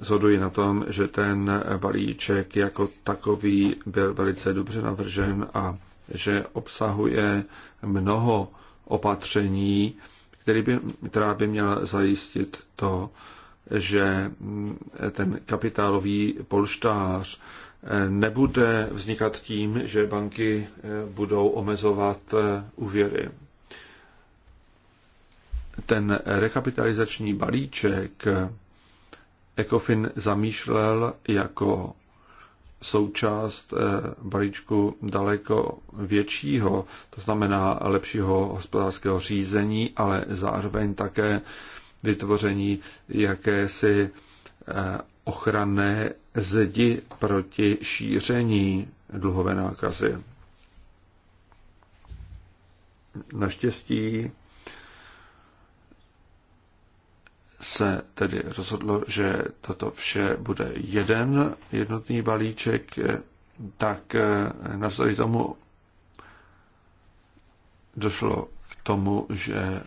Zhoduji na tom, že ten balíček jako takový byl velice dobře navržen a že obsahuje mnoho opatření, který by, která by měla zajistit to, že ten kapitálový polštář nebude vznikat tím, že banky budou omezovat úvěry. Ten rekapitalizační balíček ECOFIN zamýšlel jako součást eh, balíčku daleko většího, to znamená lepšího hospodářského řízení, ale zároveň také vytvoření jakési eh, ochranné zdi proti šíření dluhové nákazy. Naštěstí se tedy rozhodlo, že toto vše bude jeden jednotný balíček, tak eh, navzdory tomu došlo k tomu, že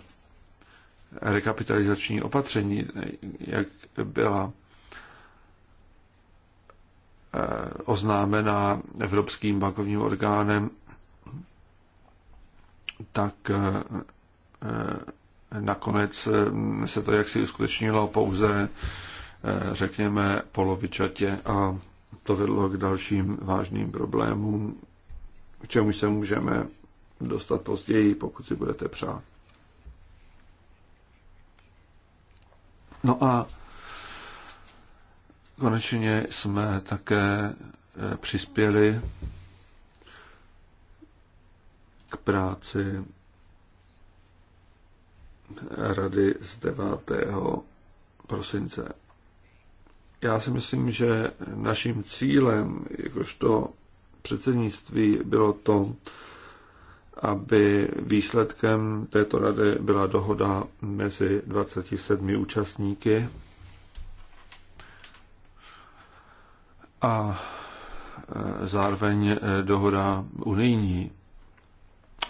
rekapitalizační opatření, jak byla eh, oznámena Evropským bankovním orgánem, tak eh, Nakonec mm, se to jaksi uskutečnilo pouze, eh, řekněme, polovičatě a to vedlo k dalším vážným problémům, k čemu se můžeme dostat později, pokud si budete přát. No a konečně jsme také eh, přispěli k práci rady z 9. prosince. Já si myslím, že naším cílem, jakožto předsednictví, bylo to, aby výsledkem této rady byla dohoda mezi 27 účastníky. A e, zároveň e, dohoda unijní.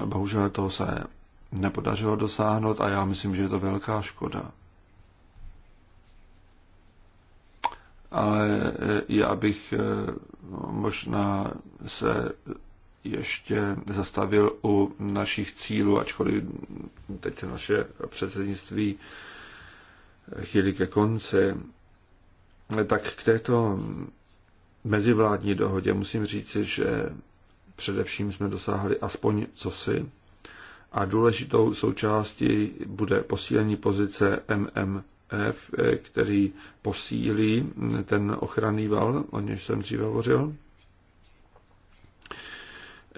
Bohužel toho se nepodařilo dosáhnout a já myslím, že je to velká škoda. Ale eh, já bych eh, možná se ještě zastavil u našich cílů, ačkoliv teď se naše předsednictví chýlí ke konci, tak k této mezivládní dohodě musím říci, že především jsme dosáhli aspoň cosi a důležitou součástí bude posílení pozice MMF, který posílí ten ochranný val, o něž jsem dříve hovořil.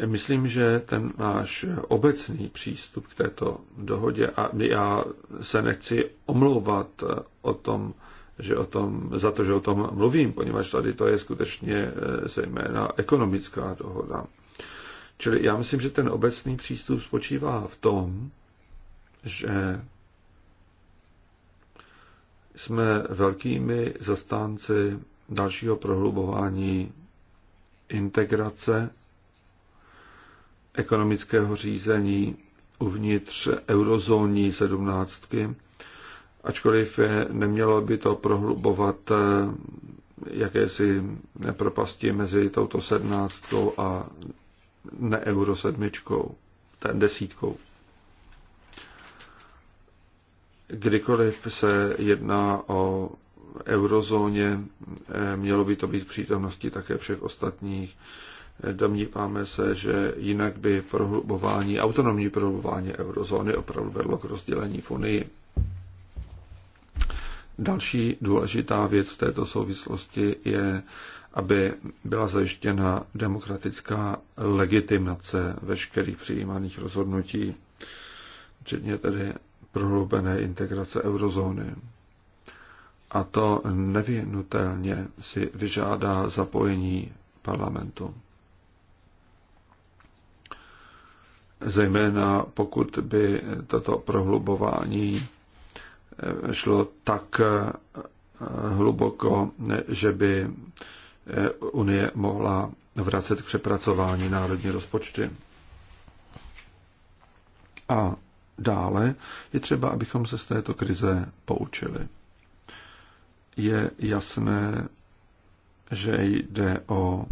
Myslím, že ten náš obecný přístup k této dohodě, a já se nechci omlouvat o tom, že o tom, za to, že o tom mluvím, poněvadž tady to je skutečně eh, zejména ekonomická dohoda. Čili já myslím, že ten obecný přístup spočívá v tom, že jsme velkými zastánci dalšího prohlubování integrace ekonomického řízení uvnitř eurozóní sedmnáctky, ačkoliv nemělo by to prohlubovat eh, jakési nepropasti mezi touto sednáctkou a ne euro sedmičkou, ten desítkou. Kdykoliv se jedná o eurozóně, eh, mělo by to být přítomnosti také všech ostatních. Domníváme se, že jinak by prohlubování, autonomní prohlubování eurozóny opravdu vedlo k rozdělení v Unii. Další důležitá věc v této souvislosti je aby byla zajištěna demokratická legitimace veškerých přijímaných rozhodnutí, včetně tedy prohloubené integrace eurozóny. A to nevyhnutelně si vyžádá zapojení parlamentu. Zejména pokud by toto prohlubování eh, šlo tak eh, hluboko, že by Unie mohla vracet k přepracování národní rozpočty. A dále je třeba, abychom se z této krize poučili. Je jasné, že jde o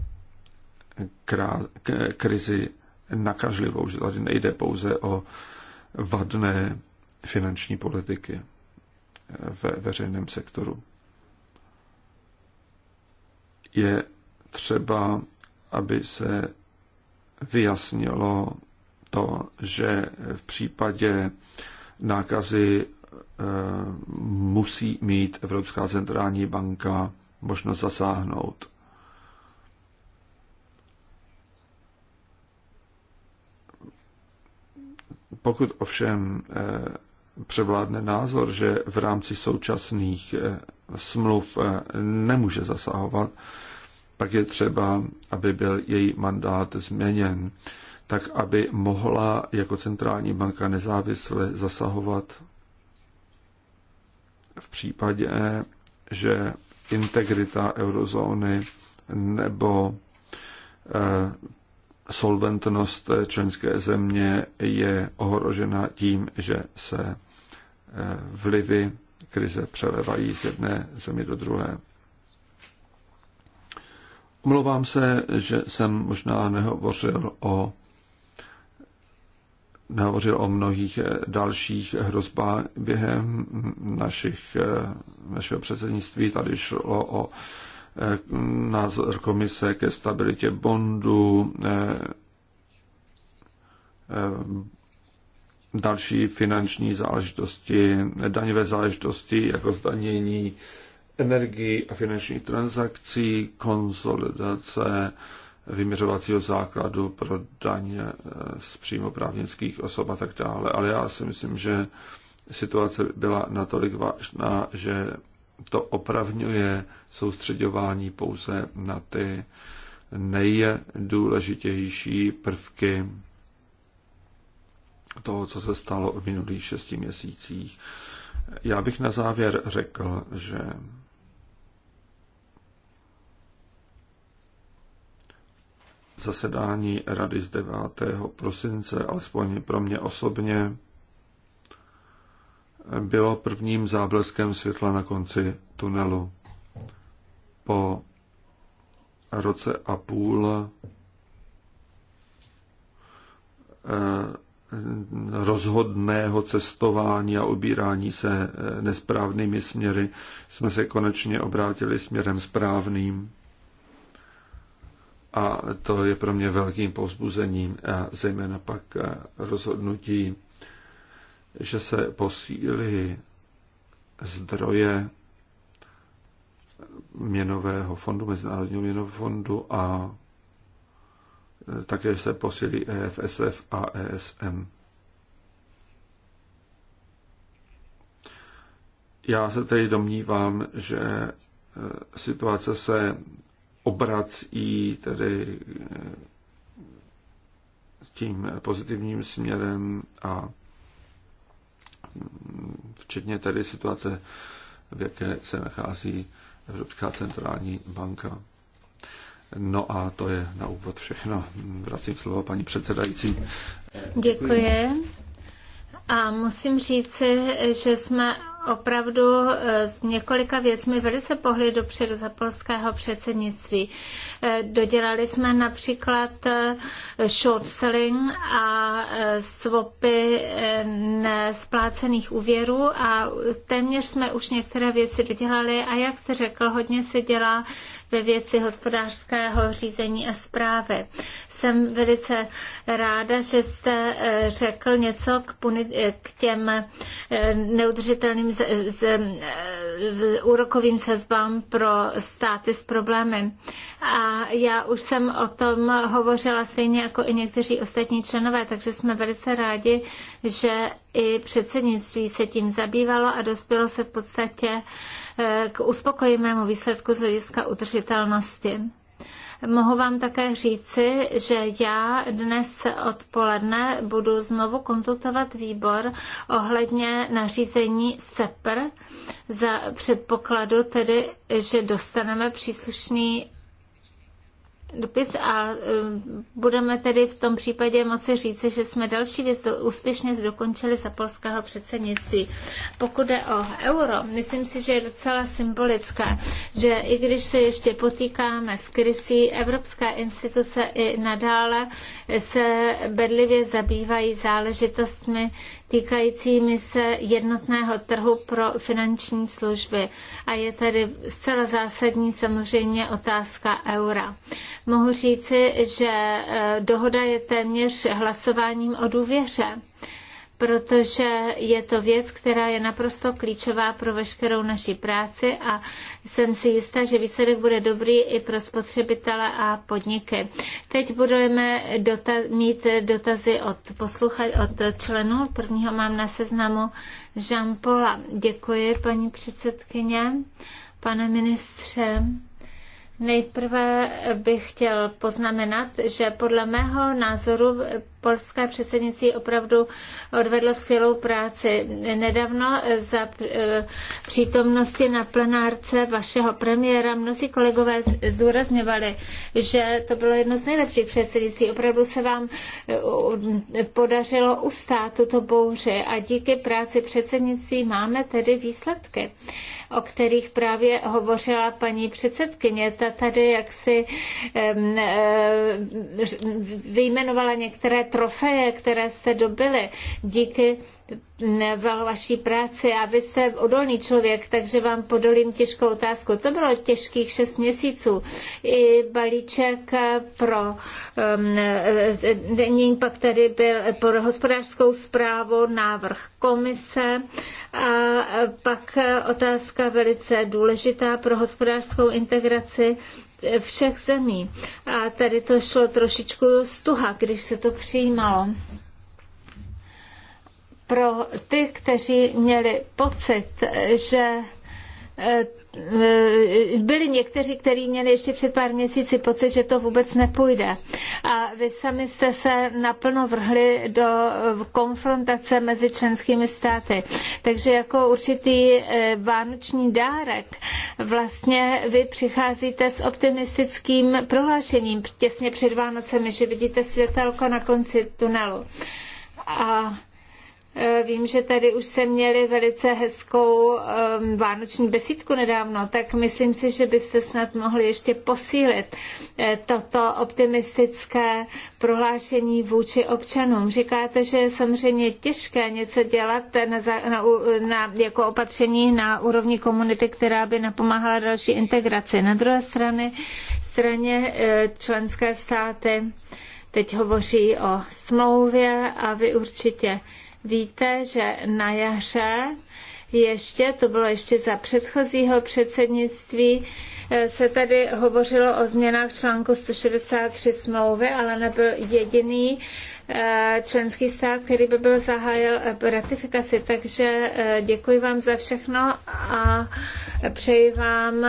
krizi nakažlivou, že tady nejde pouze o vadné finanční politiky ve veřejném sektoru je třeba, aby se vyjasnilo to, že v případě nákazy eh, musí mít Evropská centrální banka možnost zasáhnout. Pokud ovšem eh, převládne názor, že v rámci současných eh, smluv nemůže zasahovat, pak je třeba, aby byl její mandát změněn, tak aby mohla jako centrální banka nezávisle zasahovat v případě, že integrita eurozóny nebo eh, solventnost členské země je ohrožena tím, že se eh, vlivy krize přelevají z jedné země do druhé. Mluvám se, že jsem možná nehovořil o nehovořil o mnohých eh, dalších hrozbách během našich, eh, našeho předsednictví. Tady šlo o eh, názor komise ke stabilitě bondu, další finanční záležitosti, daňové záležitosti jako zdanění energii a finančních transakcí, konsolidace vyměřovacího základu pro daně eh, z příjmu právnických osob a tak dále. Ale já si myslím, že situace byla natolik vážná, že to opravňuje soustředování pouze na ty nejdůležitější prvky toho, co se stalo v minulých šesti měsících. Já bych na závěr řekl, že zasedání rady z 9. prosince, alespoň pro mě osobně, bylo prvním zábleskem světla na konci tunelu. Po roce a půl eh, rozhodného cestování a ubírání se eh, nesprávnými směry jsme se konečně obrátili směrem správným a to je pro mě velkým povzbuzením, a zejména pak rozhodnutí, že se posílí zdroje měnového fondu, Mezinárodního měnového fondu a e, také se posílí EFSF a ESM. Já se tedy domnívám, že e, situace se obrat i tedy eh, tím pozitivním směrem a mm, včetně tedy situace, v jaké se nachází Evropská centrální banka. No a to je na úvod všechno. Vracím slovo paní předsedající. Děkuji. Děkuji. A musím říct, že jsme opravdu eh, s několika věcmi velice pohli dopředu za polského předsednictví. Eh, dodělali jsme například eh, short selling a swapy nesplácených úvěrů a téměř jsme už některé věci dodělali a jak se řekl, hodně se dělá ve věci hospodářského řízení a zprávy. Jsem velice ráda, že jste eh, řekl něco k, puni- eh, k těm eh, neudržitelným z- z- úrokovým sazbám pro státy s problémy. A já už jsem o tom hovořila stejně jako i někteří ostatní členové, takže jsme velice rádi, že i předsednictví se tím zabývalo a dospělo se v podstatě k uspokojivému výsledku z hlediska udržitelnosti. Mohu vám také říci, že já dnes odpoledne budu znovu konzultovat výbor ohledně nařízení SEPR za předpokladu tedy, že dostaneme příslušný dopis a e, budeme tedy v tom případě moci říci, že jsme další věc do, úspěšně dokončili za polského předsednictví. Pokud jde o euro, myslím si, že je docela symbolické, že i když se ještě potýkáme s krysí, Evropská instituce i nadále se bedlivě zabývají záležitostmi, týkajícími se jednotného trhu pro finanční služby. A je tady zcela zásadní samozřejmě otázka eura. Mohu říci, že eh, dohoda je téměř hlasováním o důvěře protože je to věc, která je naprosto klíčová pro veškerou naši práci a jsem si jistá, že výsledek bude dobrý i pro spotřebitele a podniky. Teď budeme dota- mít dotazy od, poslucha- od členů. Prvního mám na seznamu Jean-Paula. Děkuji, paní předsedkyně, pane ministře. Nejprve bych chtěl poznamenat, že podle mého názoru polské předsednictví opravdu odvedlo skvělou práci. Nedávno za eh, přítomnosti na plenárce vašeho premiéra mnozí kolegové zúrazňovali, že to bylo jedno z nejlepších předsednictví. Opravdu se vám eh, podařilo ustát tuto bouři a díky práci předsednictví máme tedy výsledky, o kterých právě hovořila paní předsedkyně. Ta tady jaksi eh, vyjmenovala některé trofeje, které jste dobili díky vaší práci a vy jste odolný člověk, takže vám podolím těžkou otázku. To bylo těžkých šest měsíců. I balíček pro um, denní e, e, pak tady byl pro hospodářskou zprávu, návrh komise a pak otázka velice důležitá pro hospodářskou integraci všech zemí. A tady to šlo trošičku stuha, když se to přijímalo pro ty, kteří měli pocit, že eh, byli někteří, kteří měli ještě před pár měsíci pocit, že to vůbec nepůjde. A vy sami jste se naplno vrhli do konfrontace mezi členskými státy. Takže jako určitý eh, vánoční dárek vlastně vy přicházíte s optimistickým prohlášením těsně před Vánocemi, že vidíte světelko na konci tunelu. A Eh, vím, že tady už se měli velice hezkou ehm, vánoční besídku nedávno, tak myslím si, že byste snad mohli ještě posílit eh, toto optimistické prohlášení vůči občanům. Říkáte, že je samozřejmě těžké něco dělat na, na, na, jako opatření na úrovni komunity, která by napomáhala další integraci. Na druhé strany, straně eh, členské státy teď hovoří o smlouvě a vy určitě Víte, že na jaře ještě, to bylo ještě za předchozího předsednictví, eh, se tady hovořilo o změnách článku 163 smlouvy, ale nebyl jediný eh, členský stát, který by byl zahájil eh, ratifikaci. Takže děkuji vám za všechno a přeji vám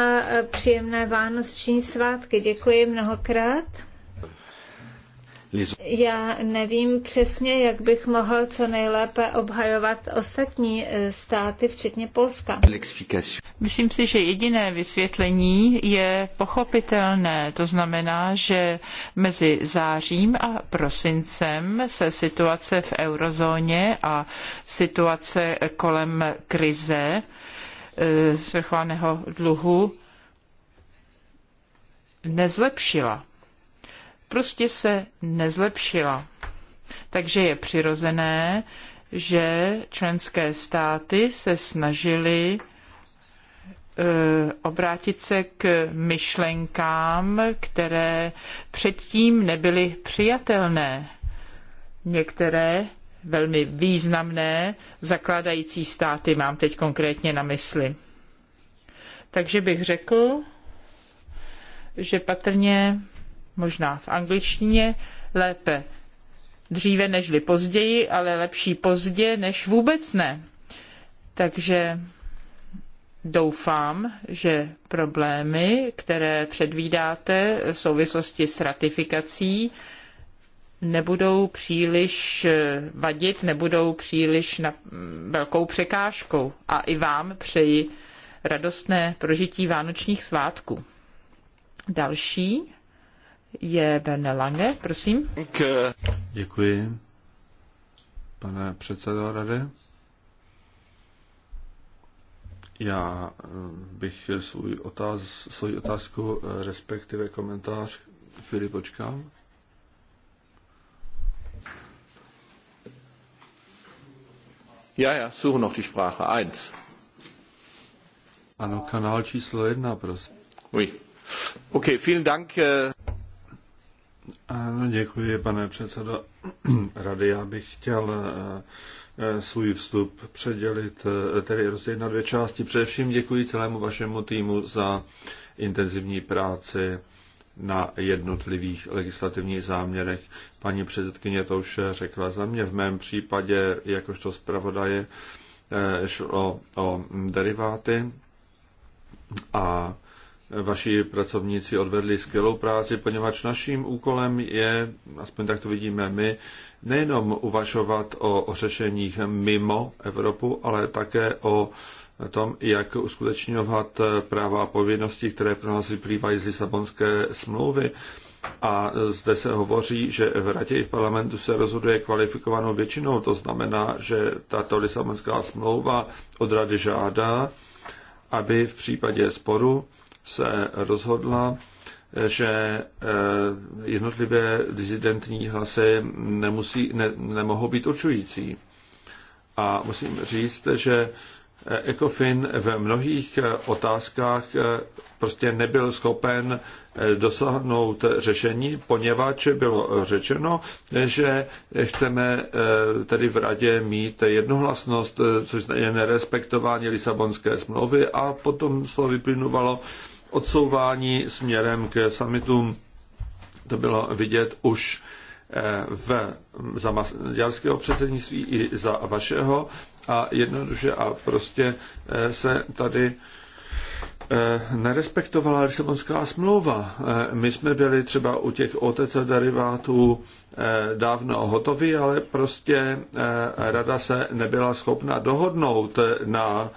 příjemné vánoční svátky. Děkuji mnohokrát. Já nevím přesně, jak bych mohl co nejlépe obhajovat ostatní eh, státy, včetně Polska. Myslím si, že jediné vysvětlení je pochopitelné. To znamená, že mezi zářím a prosincem se situace v eurozóně a situace kolem krize eh, svrchovaného dluhu nezlepšila prostě se nezlepšila. Takže je přirozené, že členské státy se snažily e, obrátit se k myšlenkám, které předtím nebyly přijatelné. Některé velmi významné zakládající státy mám teď konkrétně na mysli. Takže bych řekl, že patrně možná v angličtině, lépe dříve nežli později, ale lepší pozdě než vůbec ne. Takže doufám, že problémy, které předvídáte v souvislosti s ratifikací, nebudou příliš vadit, nebudou příliš na velkou překážkou. A i vám přeji radostné prožití vánočních svátků. Další je Ben Lange, prosím. Děkuji, pane předsedo rady. Já eh, bych svůj otáz, svůj otázku, eh, respektive komentář, chvíli počkám. Já, já, suche noch die Sprache. Eins. Ano, kanál číslo jedna, prosím. Oui. Ok, vielen Dank. Eh. Děkuji, pane předsedo *clears throat* rady. Já bych chtěl eh, eh, svůj vstup předělit, eh, tedy rozdělit na dvě části. Především děkuji celému vašemu týmu za intenzivní práci na jednotlivých legislativních záměrech. Paní předsedkyně to už řekla za mě. V mém případě, jakožto zpravodaje, šlo o deriváty a Vaši pracovníci odvedli skvělou práci, poněvadž naším úkolem je, aspoň tak to vidíme my, nejenom uvažovat o řešeních mimo Evropu, ale také o tom, jak uskutečňovat práva a povinnosti, které pro nás vyplývají z Lisabonské smlouvy. A zde se hovoří, že v Radě i v parlamentu se rozhoduje kvalifikovanou většinou. To znamená, že tato Lisabonská smlouva od Rady žádá, aby v případě sporu se rozhodla, že eh, jednotlivé dizidentní hlasy nemusí, ne, nemohou být určující. A musím říct, že eh, ECOFIN v mnohých eh, otázkách prostě nebyl schopen dosáhnout řešení, poněvadž bylo řečeno, že chceme tedy v radě mít jednohlasnost, což je nerespektování Lisabonské smlouvy a potom slovo toho vyplynovalo, odsouvání směrem k samitům, To bylo vidět už eh, v, za maďarského předsednictví i za vašeho a jednoduše a prostě eh, se tady eh, nerespektovala Lisabonská smlouva. My jsme byli třeba u těch OTC derivátů dávno hotovi, ale prostě rada se nebyla schopna dohodnout na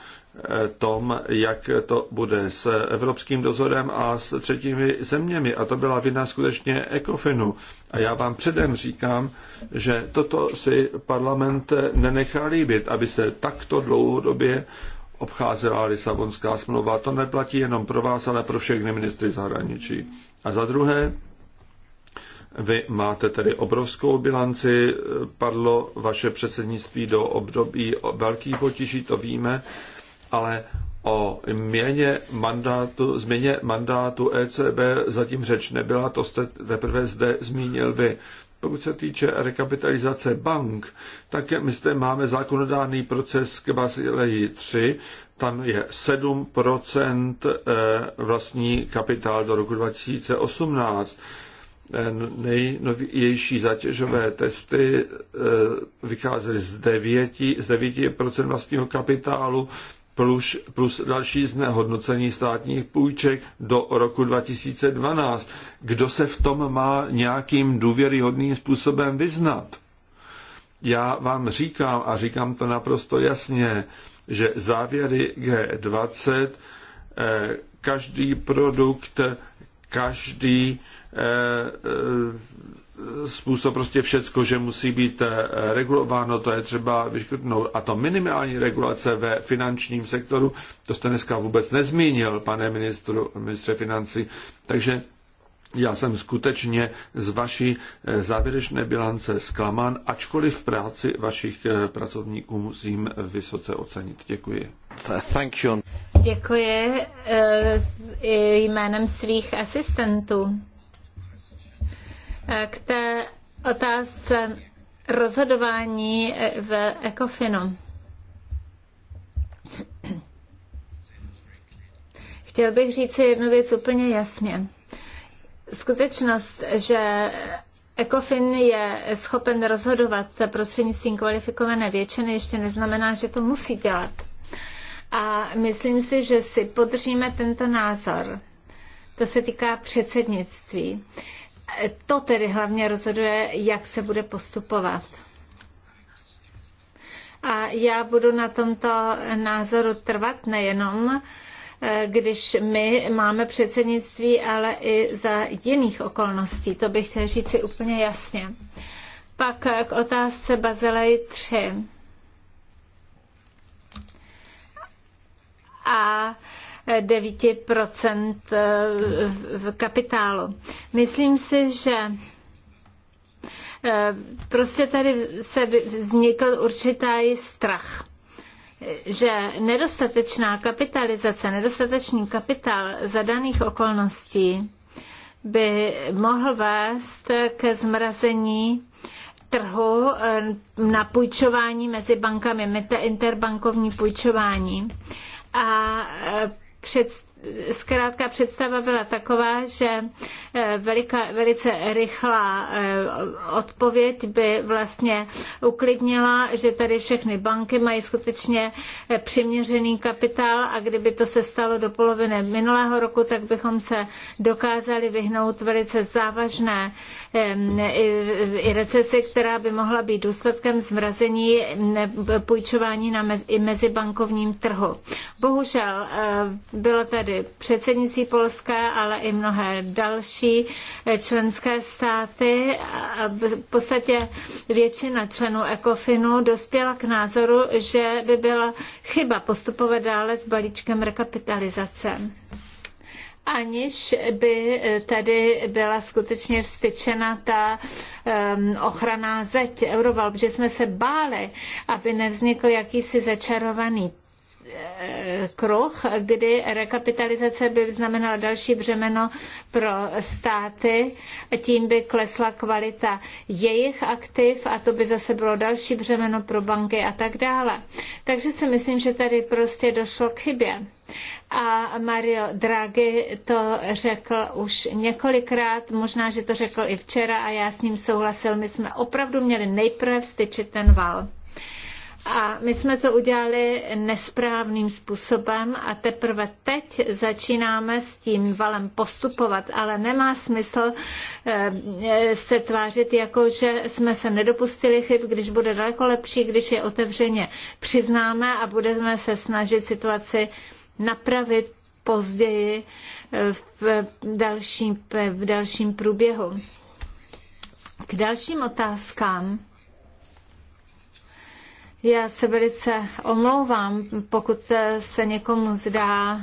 tom, jak to bude s evropským dozorem a s třetími zeměmi. A to byla vina skutečně ECOFINu. A já vám předem říkám, že toto si parlament nenechá líbit, aby se takto dlouhodobě obcházela Lisabonská smlouva. To neplatí jenom pro vás, ale pro všechny ministry zahraničí. A za druhé, vy máte tedy obrovskou bilanci, eh, padlo vaše předsednictví do období velkých potíží, to víme, ale o měně mandátu, změně mandátu ECB zatím řeč nebyla, to jste teprve zde zmínil vy. Pokud se týče rekapitalizace bank, tak my zde máme zákonodárný proces k Basileji 3, tam je 7% eh, vlastní kapitál do roku 2018. Eh, nejnovější zatěžové testy eh, vycházely z 9%, z 9 vlastního kapitálu plus, plus další znehodnocení státních půjček do roku 2012. Kdo se v tom má nějakým důvěryhodným způsobem vyznat? Já vám říkám, a říkám to naprosto jasně, že závěry G20, eh, každý produkt, každý eh, eh, způsob prostě všecko, že musí být eh, regulováno, to je třeba vyškrtnout. A to minimální regulace ve finančním sektoru, to jste dneska vůbec nezmínil, pane ministru, ministře financí. Takže já jsem skutečně z vaší eh, závěrečné bilance zklamán, ačkoliv v práci vašich eh, pracovníků musím vysoce ocenit. Děkuji. Thank you. Děkuji jménem svých asistentů. K té otázce rozhodování v ECOFINu. Chtěl bych říct si jednu věc úplně jasně. Skutečnost, že ECOFIN je schopen rozhodovat prostřednictvím kvalifikované většiny, ještě neznamená, že to musí dělat. A myslím si, že si podržíme tento názor. To se týká předsednictví. To tedy hlavně rozhoduje, jak se bude postupovat. A já budu na tomto názoru trvat nejenom, eh, když my máme předsednictví, ale i za jiných okolností. To bych chtěl říct si úplně jasně. Pak k otázce Bazelej 3. A 9% eh, v kapitálu. Myslím si, že eh, prostě tady se vznikl určitý strach že nedostatečná kapitalizace, nedostatečný kapitál za daných okolností by mohl vést ke zmrazení trhu eh, na půjčování mezi bankami, interbankovní půjčování. A představit zkrátka představa byla taková, že eh, velika, velice rychlá eh, odpověď by vlastně uklidnila, že tady všechny banky mají skutečně eh, přiměřený kapitál a kdyby to se stalo do poloviny minulého roku, tak bychom se dokázali vyhnout velice závažné i recesi, která by mohla být důsledkem zmrazení půjčování na i mezibankovním trhu. Bohužel bylo tady tedy předsednictví Polské, ale i mnohé další členské státy. A v podstatě většina členů ECOFINu dospěla k názoru, že by byla chyba postupovat dále s balíčkem rekapitalizace aniž by tady byla skutečně vstyčena ta um, ochranná zeď Euroval, protože jsme se báli, aby nevznikl jakýsi začarovaný kruh, kdy rekapitalizace by znamenala další břemeno pro státy, tím by klesla kvalita jejich aktiv a to by zase bylo další břemeno pro banky a tak dále. Takže si myslím, že tady prostě došlo k chybě. A Mario Draghi to řekl už několikrát, možná, že to řekl i včera a já s ním souhlasil. My jsme opravdu měli nejprve styčit ten val. A my jsme to udělali nesprávným způsobem a teprve teď začínáme s tím valem postupovat, ale nemá smysl eh, eh, se tvářit jako, že jsme se nedopustili chyb, když bude daleko lepší, když je otevřeně přiznáme a budeme se snažit situaci napravit později eh, v dalším, v dalším průběhu. K dalším otázkám já se velice omlouvám, pokud eh, se někomu zdá,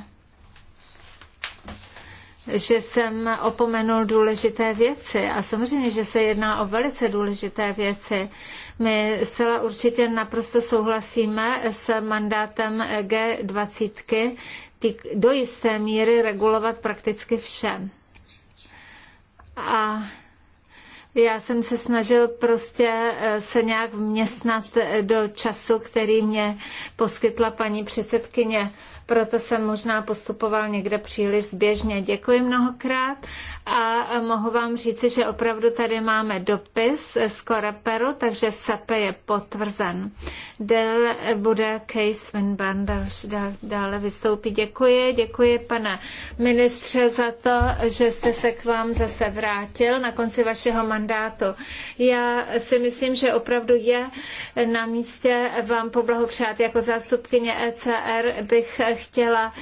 že jsem opomenul důležité věci. A samozřejmě, že se jedná o velice důležité věci. My zcela určitě naprosto souhlasíme s mandátem G20 do jisté míry regulovat prakticky vše. A já jsem se snažil prostě eh, se nějak vměstnat eh, do času, který mě poskytla paní předsedkyně proto jsem možná postupoval někde příliš zběžně. Děkuji mnohokrát a mohu vám říci, že opravdu tady máme dopis z Koreperu, takže SAPE je potvrzen. Del bude Case Swinburne dále vystoupit. Děkuji, děkuji pane ministře za to, že jste se k vám zase vrátil na konci vašeho mandátu. Já si myslím, že opravdu je na místě vám poblahopřát jako zástupkyně ECR bych chtěla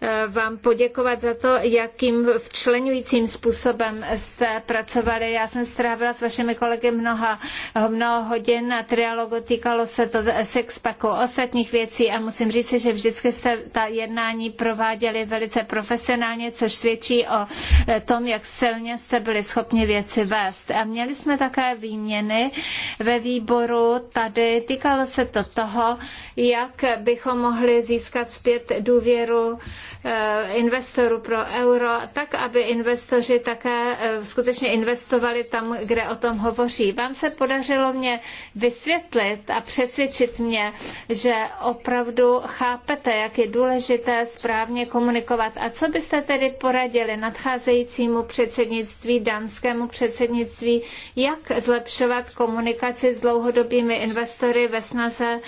eh, vám poděkovat za to, jakým včlenujícím způsobem jste pracovali. Já jsem strávila s vašimi kolegy mnoha, mnoho hodin na trialogu, týkalo se to sexpacku ostatních věcí a musím říct, že vždycky jste ta jednání prováděli velice profesionálně, což svědčí o eh, tom, jak silně jste byli schopni věci vést. A měli jsme také výměny ve výboru tady, týkalo se to toho, jak bychom mohli získat zpět důvěru eh, investorů pro euro, tak aby investoři také eh, skutečně investovali tam, kde o tom hovoří. Vám se podařilo mě vysvětlit a přesvědčit mě, že opravdu chápete, jak je důležité správně komunikovat. A co byste tedy poradili nadcházejícímu předsednictví, dánskému předsednictví, jak zlepšovat komunikaci s dlouhodobými investory ve snaze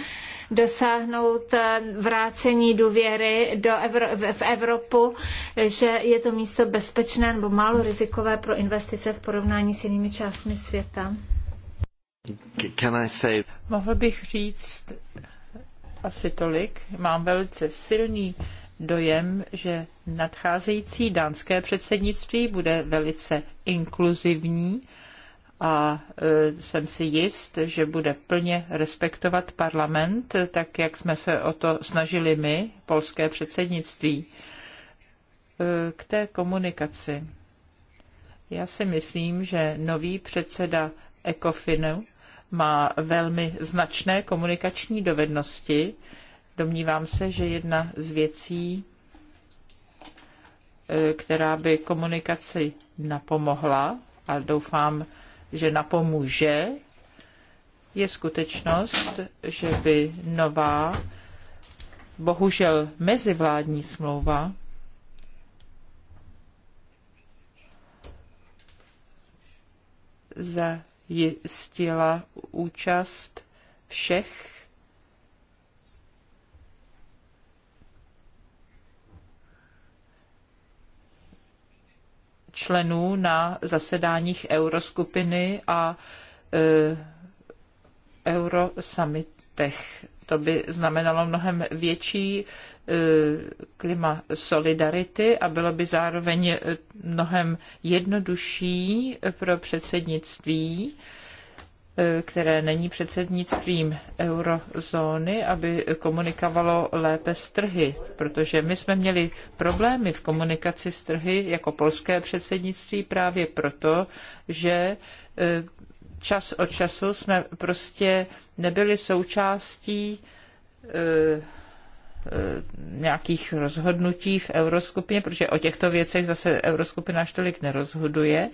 dosáhnout eh, vrácení důvěry do Evro- v Evropu, že je to místo bezpečné nebo málo rizikové pro investice v porovnání s jinými částmi světa. Can I say... Mohl bych říct asi tolik. Mám velice silný dojem, že nadcházející dánské předsednictví bude velice inkluzivní a e, jsem si jist, že bude plně respektovat parlament, tak jak jsme se o to snažili my, polské předsednictví, e, k té komunikaci. Já si myslím, že nový předseda Ecofinu má velmi značné komunikační dovednosti. Domnívám se, že jedna z věcí, e, která by komunikaci napomohla, a doufám, že napomůže, je skutečnost, že by nová, bohužel mezivládní smlouva zajistila účast všech členů na zasedáních euroskupiny a e, eurosamitech. To by znamenalo mnohem větší e, klima solidarity a bylo by zároveň e, mnohem jednodušší pro předsednictví Eh, které není předsednictvím eurozóny, aby komunikovalo lépe s trhy, protože my jsme měli problémy v komunikaci s trhy jako polské předsednictví právě proto, že eh, čas od času jsme prostě nebyli součástí eh, Eh, nějakých rozhodnutí v Euroskupině, protože o těchto věcech zase Euroskupina až tolik nerozhoduje,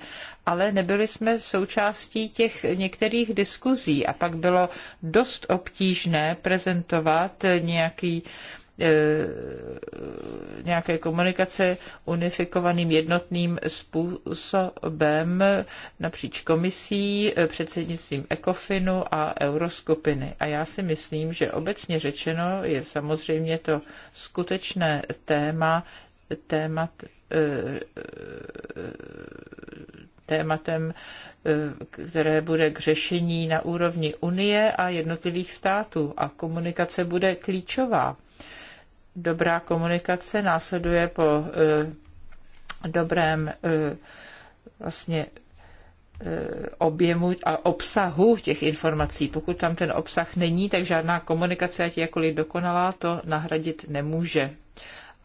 ale nebyli jsme součástí těch některých diskuzí a pak bylo dost obtížné prezentovat nějaký uh, E, nějaké komunikace unifikovaným jednotným způsobem napříč komisí, e, předsednictvím ECOFINu a Euroskupiny. A já si myslím, že obecně řečeno je samozřejmě to skutečné téma, témat, e, tématem, které bude k řešení na úrovni Unie a jednotlivých států. A komunikace bude klíčová. Dobrá komunikace následuje po eh, dobrém eh, vlastně eh, objemu a obsahu těch informací. Pokud tam ten obsah není, tak žádná komunikace, ať je dokonalá, to nahradit nemůže.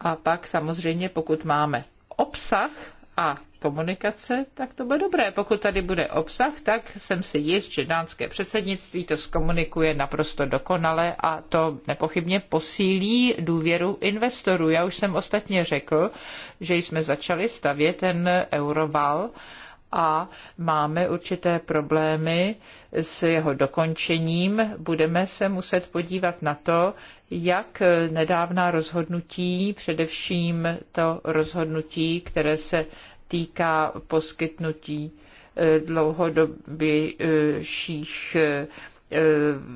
A pak samozřejmě, pokud máme obsah, a komunikace, tak to bude dobré. Pokud tady bude obsah, tak jsem si jist, že dánské předsednictví to zkomunikuje naprosto dokonale a to nepochybně posílí důvěru investorů. Já už jsem ostatně řekl, že jsme začali stavět ten euroval a máme určité problémy s jeho dokončením. Budeme se muset podívat na to, jak nedávná rozhodnutí, především to rozhodnutí, které se týká poskytnutí e, dlouhodobějších e, e,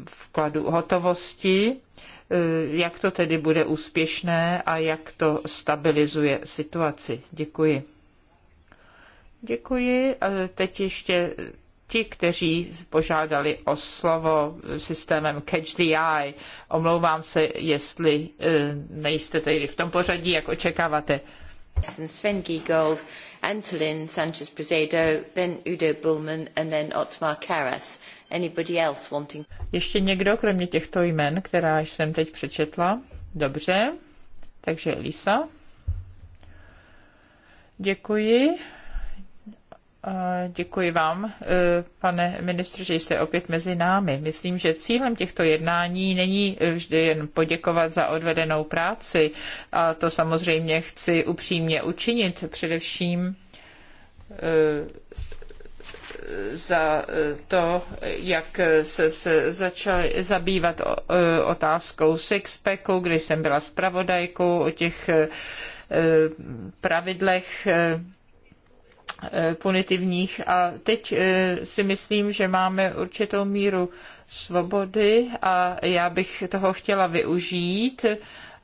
vkladů hotovosti, jak to tedy bude úspěšné a jak to stabilizuje situaci. Děkuji. Děkuji. A e, Teď ještě ti, kteří požádali o slovo systémem Catch the Eye. Omlouvám se, jestli e, nejste tedy v tom pořadí, jak očekáváte. Sven Giegold, Antolin Sanchez Prezedo, then Udo Bullman and then Otmar Karas. Anybody else wanting? Ještě někdo, kromě těchto jmen, která jsem teď přečetla? Dobře, takže Lisa. Děkuji. Děkuji vám, e, pane ministře, že jste opět mezi námi. Myslím, že cílem těchto jednání není vždy jen poděkovat za odvedenou práci, a to samozřejmě chci upřímně učinit, především e, za to, jak se, se začali zabývat e, otázkou sixpacku, kdy jsem byla zpravodajkou o těch pravidlech Eh, punitivních. A teď eh, si myslím, že máme určitou míru svobody a já bych toho chtěla využít,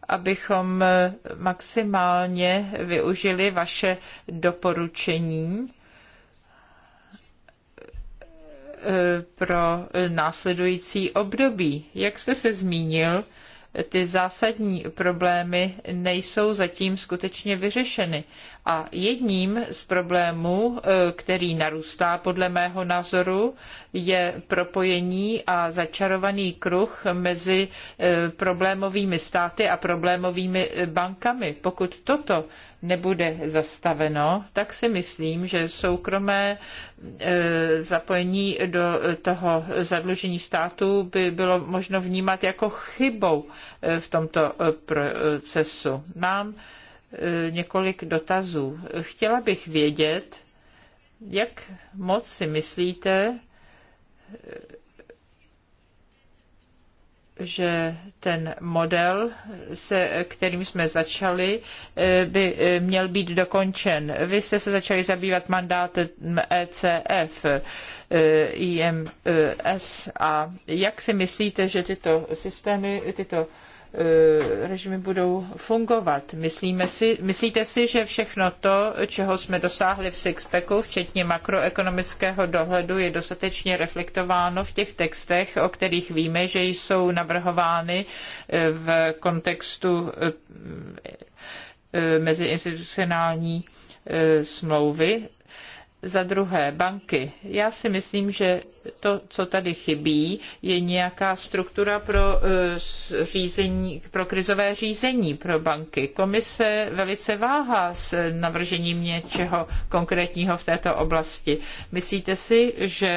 abychom eh, maximálně využili vaše doporučení pro následující období. Jak jste se zmínil, ty zásadní problémy nejsou zatím skutečně vyřešeny. A jedním z problémů, e, který narůstá podle mého názoru, je propojení a začarovaný kruh mezi e, problémovými státy a problémovými bankami. Pokud toto nebude zastaveno, tak si myslím, že soukromé e, zapojení do toho zadlužení státu by bylo možno vnímat jako chybou e, v tomto e, procesu. Mám několik dotazů. Chtěla bych vědět, jak moc si myslíte, že ten model, se kterým jsme začali, eh, by eh, měl být dokončen. Vy jste se začali zabývat mandátem ECF, eh, IMS a jak si myslíte, že tyto systémy, tyto Eh, režimy budou fungovat. Myslíme si, myslíte si, že všechno to, čeho jsme dosáhli v Sixpacku, včetně makroekonomického dohledu, je dostatečně reflektováno v těch textech, o kterých víme, že jsou navrhovány eh, v kontextu eh, meziinstitucionální smlouvy za druhé, banky. Já si myslím, že to, co tady chybí, je nějaká struktura pro, eh, řízení, pro krizové řízení pro banky. Komise velice váhá s navržením něčeho konkrétního v této oblasti. Myslíte si, že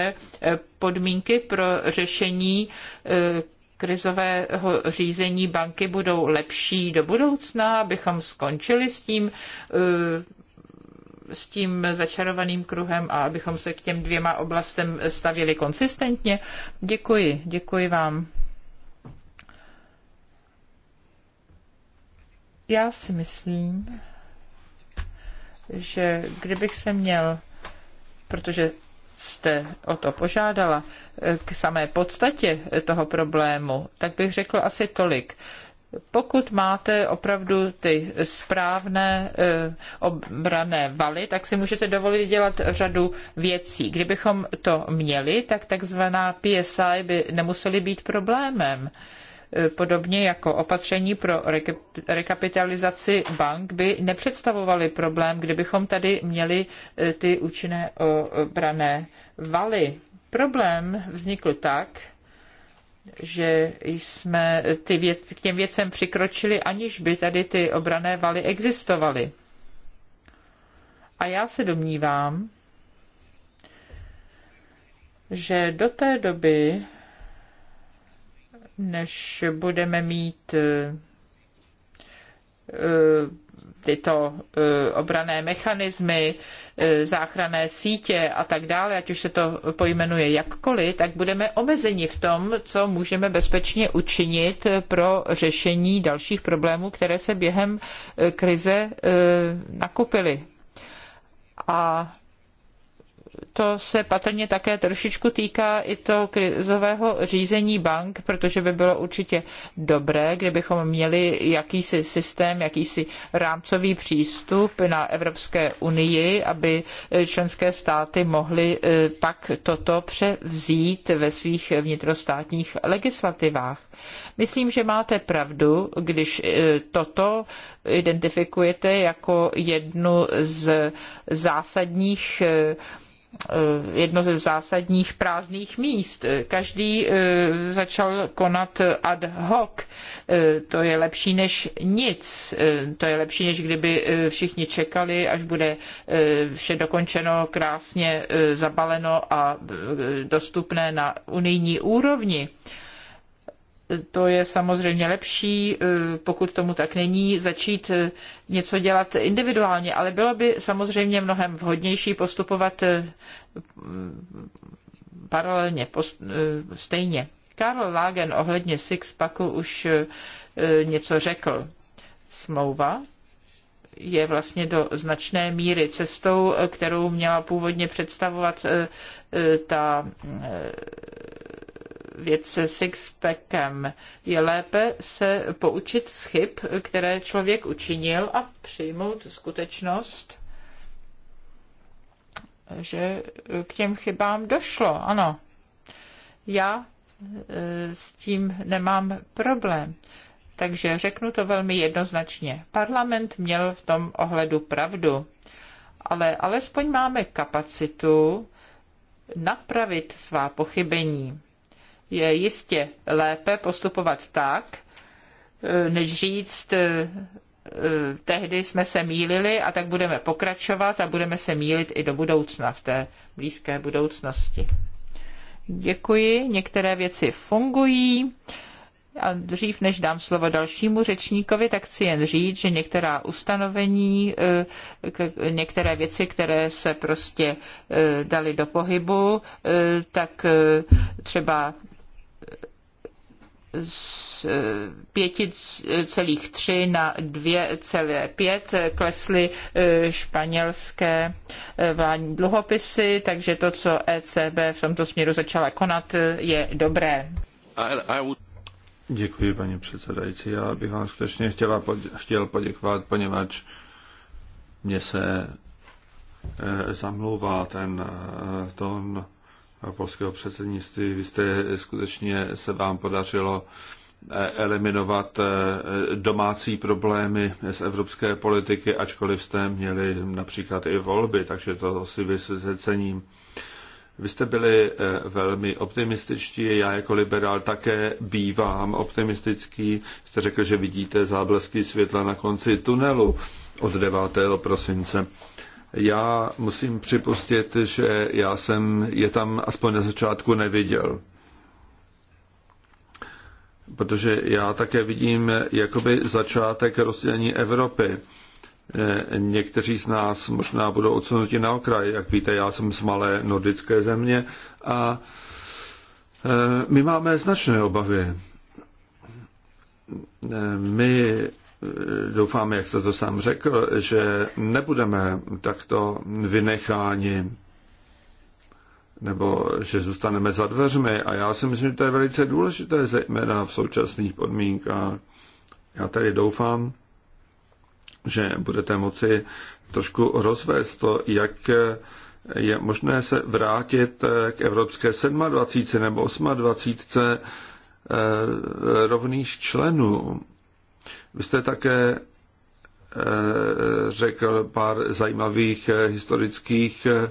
eh, podmínky pro řešení eh, krizového řízení banky budou lepší do budoucna, abychom skončili s tím s tím začarovaným kruhem a abychom se k těm dvěma oblastem stavili konsistentně. Děkuji, děkuji vám. Já si myslím, že kdybych se měl, protože jste o to požádala, k samé podstatě toho problému, tak bych řekl asi tolik. Pokud máte opravdu ty správné eh, obrané valy, tak si můžete dovolit dělat řadu věcí. Kdybychom to měli, tak takzvaná PSI by nemusely být problémem eh, podobně jako opatření pro rekapitalizaci bank by nepředstavovaly problém, kdybychom tady měli eh, ty účinné obrané valy. Problém vznikl tak, že jsme ty věc, k těm věcem přikročili, aniž by tady ty obrané valy existovaly. A já se domnívám, že do té doby, než budeme mít eh, tyto eh, obrané mechanismy, eh, záchranné sítě a tak dále, ať už se to pojmenuje jakkoliv, tak budeme omezeni v tom, co můžeme bezpečně učinit pro řešení dalších problémů, které se během eh, krize nakupily. A to se patrně také trošičku týká i toho krizového řízení bank, protože by bylo určitě dobré, kdybychom měli jakýsi systém, jakýsi rámcový přístup na Evropské unii, aby členské státy mohly eh, pak toto převzít ve svých vnitrostátních legislativách. Myslím, že máte pravdu, když eh, toto identifikujete jako jednu z zásadních eh, Eh, jedno ze zásadních prázdných míst. Každý eh, začal konat ad hoc. Eh, to je lepší než nic. To je lepší, než kdyby všichni čekali, až bude vše dokončeno, krásně zabaleno a dostupné na unijní úrovni. To je samozřejmě lepší, eh, pokud tomu tak není, začít eh, něco dělat individuálně, ale bylo by samozřejmě mnohem vhodnější postupovat eh, paralelně, post, stejně. Karl Lagen ohledně Sixpacku už něco řekl. Smlouva je vlastně do značné míry cestou, kterou měla původně představovat ta vědce Sixpackem. Je lépe se poučit z chyb, které člověk učinil a přijmout skutečnost, že k těm chybám došlo. Ano, já e, s tím nemám problém. Takže řeknu to velmi jednoznačně. Parlament měl v tom ohledu pravdu, ale alespoň máme kapacitu napravit svá pochybení je jistě lépe postupovat tak, e, než říct, e, e, tehdy jsme se mýlili a tak budeme pokračovat a budeme se mýlit i do budoucna, v té blízké budoucnosti. Děkuji, některé věci fungují. A dřív, než dám slovo dalšímu řečníkovi, tak chci jen říct, že některá ustanovení, některé věci, které se prostě dali do pohybu, tak třeba z 5,3 na 2,5 klesly e, španělské e, vládní dluhopisy, takže to, co ECB v tomto směru začala konat, e, je dobré. Děkuji, paní předsedající. Já bych vám skutečně chtěla podě- chtěl poděkovat, poněvadž mě se e, zamlouvá ten e, tón polského předsednictví. Vy jste skutečně se vám podařilo eh, eliminovat eh, domácí problémy z evropské politiky, ačkoliv jste měli například i volby, takže to si vysvětlením. Vy jste byli eh, velmi optimističtí, já jako liberál také bývám optimistický. Jste řekl, že vidíte záblesky světla na konci tunelu od 9. prosince. Já musím připustit, že já jsem je tam aspoň na začátku neviděl. Protože já také vidím jakoby začátek rozdělení Evropy. Eh, někteří z nás možná budou odsunuti na okraj. Jak víte, já jsem z malé nordické země a eh, my máme značné obavy. Eh, my doufám, jak jste to sám řekl, že nebudeme takto vynecháni nebo že zůstaneme za dveřmi. A já si myslím, že to je velice důležité, zejména v současných podmínkách. Já tady doufám, že budete moci trošku rozvést to, jak je možné se vrátit k Evropské 27. nebo 28. Eh, rovných členů. Vy jste také eh, řekl pár zajímavých eh, historických eh,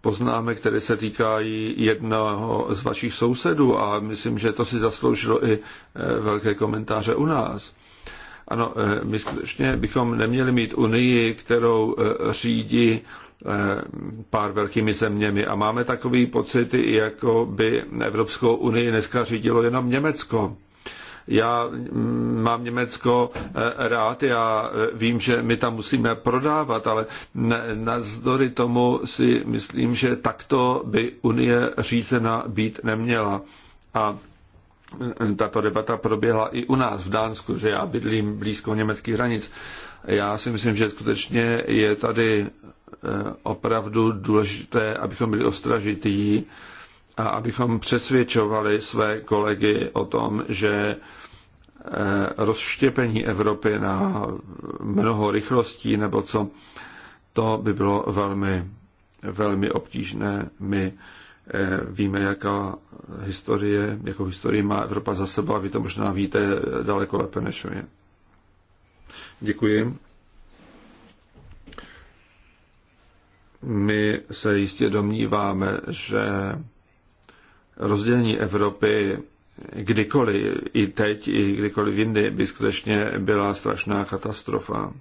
poznámek, které se týkají jednoho z vašich sousedů a myslím, že to si zasloužilo i velké komentáře u nás. Ano, my skutečně bychom neměli mít Unii, kterou řídí pár velkými zeměmi. A máme takový pocit, jako by Evropskou unii dneska řídilo jenom Německo. Já mm, mám Německo eh, rád, já eh, vím, že my tam musíme prodávat, ale nazdory tomu si myslím, že takto by Unie řízena být neměla. A eh, tato debata proběhla i u nás v Dánsku, že já bydlím blízko německých hranic. Já si myslím, že skutečně je tady opravdu důležité, abychom byli ostražití a abychom přesvědčovali své kolegy o tom, že eh, rozštěpení Evropy na mnoho rychlostí nebo co, to by bylo velmi, velmi obtížné. My eh, víme, jaká historie, jakou historii má Evropa za sebou a vy to možná víte daleko lépe než je. Děkuji. My se jistě domníváme, že rozdělení Evropy kdykoliv, i teď, i kdykoliv jindy, by skutečně byla strašná katastrofa.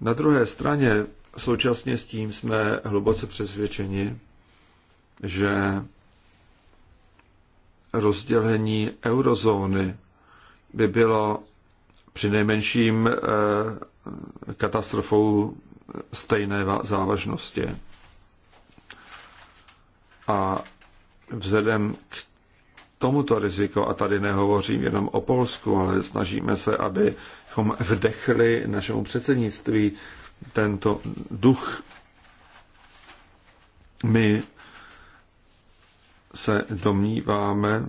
Na druhé straně současně s tím jsme hluboce přesvědčeni, že rozdělení eurozóny by bylo při nejmenším eh, katastrofou stejné závažnosti. A vzhledem k tomuto riziku, a tady nehovořím jenom o Polsku, ale snažíme se, abychom vdechli našemu předsednictví tento duch. My se domníváme,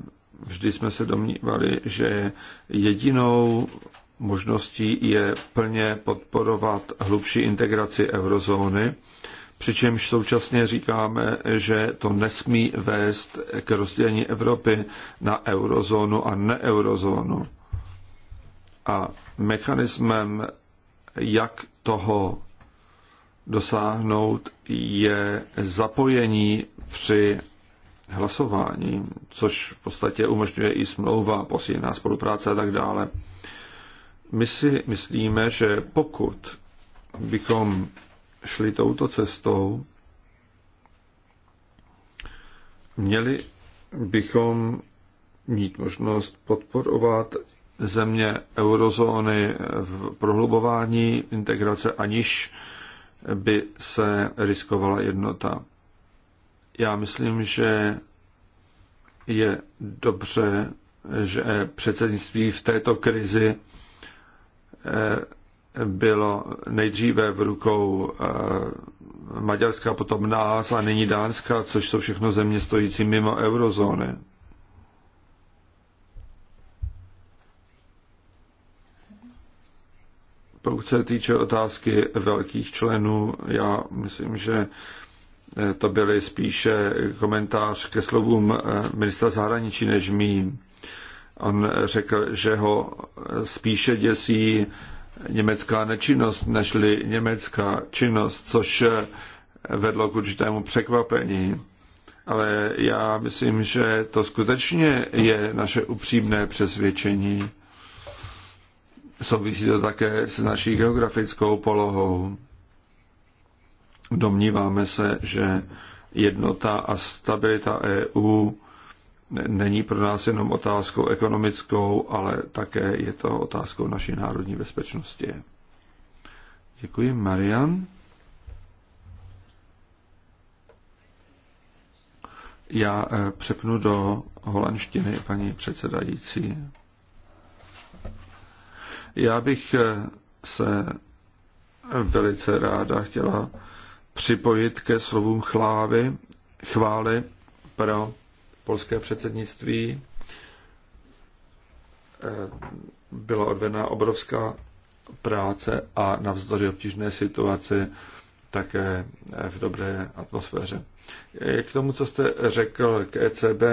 vždy jsme se domnívali, že jedinou možností je plně podporovat hlubší integraci eurozóny přičemž současně říkáme, že to nesmí vést k rozdělení Evropy na eurozónu a neeurozónu. A mechanismem, jak toho dosáhnout, je zapojení při hlasování, což v podstatě umožňuje i smlouva, posílená spolupráce a tak dále. My si myslíme, že pokud bychom šli touto cestou, měli bychom mít možnost podporovat země eurozóny v prohlubování integrace, aniž by se riskovala jednota. Já myslím, že je dobře, že předsednictví v této krizi eh, bylo nejdříve v rukou eh, Maďarska, potom nás a nyní Dánska, což jsou všechno země stojící mimo eurozóny. Pokud se týče otázky velkých členů, já myslím, že eh, to byly spíše komentář ke slovům eh, ministra zahraničí než mým. On řekl, že ho spíše děsí německá nečinnost nežli německá činnost, což vedlo k určitému překvapení. Ale já myslím, že to skutečně je naše upřímné přesvědčení. Souvisí to také s naší geografickou polohou. Domníváme se, že jednota a stabilita EU není pro nás jenom otázkou ekonomickou, ale také je to otázkou naší národní bezpečnosti. Děkuji, Marian. Já eh, přepnu do holandštiny, paní předsedající. Já bych eh, se velice ráda chtěla připojit ke slovům chlávy, chvály pro polské předsednictví eh, byla odvedena obrovská práce a navzdory obtížné situaci také eh, v dobré atmosféře. Eh, k tomu, co jste řekl k ECB,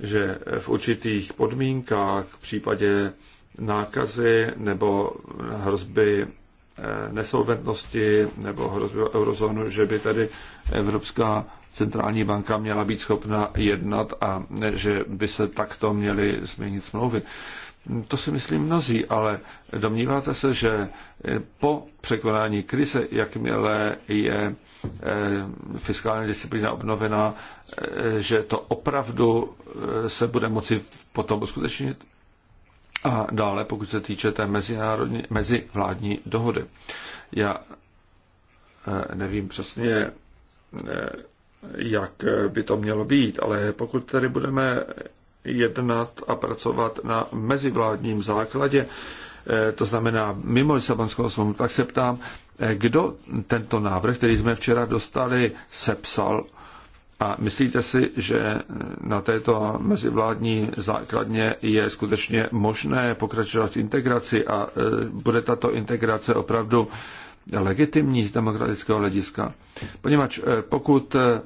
že v určitých podmínkách v případě nákazy nebo hrozby nesolventnosti nebo hrozby eurozónu, že by tady Evropská centrální banka měla být schopna jednat a že by se takto měly změnit smlouvy. To si myslím mnozí, ale domníváte se, že po překonání krize, jakmile je eh, fiskální disciplína obnovená, eh, že to opravdu eh, se bude moci potom uskutečnit? A dále, pokud se týče té mezinárodní, mezivládní dohody. Já nevím přesně, jak by to mělo být, ale pokud tady budeme jednat a pracovat na mezivládním základě, eh, to znamená mimo Lisabonskou smlouvu, tak se ptám, eh, kdo tento návrh, který jsme včera dostali, sepsal a myslíte si, že na této mezivládní základně je skutečně možné pokračovat v integraci a eh, bude tato integrace opravdu legitimní z demokratického hlediska. Poněvadž eh, pokud eh,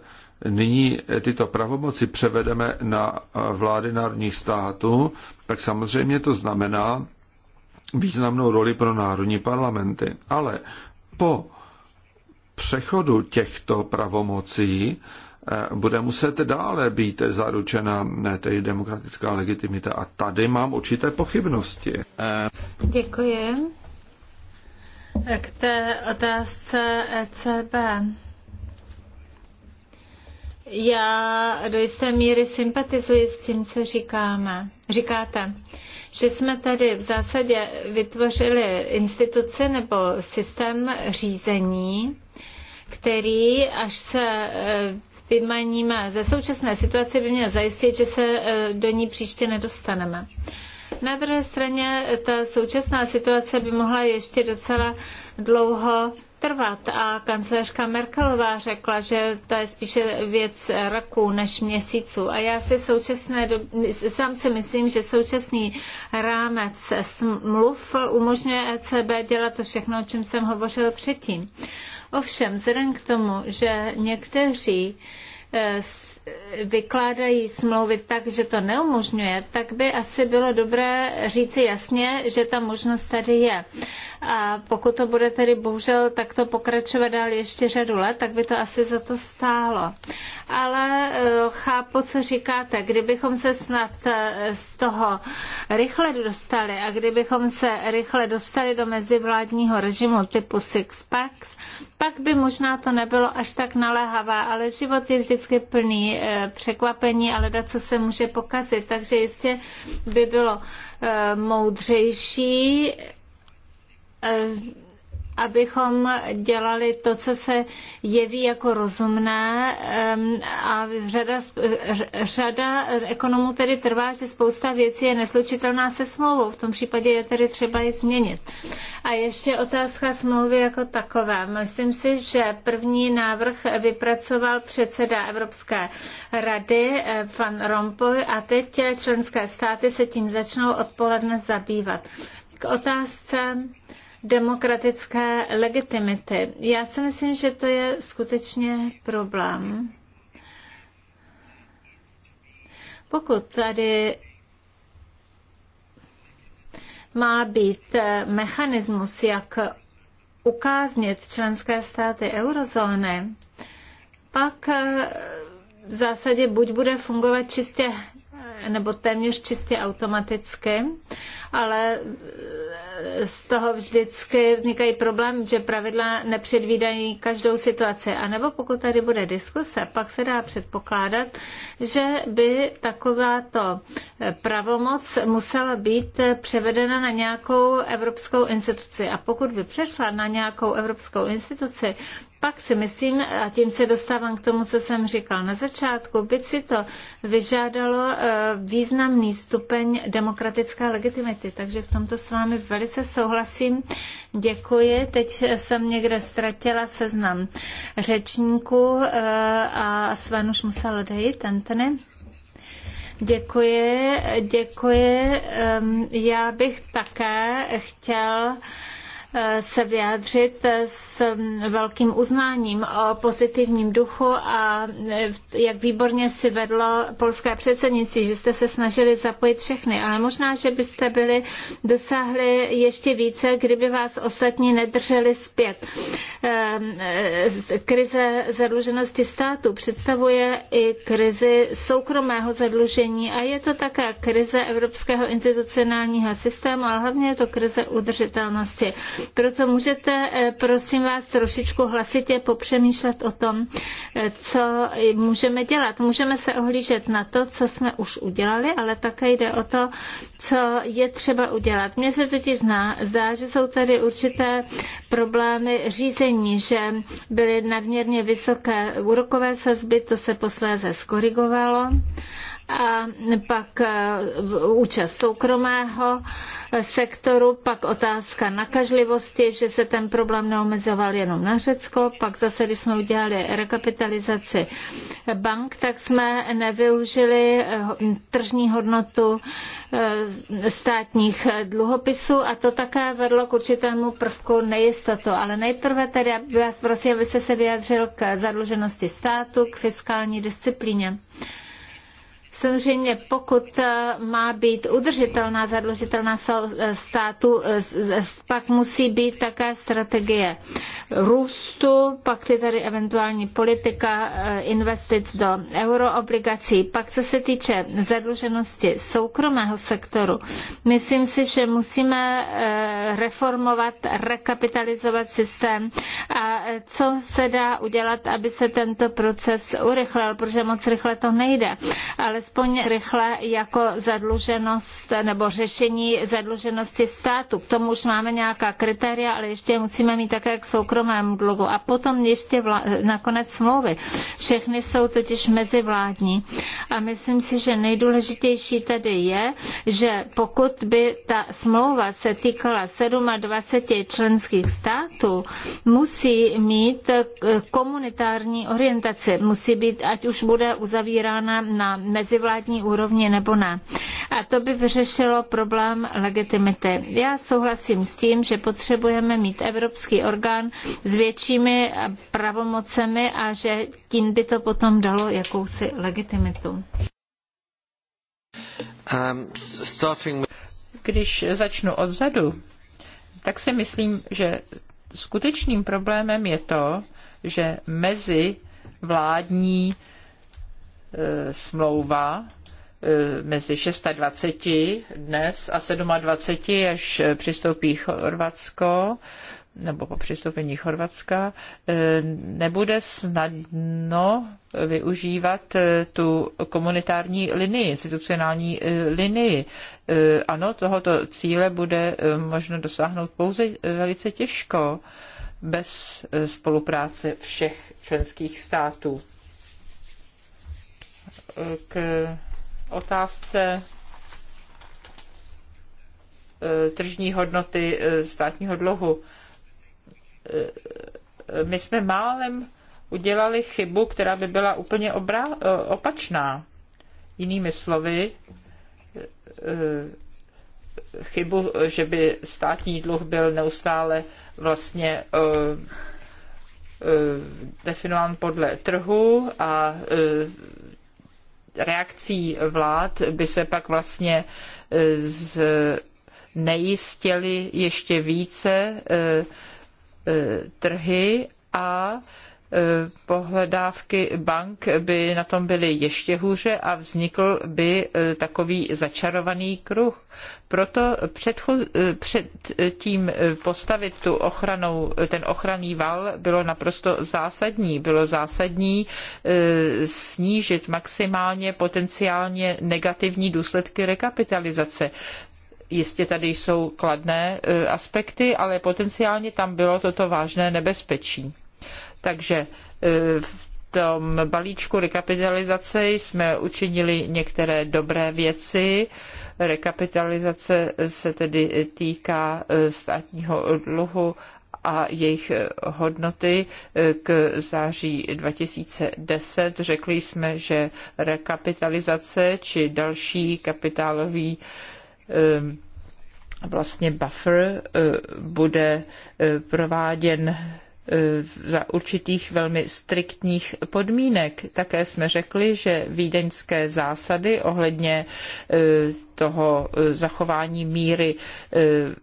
nyní eh, tyto pravomoci převedeme na vlády národních států, tak samozřejmě to znamená významnou roli pro národní parlamenty. Ale po přechodu těchto pravomocí bude muset dále být zaručena tedy demokratická legitimita. A tady mám určité pochybnosti. Děkuji. K té otázce ECB. Já do jisté míry sympatizuji s tím, co říkáme. Říkáte, že jsme tady v zásadě vytvořili instituci nebo systém řízení, který, až se eh, vymaníme ze současné situace, by měl zajistit, že se eh, do ní příště nedostaneme. Na druhé straně ta současná situace by mohla ještě docela dlouho trvat a kancelářka Merkelová řekla, že to je spíše věc roku než měsíců. A já si současné, sám si myslím, že současný rámec smluv umožňuje ECB dělat to všechno, o čem jsem hovořil předtím. Ovšem, vzhledem k tomu, že někteří eh, vykládají smlouvy tak, že to neumožňuje, tak by asi bylo dobré říci jasně, že ta možnost tady je. A pokud to bude tedy bohužel takto pokračovat dál ještě řadu let, tak by to asi za to stálo. Ale eh, chápu, co říkáte. Kdybychom se snad eh, z toho rychle dostali a kdybychom se rychle dostali do mezivládního režimu typu Six Packs, pak by možná to nebylo až tak naléhavé, ale život je vždycky plný Eh, překvapení, ale da, co se může pokazit. Takže jistě by bylo eh, moudřejší eh, abychom dělali to, co se jeví jako rozumné a řada, řada ekonomů tedy trvá, že spousta věcí je neslučitelná se smlouvou. V tom případě je tedy třeba ji změnit. A ještě otázka smlouvy jako takové. Myslím si, že první návrh vypracoval předseda Evropské rady eh, Van Rompuy a teď členské státy se tím začnou odpoledne zabývat. K otázce demokratické legitimity. Já si myslím, že to je skutečně problém. Pokud tady má být mechanismus, jak ukáznit členské státy eurozóny, pak v zásadě buď bude fungovat čistě nebo téměř čistě automaticky, ale eh, z toho vždycky vznikají problém, že pravidla nepředvídají každou situaci. A nebo pokud tady bude diskuse, pak se dá předpokládat, že by takováto eh, pravomoc musela být eh, převedena na nějakou evropskou instituci. A pokud by přešla na nějakou evropskou instituci, pak si myslím, a tím se dostávám k tomu, co jsem říkal na začátku, by si to vyžádalo eh, významný stupeň demokratické legitimity. Takže v tomto s vámi velice souhlasím. Děkuji. Teď jsem někde ztratila seznam řečníků eh, a Sven už musel odejít, Antony. Děkuji, děkuji. Já bych také chtěl se vyjádřit s velkým uznáním o pozitivním duchu a jak výborně si vedlo polské předsednictví, že jste se snažili zapojit všechny, ale možná, že byste byli dosáhli ještě více, kdyby vás ostatní nedrželi zpět. Ehm, e, krize zadluženosti státu představuje i krizi soukromého zadlužení a je to také krize evropského institucionálního systému, ale hlavně je to krize udržitelnosti. Proto můžete, eh, prosím vás, trošičku hlasitě popřemýšlet o tom, eh, co můžeme dělat. Můžeme se ohlížet na to, co jsme už udělali, ale také jde o to, co je třeba udělat. Mně se totiž zná, zdá, že jsou tady určité problémy řízení, že byly nadměrně vysoké úrokové sazby, to se posléze skorigovalo a pak e, účast soukromého sektoru, pak otázka nakažlivosti, že se ten problém neomezoval jenom na Řecko, pak zase, když jsme udělali rekapitalizaci bank, tak jsme nevyužili e, tržní hodnotu e, státních dluhopisů a to také vedlo k určitému prvku nejistotu. Ale nejprve tedy vás prosím, abyste se vyjadřil k zadluženosti státu, k fiskální disciplíně. Samozřejmě, pokud eh, má být udržitelná zadlužitelná eh, státu, eh, pak musí být také strategie růstu, pak je tady eventuální politika investic do euroobligací. Pak co se týče zadluženosti soukromého sektoru, myslím si, že musíme reformovat, rekapitalizovat systém a co se dá udělat, aby se tento proces urychlil, protože moc rychle to nejde. Ale alespoň rychle jako zadluženost nebo řešení zadluženosti státu. K tomu už máme nějaká kritéria, ale ještě musíme mít také k soukromému dluhu. A potom ještě vla- nakonec smlouvy. Všechny jsou totiž mezivládní. A myslím si, že nejdůležitější tady je, že pokud by ta smlouva se týkala 27 členských států, musí mít komunitární orientaci. Musí být, ať už bude uzavírána na mezi mezivládní úrovni nebo ne. A to by vyřešilo problém legitimity. Já souhlasím s tím, že potřebujeme mít evropský orgán s většími pravomocemi a že tím by to potom dalo jakousi legitimitu. Um, Když začnu odzadu, tak si myslím, že skutečným problémem je to, že mezi vládní Eh, smlouva eh, mezi 26 dnes a 27, až přistoupí Chorvatsko, nebo po přistoupení Chorvatska, eh, nebude snadno využívat tu komunitární linii, institucionální linii. Ano, tohoto cíle bude možno dosáhnout pouze velice těžko bez spolupráce všech členských států k otázce eh, tržní hodnoty eh, státního dluhu. Eh, my jsme málem udělali chybu, která by byla úplně obra- opačná. Jinými slovy, chybu, že by státní dluh byl neustále vlastně definován podle trhu a reakcí vlád by se pak vlastně e, z nejistěly ještě více e, e, trhy a Eh, pohledávky bank by na tom byly ještě hůře a vznikl by eh, takový začarovaný kruh. Proto předcho, eh, před tím postavit tu ochranou, ten ochranný val bylo naprosto zásadní. Bylo zásadní snížit maximálně potenciálně negativní důsledky rekapitalizace. Jistě tady jsou kladné aspekty, ale potenciálně tam bylo toto vážné nebezpečí. Takže e, v tom balíčku rekapitalizace jsme učinili některé dobré věci. Rekapitalizace se tedy týká e, státního dluhu a jejich hodnoty e, k září 2010. Řekli jsme, že rekapitalizace či další kapitálový vlastně buffer bude prováděn Eh, za určitých velmi striktních podmínek. Také jsme řekli, že vídeňské zásady ohledně eh, toho eh, zachování míry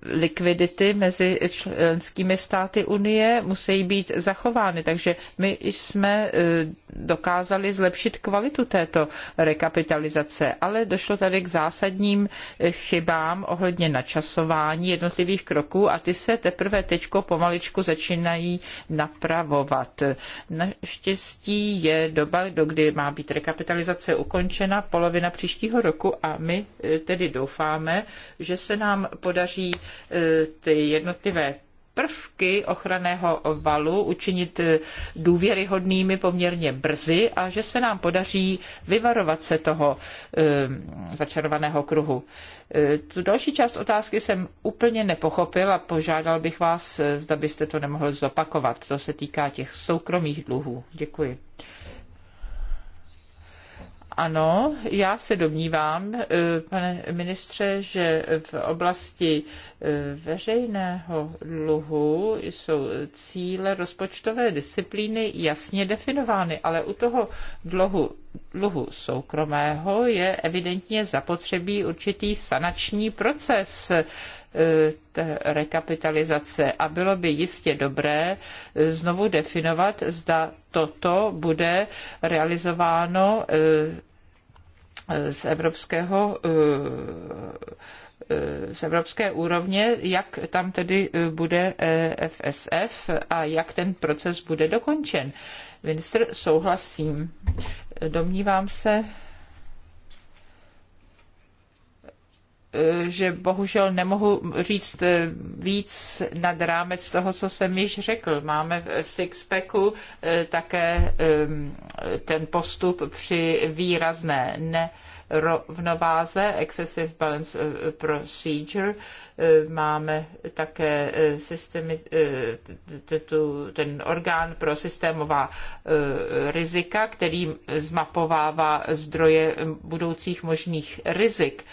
likvidity mezi členskými státy Unie musí být zachovány. Takže my jsme dokázali zlepšit kvalitu této rekapitalizace, ale došlo tady k zásadním chybám ohledně načasování jednotlivých kroků a ty se teprve teď pomaličku začínají napravovat. Naštěstí je doba, do kdy má být rekapitalizace ukončena, polovina příštího roku a my eh, tedy doufáme, že se nám podaří eh, ty jednotlivé prvky ochranného valu učinit eh, důvěryhodnými poměrně brzy a že se nám podaří vyvarovat se toho začarovaného kruhu. Eh, tu další část otázky jsem úplně nepochopil a požádal bych vás, eh, zda byste to nemohl zopakovat. To se týká těch soukromých dluhů. Děkuji. Ano, já se domnívám, eh, pane ministře, že v oblasti eh, veřejného dluhu jsou cíle rozpočtové disciplíny jasně definovány, ale u toho dluhu, dluhu soukromého je evidentně zapotřebí určitý sanační proces eh, rekapitalizace a bylo by jistě dobré znovu definovat, zda toto bude realizováno z evropského eh, z evropské úrovně, jak tam tedy eh, bude FSF eh, a jak ten proces bude dokončen. Minister, souhlasím. Domnívám se, že bohužel nemohu říct eh, víc nad rámec toho, co jsem již řekl. Máme v Sixpacku eh, také ehm, ten postup při výrazné nerovnováze, excessive balance eh, procedure. Máme také systémy, ten orgán pro systémová rizika, který zmapovává zdroje budoucích možných rizik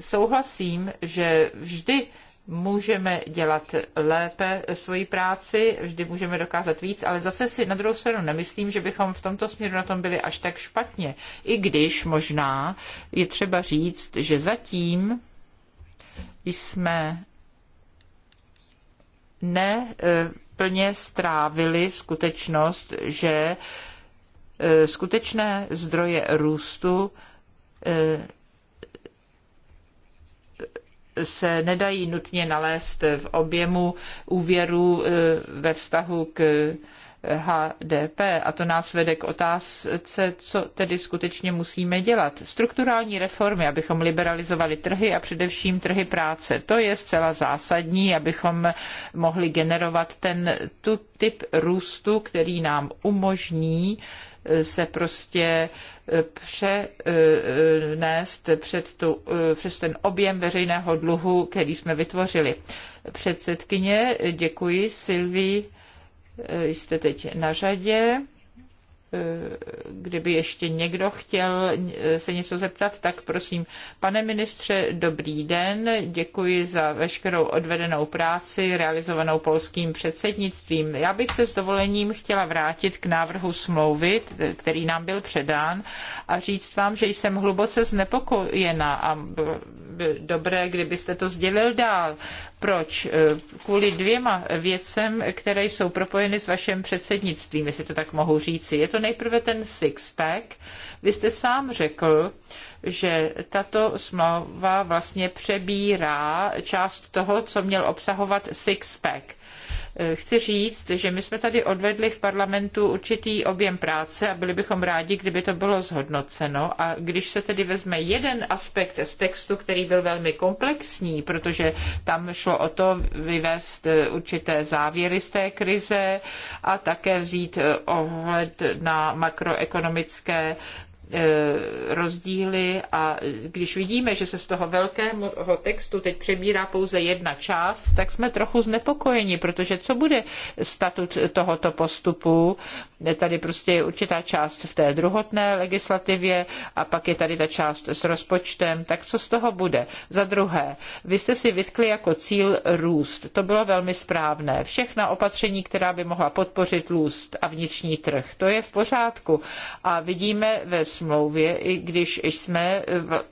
souhlasím, že vždy můžeme dělat lépe svoji práci, vždy můžeme dokázat víc, ale zase si na druhou stranu nemyslím, že bychom v tomto směru na tom byli až tak špatně. I když možná je třeba říct, že zatím jsme neplně e, strávili skutečnost, že e, skutečné zdroje růstu e, se nedají nutně nalézt v objemu úvěru eh, ve vztahu k HDP. Eh, a to nás vede k otázce, co tedy skutečně musíme dělat. Strukturální reformy, abychom liberalizovali trhy a především trhy práce. To je zcela zásadní, abychom mohli generovat ten tu typ růstu, který nám umožní uh, se prostě eh, přenést eh, eh, před, tu, přes ten objem veřejného dluhu, který jsme vytvořili. Předsedkyně, děkuji. Silvi, jste teď na řadě. Eh, kdyby ještě někdo chtěl eh, se něco zeptat, tak prosím. Pane ministře, dobrý den. Děkuji za veškerou odvedenou práci realizovanou polským předsednictvím. Já bych se s dovolením chtěla vrátit k návrhu smlouvy, který nám byl předán a říct vám, že jsem hluboce znepokojena a dobré, kdybyste to sdělil dál. Proč? Eh, kvůli dvěma věcem, které jsou propojeny s vaším předsednictvím, jestli to tak mohu říci. Je to nejprve ten six-pack. Vy jste sám řekl, že tato smlouva vlastně přebírá část toho, co měl obsahovat six-pack. Chci říct, že my jsme tady odvedli v parlamentu určitý objem práce a byli bychom rádi, kdyby to bylo zhodnoceno. A když se tedy vezme jeden aspekt z textu, který byl velmi komplexní, protože tam šlo o to vyvést eh, určité závěry z té krize a také vzít eh, ohled na makroekonomické E, rozdíly a když vidíme, že se z toho velkého textu teď přebírá pouze jedna část, tak jsme trochu znepokojeni, protože co bude statut tohoto postupu? Tady prostě je určitá část v té druhotné legislativě a pak je tady ta část s rozpočtem, tak co z toho bude? Za druhé, vy jste si vytkli jako cíl růst. To bylo velmi správné. Všechna opatření, která by mohla podpořit růst a vnitřní trh, to je v pořádku. A vidíme ve smlouvě, i když jsme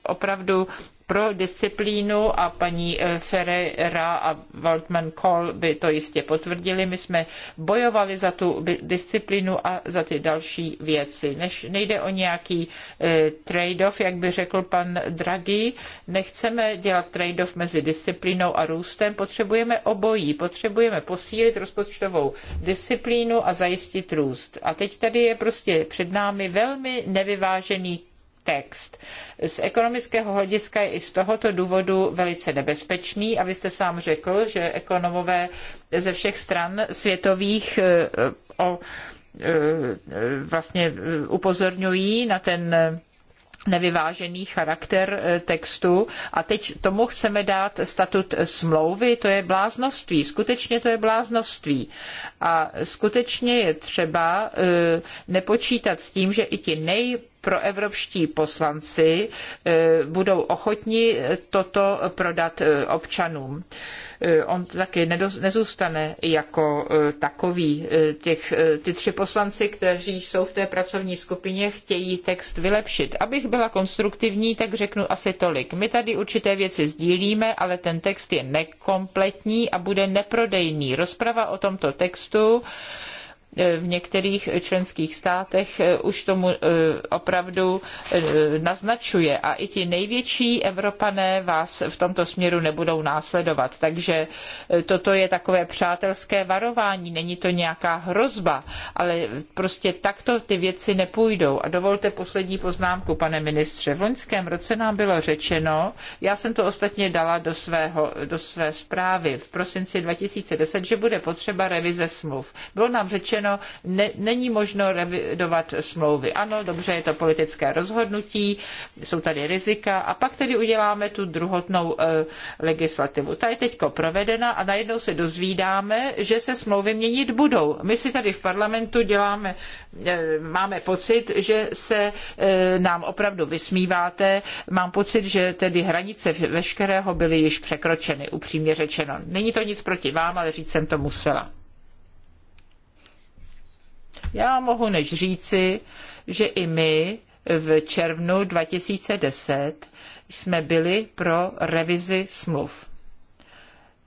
opravdu pro disciplínu a paní eh, Ferreira a Waldman Kohl by to jistě potvrdili. My jsme bojovali za tu disciplínu a za ty další věci. Než nejde o nějaký eh, trade-off, jak by řekl pan Draghi, nechceme dělat trade-off mezi disciplínou a růstem, potřebujeme obojí, potřebujeme posílit rozpočtovou disciplínu a zajistit růst. A teď tady je prostě před námi velmi nevyvážený text. Z ekonomického hlediska je i z tohoto důvodu velice nebezpečný a vy jste sám řekl, že ekonomové ze všech stran světových eh, o, eh, vlastně eh, upozorňují na ten nevyvážený charakter textu a teď tomu chceme dát statut smlouvy, to je bláznoství, skutečně to je bláznoství. A skutečně je třeba nepočítat s tím, že i ti nej proevropští poslanci eh, budou ochotni toto prodat eh, občanům. Eh, on taky nezůstane jako takový. Těch, ty tři poslanci, kteří jsou v té pracovní skupině, chtějí text vylepšit. Abych byla konstruktivní, tak řeknu asi tolik. My tady určité věci sdílíme, ale ten text je nekompletní a bude neprodejný. Rozprava o tomto textu v některých členských státech eh, už tomu eh, opravdu eh, naznačuje a i ti největší Evropané vás v tomto směru nebudou následovat. Takže toto je takové přátelské varování, není to nějaká hrozba, ale prostě takto ty věci nepůjdou. A dovolte poslední poznámku, pane ministře. V loňském roce nám bylo řečeno, já jsem to ostatně dala do, svého, do své zprávy v prosinci 2010, že bude potřeba revize smluv. Bylo nám řečeno, řečeno, ne, není možno revidovat smlouvy. Ano, dobře, je to politické rozhodnutí, jsou tady rizika a pak tedy uděláme tu druhotnou e, legislativu. Ta je teď provedena a najednou se dozvídáme, že se smlouvy měnit budou. My si tady v parlamentu děláme, e, máme pocit, že se e, nám opravdu vysmíváte. Mám pocit, že tedy hranice veškerého byly již překročeny, upřímně řečeno. Není to nic proti vám, ale říct jsem to musela. Já mohu než říci, že i my v červnu 2010 jsme byli pro revizi smluv.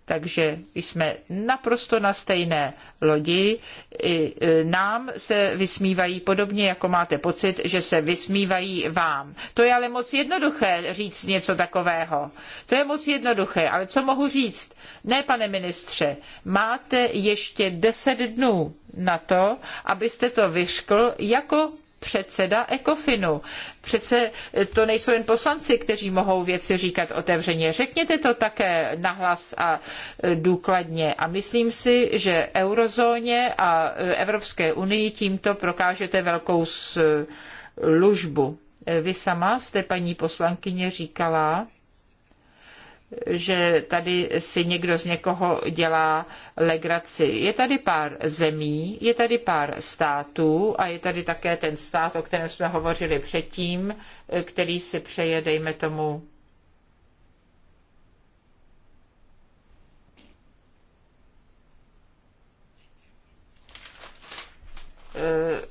Takže jsme naprosto na stejné lodi. I e, nám se vysmívají podobně, jako máte pocit, že se vysmívají vám. To je ale moc jednoduché říct něco takového. To je moc jednoduché, ale co mohu říct? Ne, pane ministře, máte ještě deset dnů na to, abyste to vyškl jako předseda Ekofinu. Přece eh, to nejsou jen poslanci, kteří mohou věci říkat otevřeně. Řekněte to také nahlas a eh, důkladně. A myslím si, že eurozóně a eh, Evropské unii tímto prokážete velkou službu. Vy sama jste paní poslankyně říkala, že tady si někdo z někoho dělá legraci. Je tady pár zemí, je tady pár států a je tady také ten stát, o kterém jsme hovořili předtím, který si přeje, dejme tomu, eh,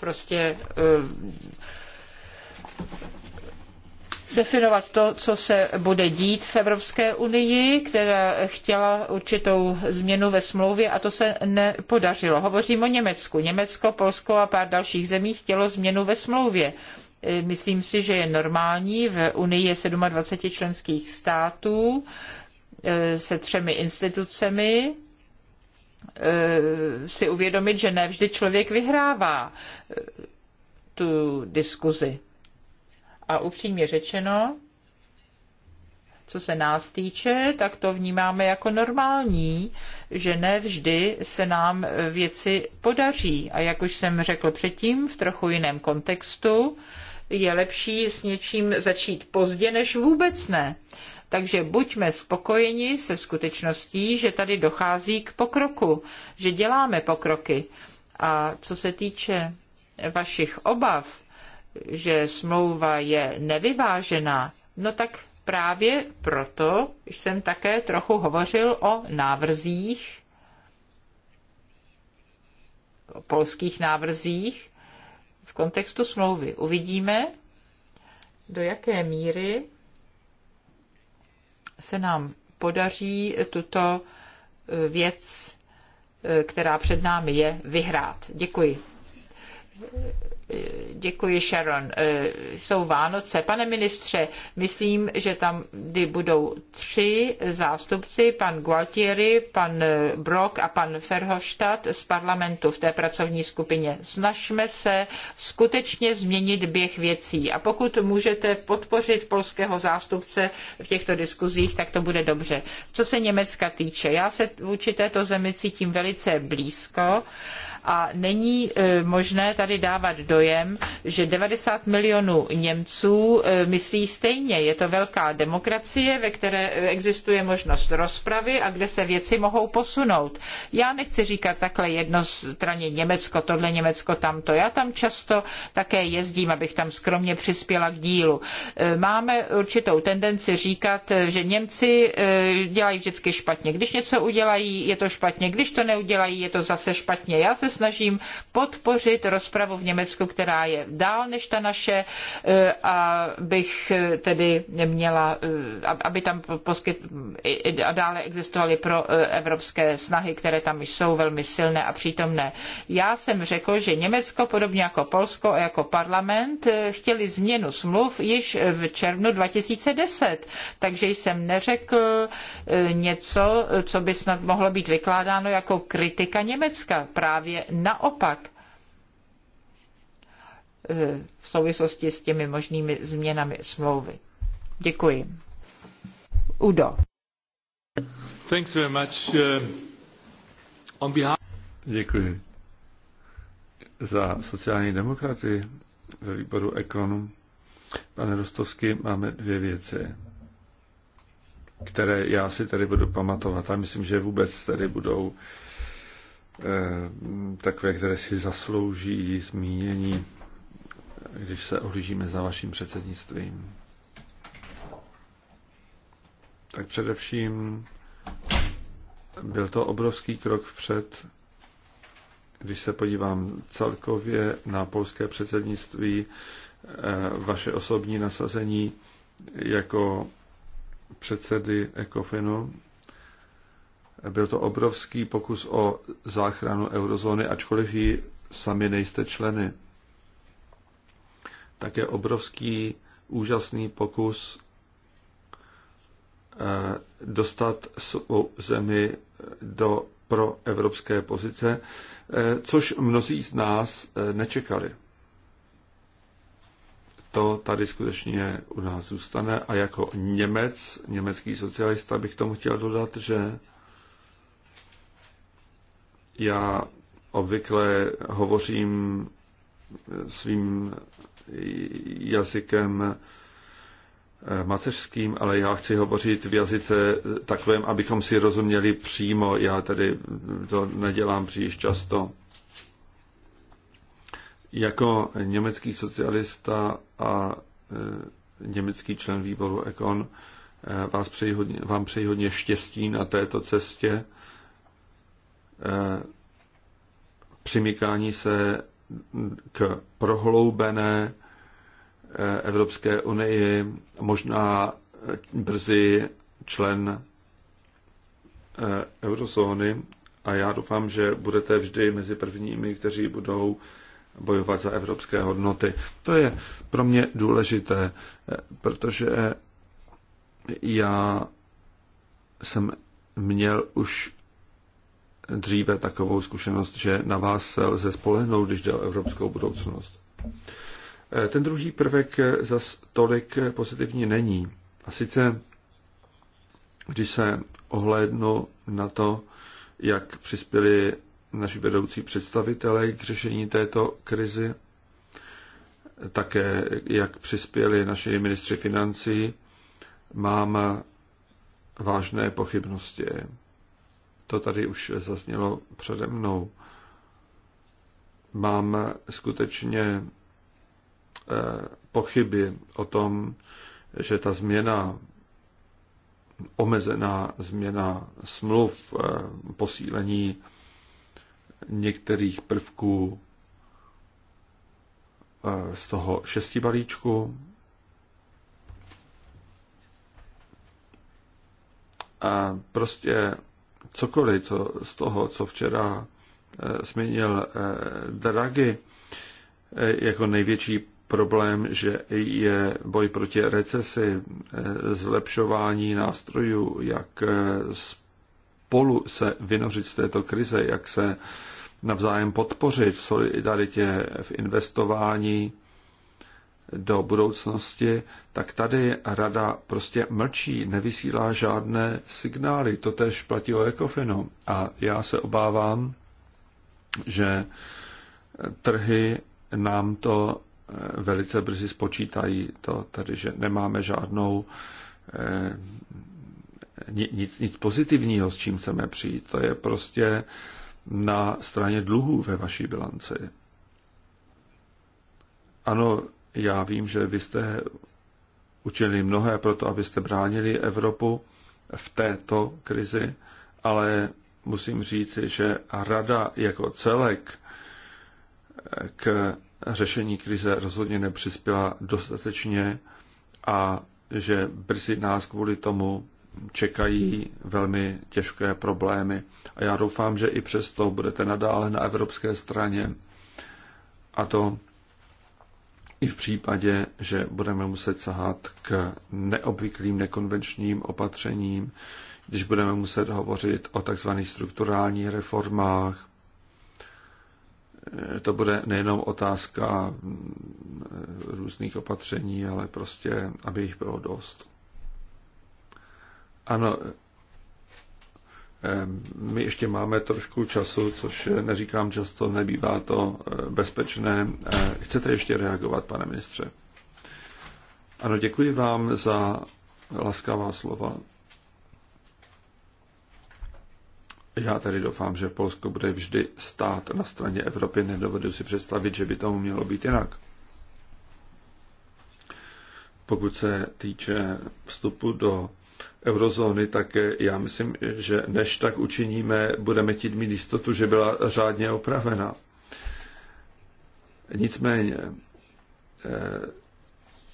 prostě eh, definovat to, co se bude dít v Evropské unii, která chtěla určitou změnu ve smlouvě a to se nepodařilo. Hovořím o Německu. Německo, Polsko a pár dalších zemí chtělo změnu ve smlouvě. E, myslím si, že je normální. V Unii je 27 členských států e, se třemi institucemi, e, si uvědomit, že ne vždy člověk vyhrává tu diskuzi. A upřímně řečeno, co se nás týče, tak to vnímáme jako normální, že ne vždy se nám věci podaří. A jak už jsem řekl předtím, v trochu jiném kontextu, je lepší s něčím začít pozdě než vůbec ne. Takže buďme spokojeni se skutečností, že tady dochází k pokroku, že děláme pokroky. A co se týče vašich obav, že smlouva je nevyvážená, no tak právě proto jsem také trochu hovořil o návrzích, o polských návrzích v kontextu smlouvy. Uvidíme, do jaké míry se nám podaří tuto věc, která před námi je, vyhrát. Děkuji. Děkuji, Sharon. E, jsou Vánoce. Pane ministře, myslím, že tam kdy budou tři zástupci, pan Gualtieri, pan Brok a pan Ferhofstadt z parlamentu v té pracovní skupině. Snažme se skutečně změnit běh věcí a pokud můžete podpořit polského zástupce v těchto diskuzích, tak to bude dobře. Co se Německa týče, já se vůči této zemi cítím velice blízko a není e, možné tady dávat dojem, že 90 milionů Němců e, myslí stejně. Je to velká demokracie, ve které existuje možnost rozpravy a kde se věci mohou posunout. Já nechci říkat takhle jednostranně Německo, tohle Německo, tamto. Já tam často také jezdím, abych tam skromně přispěla k dílu. E, máme určitou tendenci říkat, že Němci dělají vždycky špatně. Když něco udělají, je to špatně. Když to neudělají, je to zase špatně. Já se snažím podpořit rozpravu v Německu, která je dál než ta naše, e, bych e, tedy měla, e, aby tam poskyt, a dále existovaly pro evropské snahy, které tam jsou velmi silné a přítomné. Já jsem řekl, že Německo, podobně jako Polsko a jako parlament, chtěli změnu smluv již v červnu 2010, takže jsem neřekl něco, co by snad mohlo být vykládáno jako kritika Německa. Právě naopak e, v souvislosti s těmi možnými změnami smlouvy. Děkuji. Udo. Thanks very much. E, on behalf... Děkuji. Za sociální demokraty ve výboru Ekonom. Pane Rostovský, máme dvě věci, které já si tady budu pamatovat a myslím, že vůbec tady budou Eh, takové, které si zaslouží zmínění, když se ohlížíme za vaším předsednictvím. Tak především byl to obrovský krok vpřed, když se podívám celkově na polské předsednictví, eh, vaše osobní nasazení jako předsedy Ecofinu byl to obrovský pokus o záchranu eurozóny, ačkoliv ji sami nejste členy. Také obrovský, úžasný pokus eh, dostat svou zemi do proevropské pozice, eh, což mnozí z nás eh, nečekali. To tady skutečně u nás zůstane a jako Němec, německý socialista bych tomu chtěl dodat, že já obvykle hovořím svým jazykem eh, mateřským, ale já chci hovořit v jazyce takovém, abychom si rozuměli přímo. Já tedy to nedělám příliš často. Jako německý socialista a eh, německý člen výboru Ekon eh, vás přeji hodně, vám přeji hodně štěstí na této cestě Eh, přimykání se k prohloubené eh, Evropské unii, možná eh, brzy člen eurozóny a já doufám, že budete vždy mezi prvními, kteří budou bojovat za evropské hodnoty. To je pro mě důležité, protože já jsem měl už dříve takovou zkušenost, že na vás se lze spolehnout, když jde o evropskou budoucnost. Eh, ten druhý prvek zas tolik pozitivní není. A sice, když se ohlédnu na to, jak přispěli naši vedoucí představitelé k řešení této krizi, také jak přispěli naši ministři financí, mám vážné pochybnosti to tady už zaznělo přede mnou. Mám skutečně eh, pochyby o tom, že ta změna, omezená změna smluv, eh, posílení některých prvků eh, z toho šesti balíčku, a prostě cokoliv co, z toho, co včera e, Draghi eh, jako největší problém, že je boj proti recesi, zlepšování nástrojů, jak spolu se vynořit z této krize, jak se navzájem podpořit v solidaritě, v investování, do budoucnosti, tak tady rada prostě mlčí, nevysílá žádné signály. To tež platí o ECOFINu. A já se obávám, že trhy nám to eh, velice brzy spočítají. To tady, že nemáme žádnou eh, nic, nic pozitivního, s čím chceme přijít. To je prostě na straně dluhů ve vaší bilanci. Ano, já vím, že vy jste učili mnohé pro to, abyste bránili Evropu v této krizi, ale musím říci, že rada jako celek k řešení krize rozhodně nepřispěla dostatečně a že brzy nás kvůli tomu čekají velmi těžké problémy. A já doufám, že i přesto budete nadále na evropské straně. A to i v případě, že budeme muset sahat k neobvyklým, nekonvenčním opatřením, když budeme muset hovořit o tzv. strukturálních reformách. Eh, to bude nejenom otázka mm, různých opatření, ale prostě, aby jich bylo dost. Ano, Ehm, my ještě máme trošku času, což neříkám často, nebývá to eh, bezpečné. Eh, chcete ještě reagovat, pane ministře? Ano, děkuji vám za laskavá slova. Já tady doufám, že Polsko bude vždy stát na straně Evropy. Nedovedu si představit, že by tomu mělo být jinak. Pokud se týče vstupu do eurozóny, tak já myslím, že než tak učiníme, budeme chtít mít jistotu, že byla řádně opravena. Nicméně eh,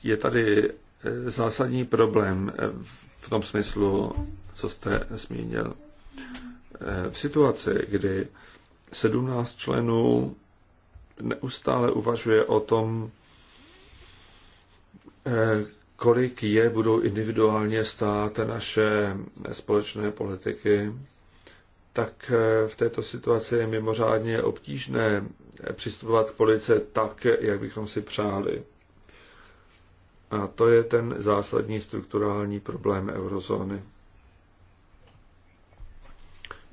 je tady eh, zásadní problém eh, v tom smyslu, co jste zmínil. V situaci, kdy 17 členů neustále uvažuje o tom, kolik je budou individuálně stát naše společné politiky, tak eh, v této situaci je mimořádně obtížné přistupovat k police tak, jak bychom si přáli. A to je ten zásadní strukturální problém eurozóny.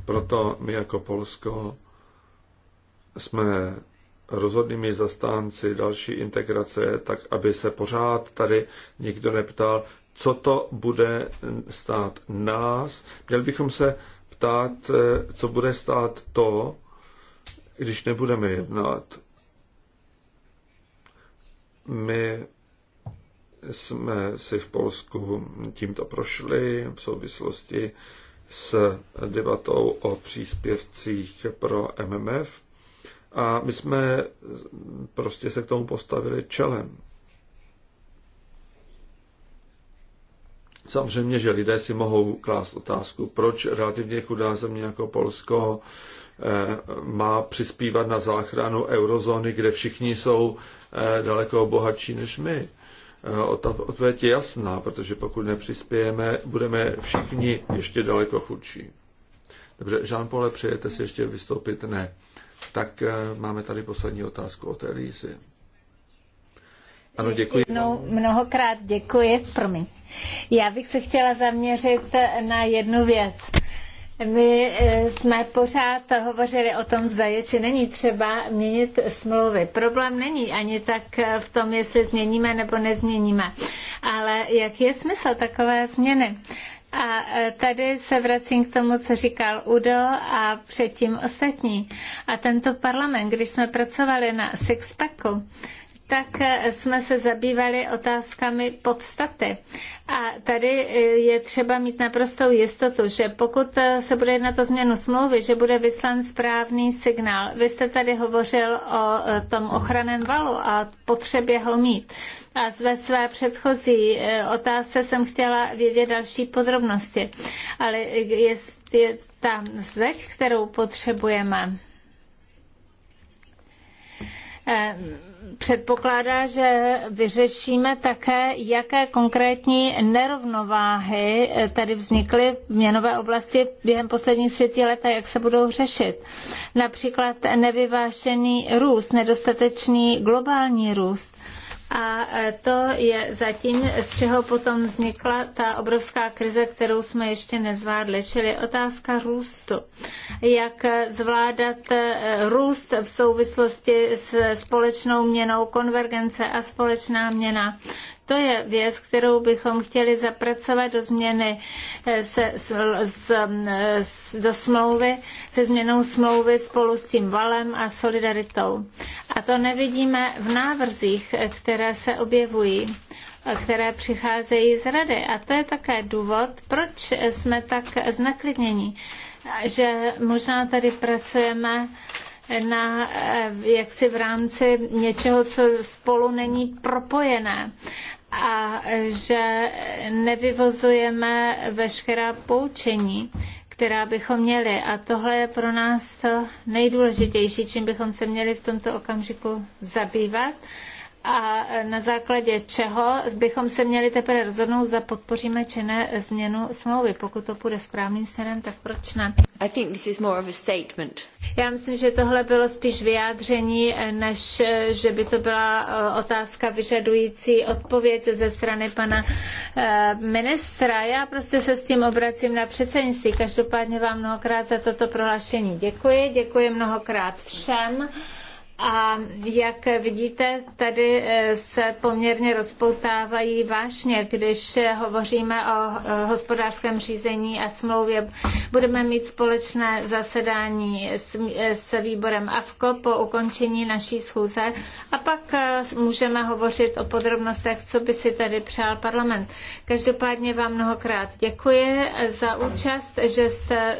Proto my jako Polsko jsme rozhodnými zastánci další integrace, tak aby se pořád tady nikdo neptal, co to bude stát nás. Měli bychom se ptát, eh, co bude stát to, když nebudeme jednat. My jsme si v Polsku tímto prošli v souvislosti s debatou o příspěvcích pro MMF a my jsme prostě se k tomu postavili čelem. Samozřejmě, že lidé si mohou klást otázku, proč relativně chudá země jako Polsko eh, má přispívat na záchranu eurozóny, kde všichni jsou eh, daleko bohatší než my. Eh, odpověď je jasná, protože pokud nepřispějeme, budeme všichni ještě daleko chudší. Dobře, Jean Paul, přejete si ještě vystoupit? Ne. Tak eh, máme tady poslední otázku od Elízy. Ano, děkuji. Jednou mnohokrát děkuji. Promiň. Já bych se chtěla zaměřit na jednu věc. My eh, jsme pořád hovořili o tom, zda je či není třeba měnit smlouvy. Problém není ani tak v tom, jestli změníme nebo nezměníme, ale jak je smysl takové změny. A e, tady se vracím k tomu, co říkal Udo a předtím ostatní. A tento parlament, když jsme pracovali na Sixpacku, tak eh, jsme se zabývali otázkami podstaty. A tady eh, je třeba mít naprostou jistotu, že pokud eh, se bude jednat o změnu smlouvy, že bude vyslan správný signál. Vy jste tady hovořil o tom ochraném valu a potřebě ho mít. A ve své předchozí otázce jsem chtěla vědět další podrobnosti. Ale je, je ta zeď, kterou potřebujeme, předpokládá, že vyřešíme také, jaké konkrétní nerovnováhy eh, tady vznikly v měnové oblasti během posledních 30 let a jak se budou řešit. Například nevyvášený růst, nedostatečný globální růst a e, to je zatím, z čeho potom vznikla ta obrovská krize, kterou jsme ještě nezvládli, čili otázka růstu. Jak zvládat e, růst v souvislosti s společnou měnou konvergence a společná měna. To je věc, kterou bychom chtěli zapracovat do změny eh, se, s, s, do smlouvy, se změnou smlouvy spolu s tím valem a solidaritou. A to nevidíme v návrzích, které se objevují které přicházejí z rady. A to je také důvod, proč jsme tak znaklidnění, že možná tady pracujeme na, eh, jaksi v rámci něčeho, co spolu není propojené a že nevyvozujeme veškerá poučení, která bychom měli. A tohle je pro nás to nejdůležitější, čím bychom se měli v tomto okamžiku zabývat a na základě čeho bychom se měli teprve rozhodnout, zda podpoříme či ne změnu smlouvy. Pokud to půjde správným směrem, tak proč ne? I think this is more of a statement. Já myslím, že tohle bylo spíš vyjádření, než že by to byla eh, otázka vyžadující odpověď ze strany pana eh, ministra. Já prostě se s tím obracím na předsednictví. Každopádně vám mnohokrát za toto prohlášení děkuji. Děkuji mnohokrát všem. A jak vidíte, tady eh, se poměrně rozpoutávají vášně, když eh, hovoříme o eh, hospodářském řízení a smlouvě. Budeme mít společné zasedání s, s výborem AFKO po ukončení naší schůze a pak můžeme hovořit o podrobnostech, co by si tady přál parlament. Každopádně vám mnohokrát děkuji za účast, že jste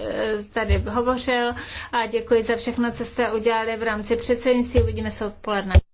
tady hovořil a děkuji za všechno, co jste udělali v rámci předsednictví si uvidíme se odpoledne.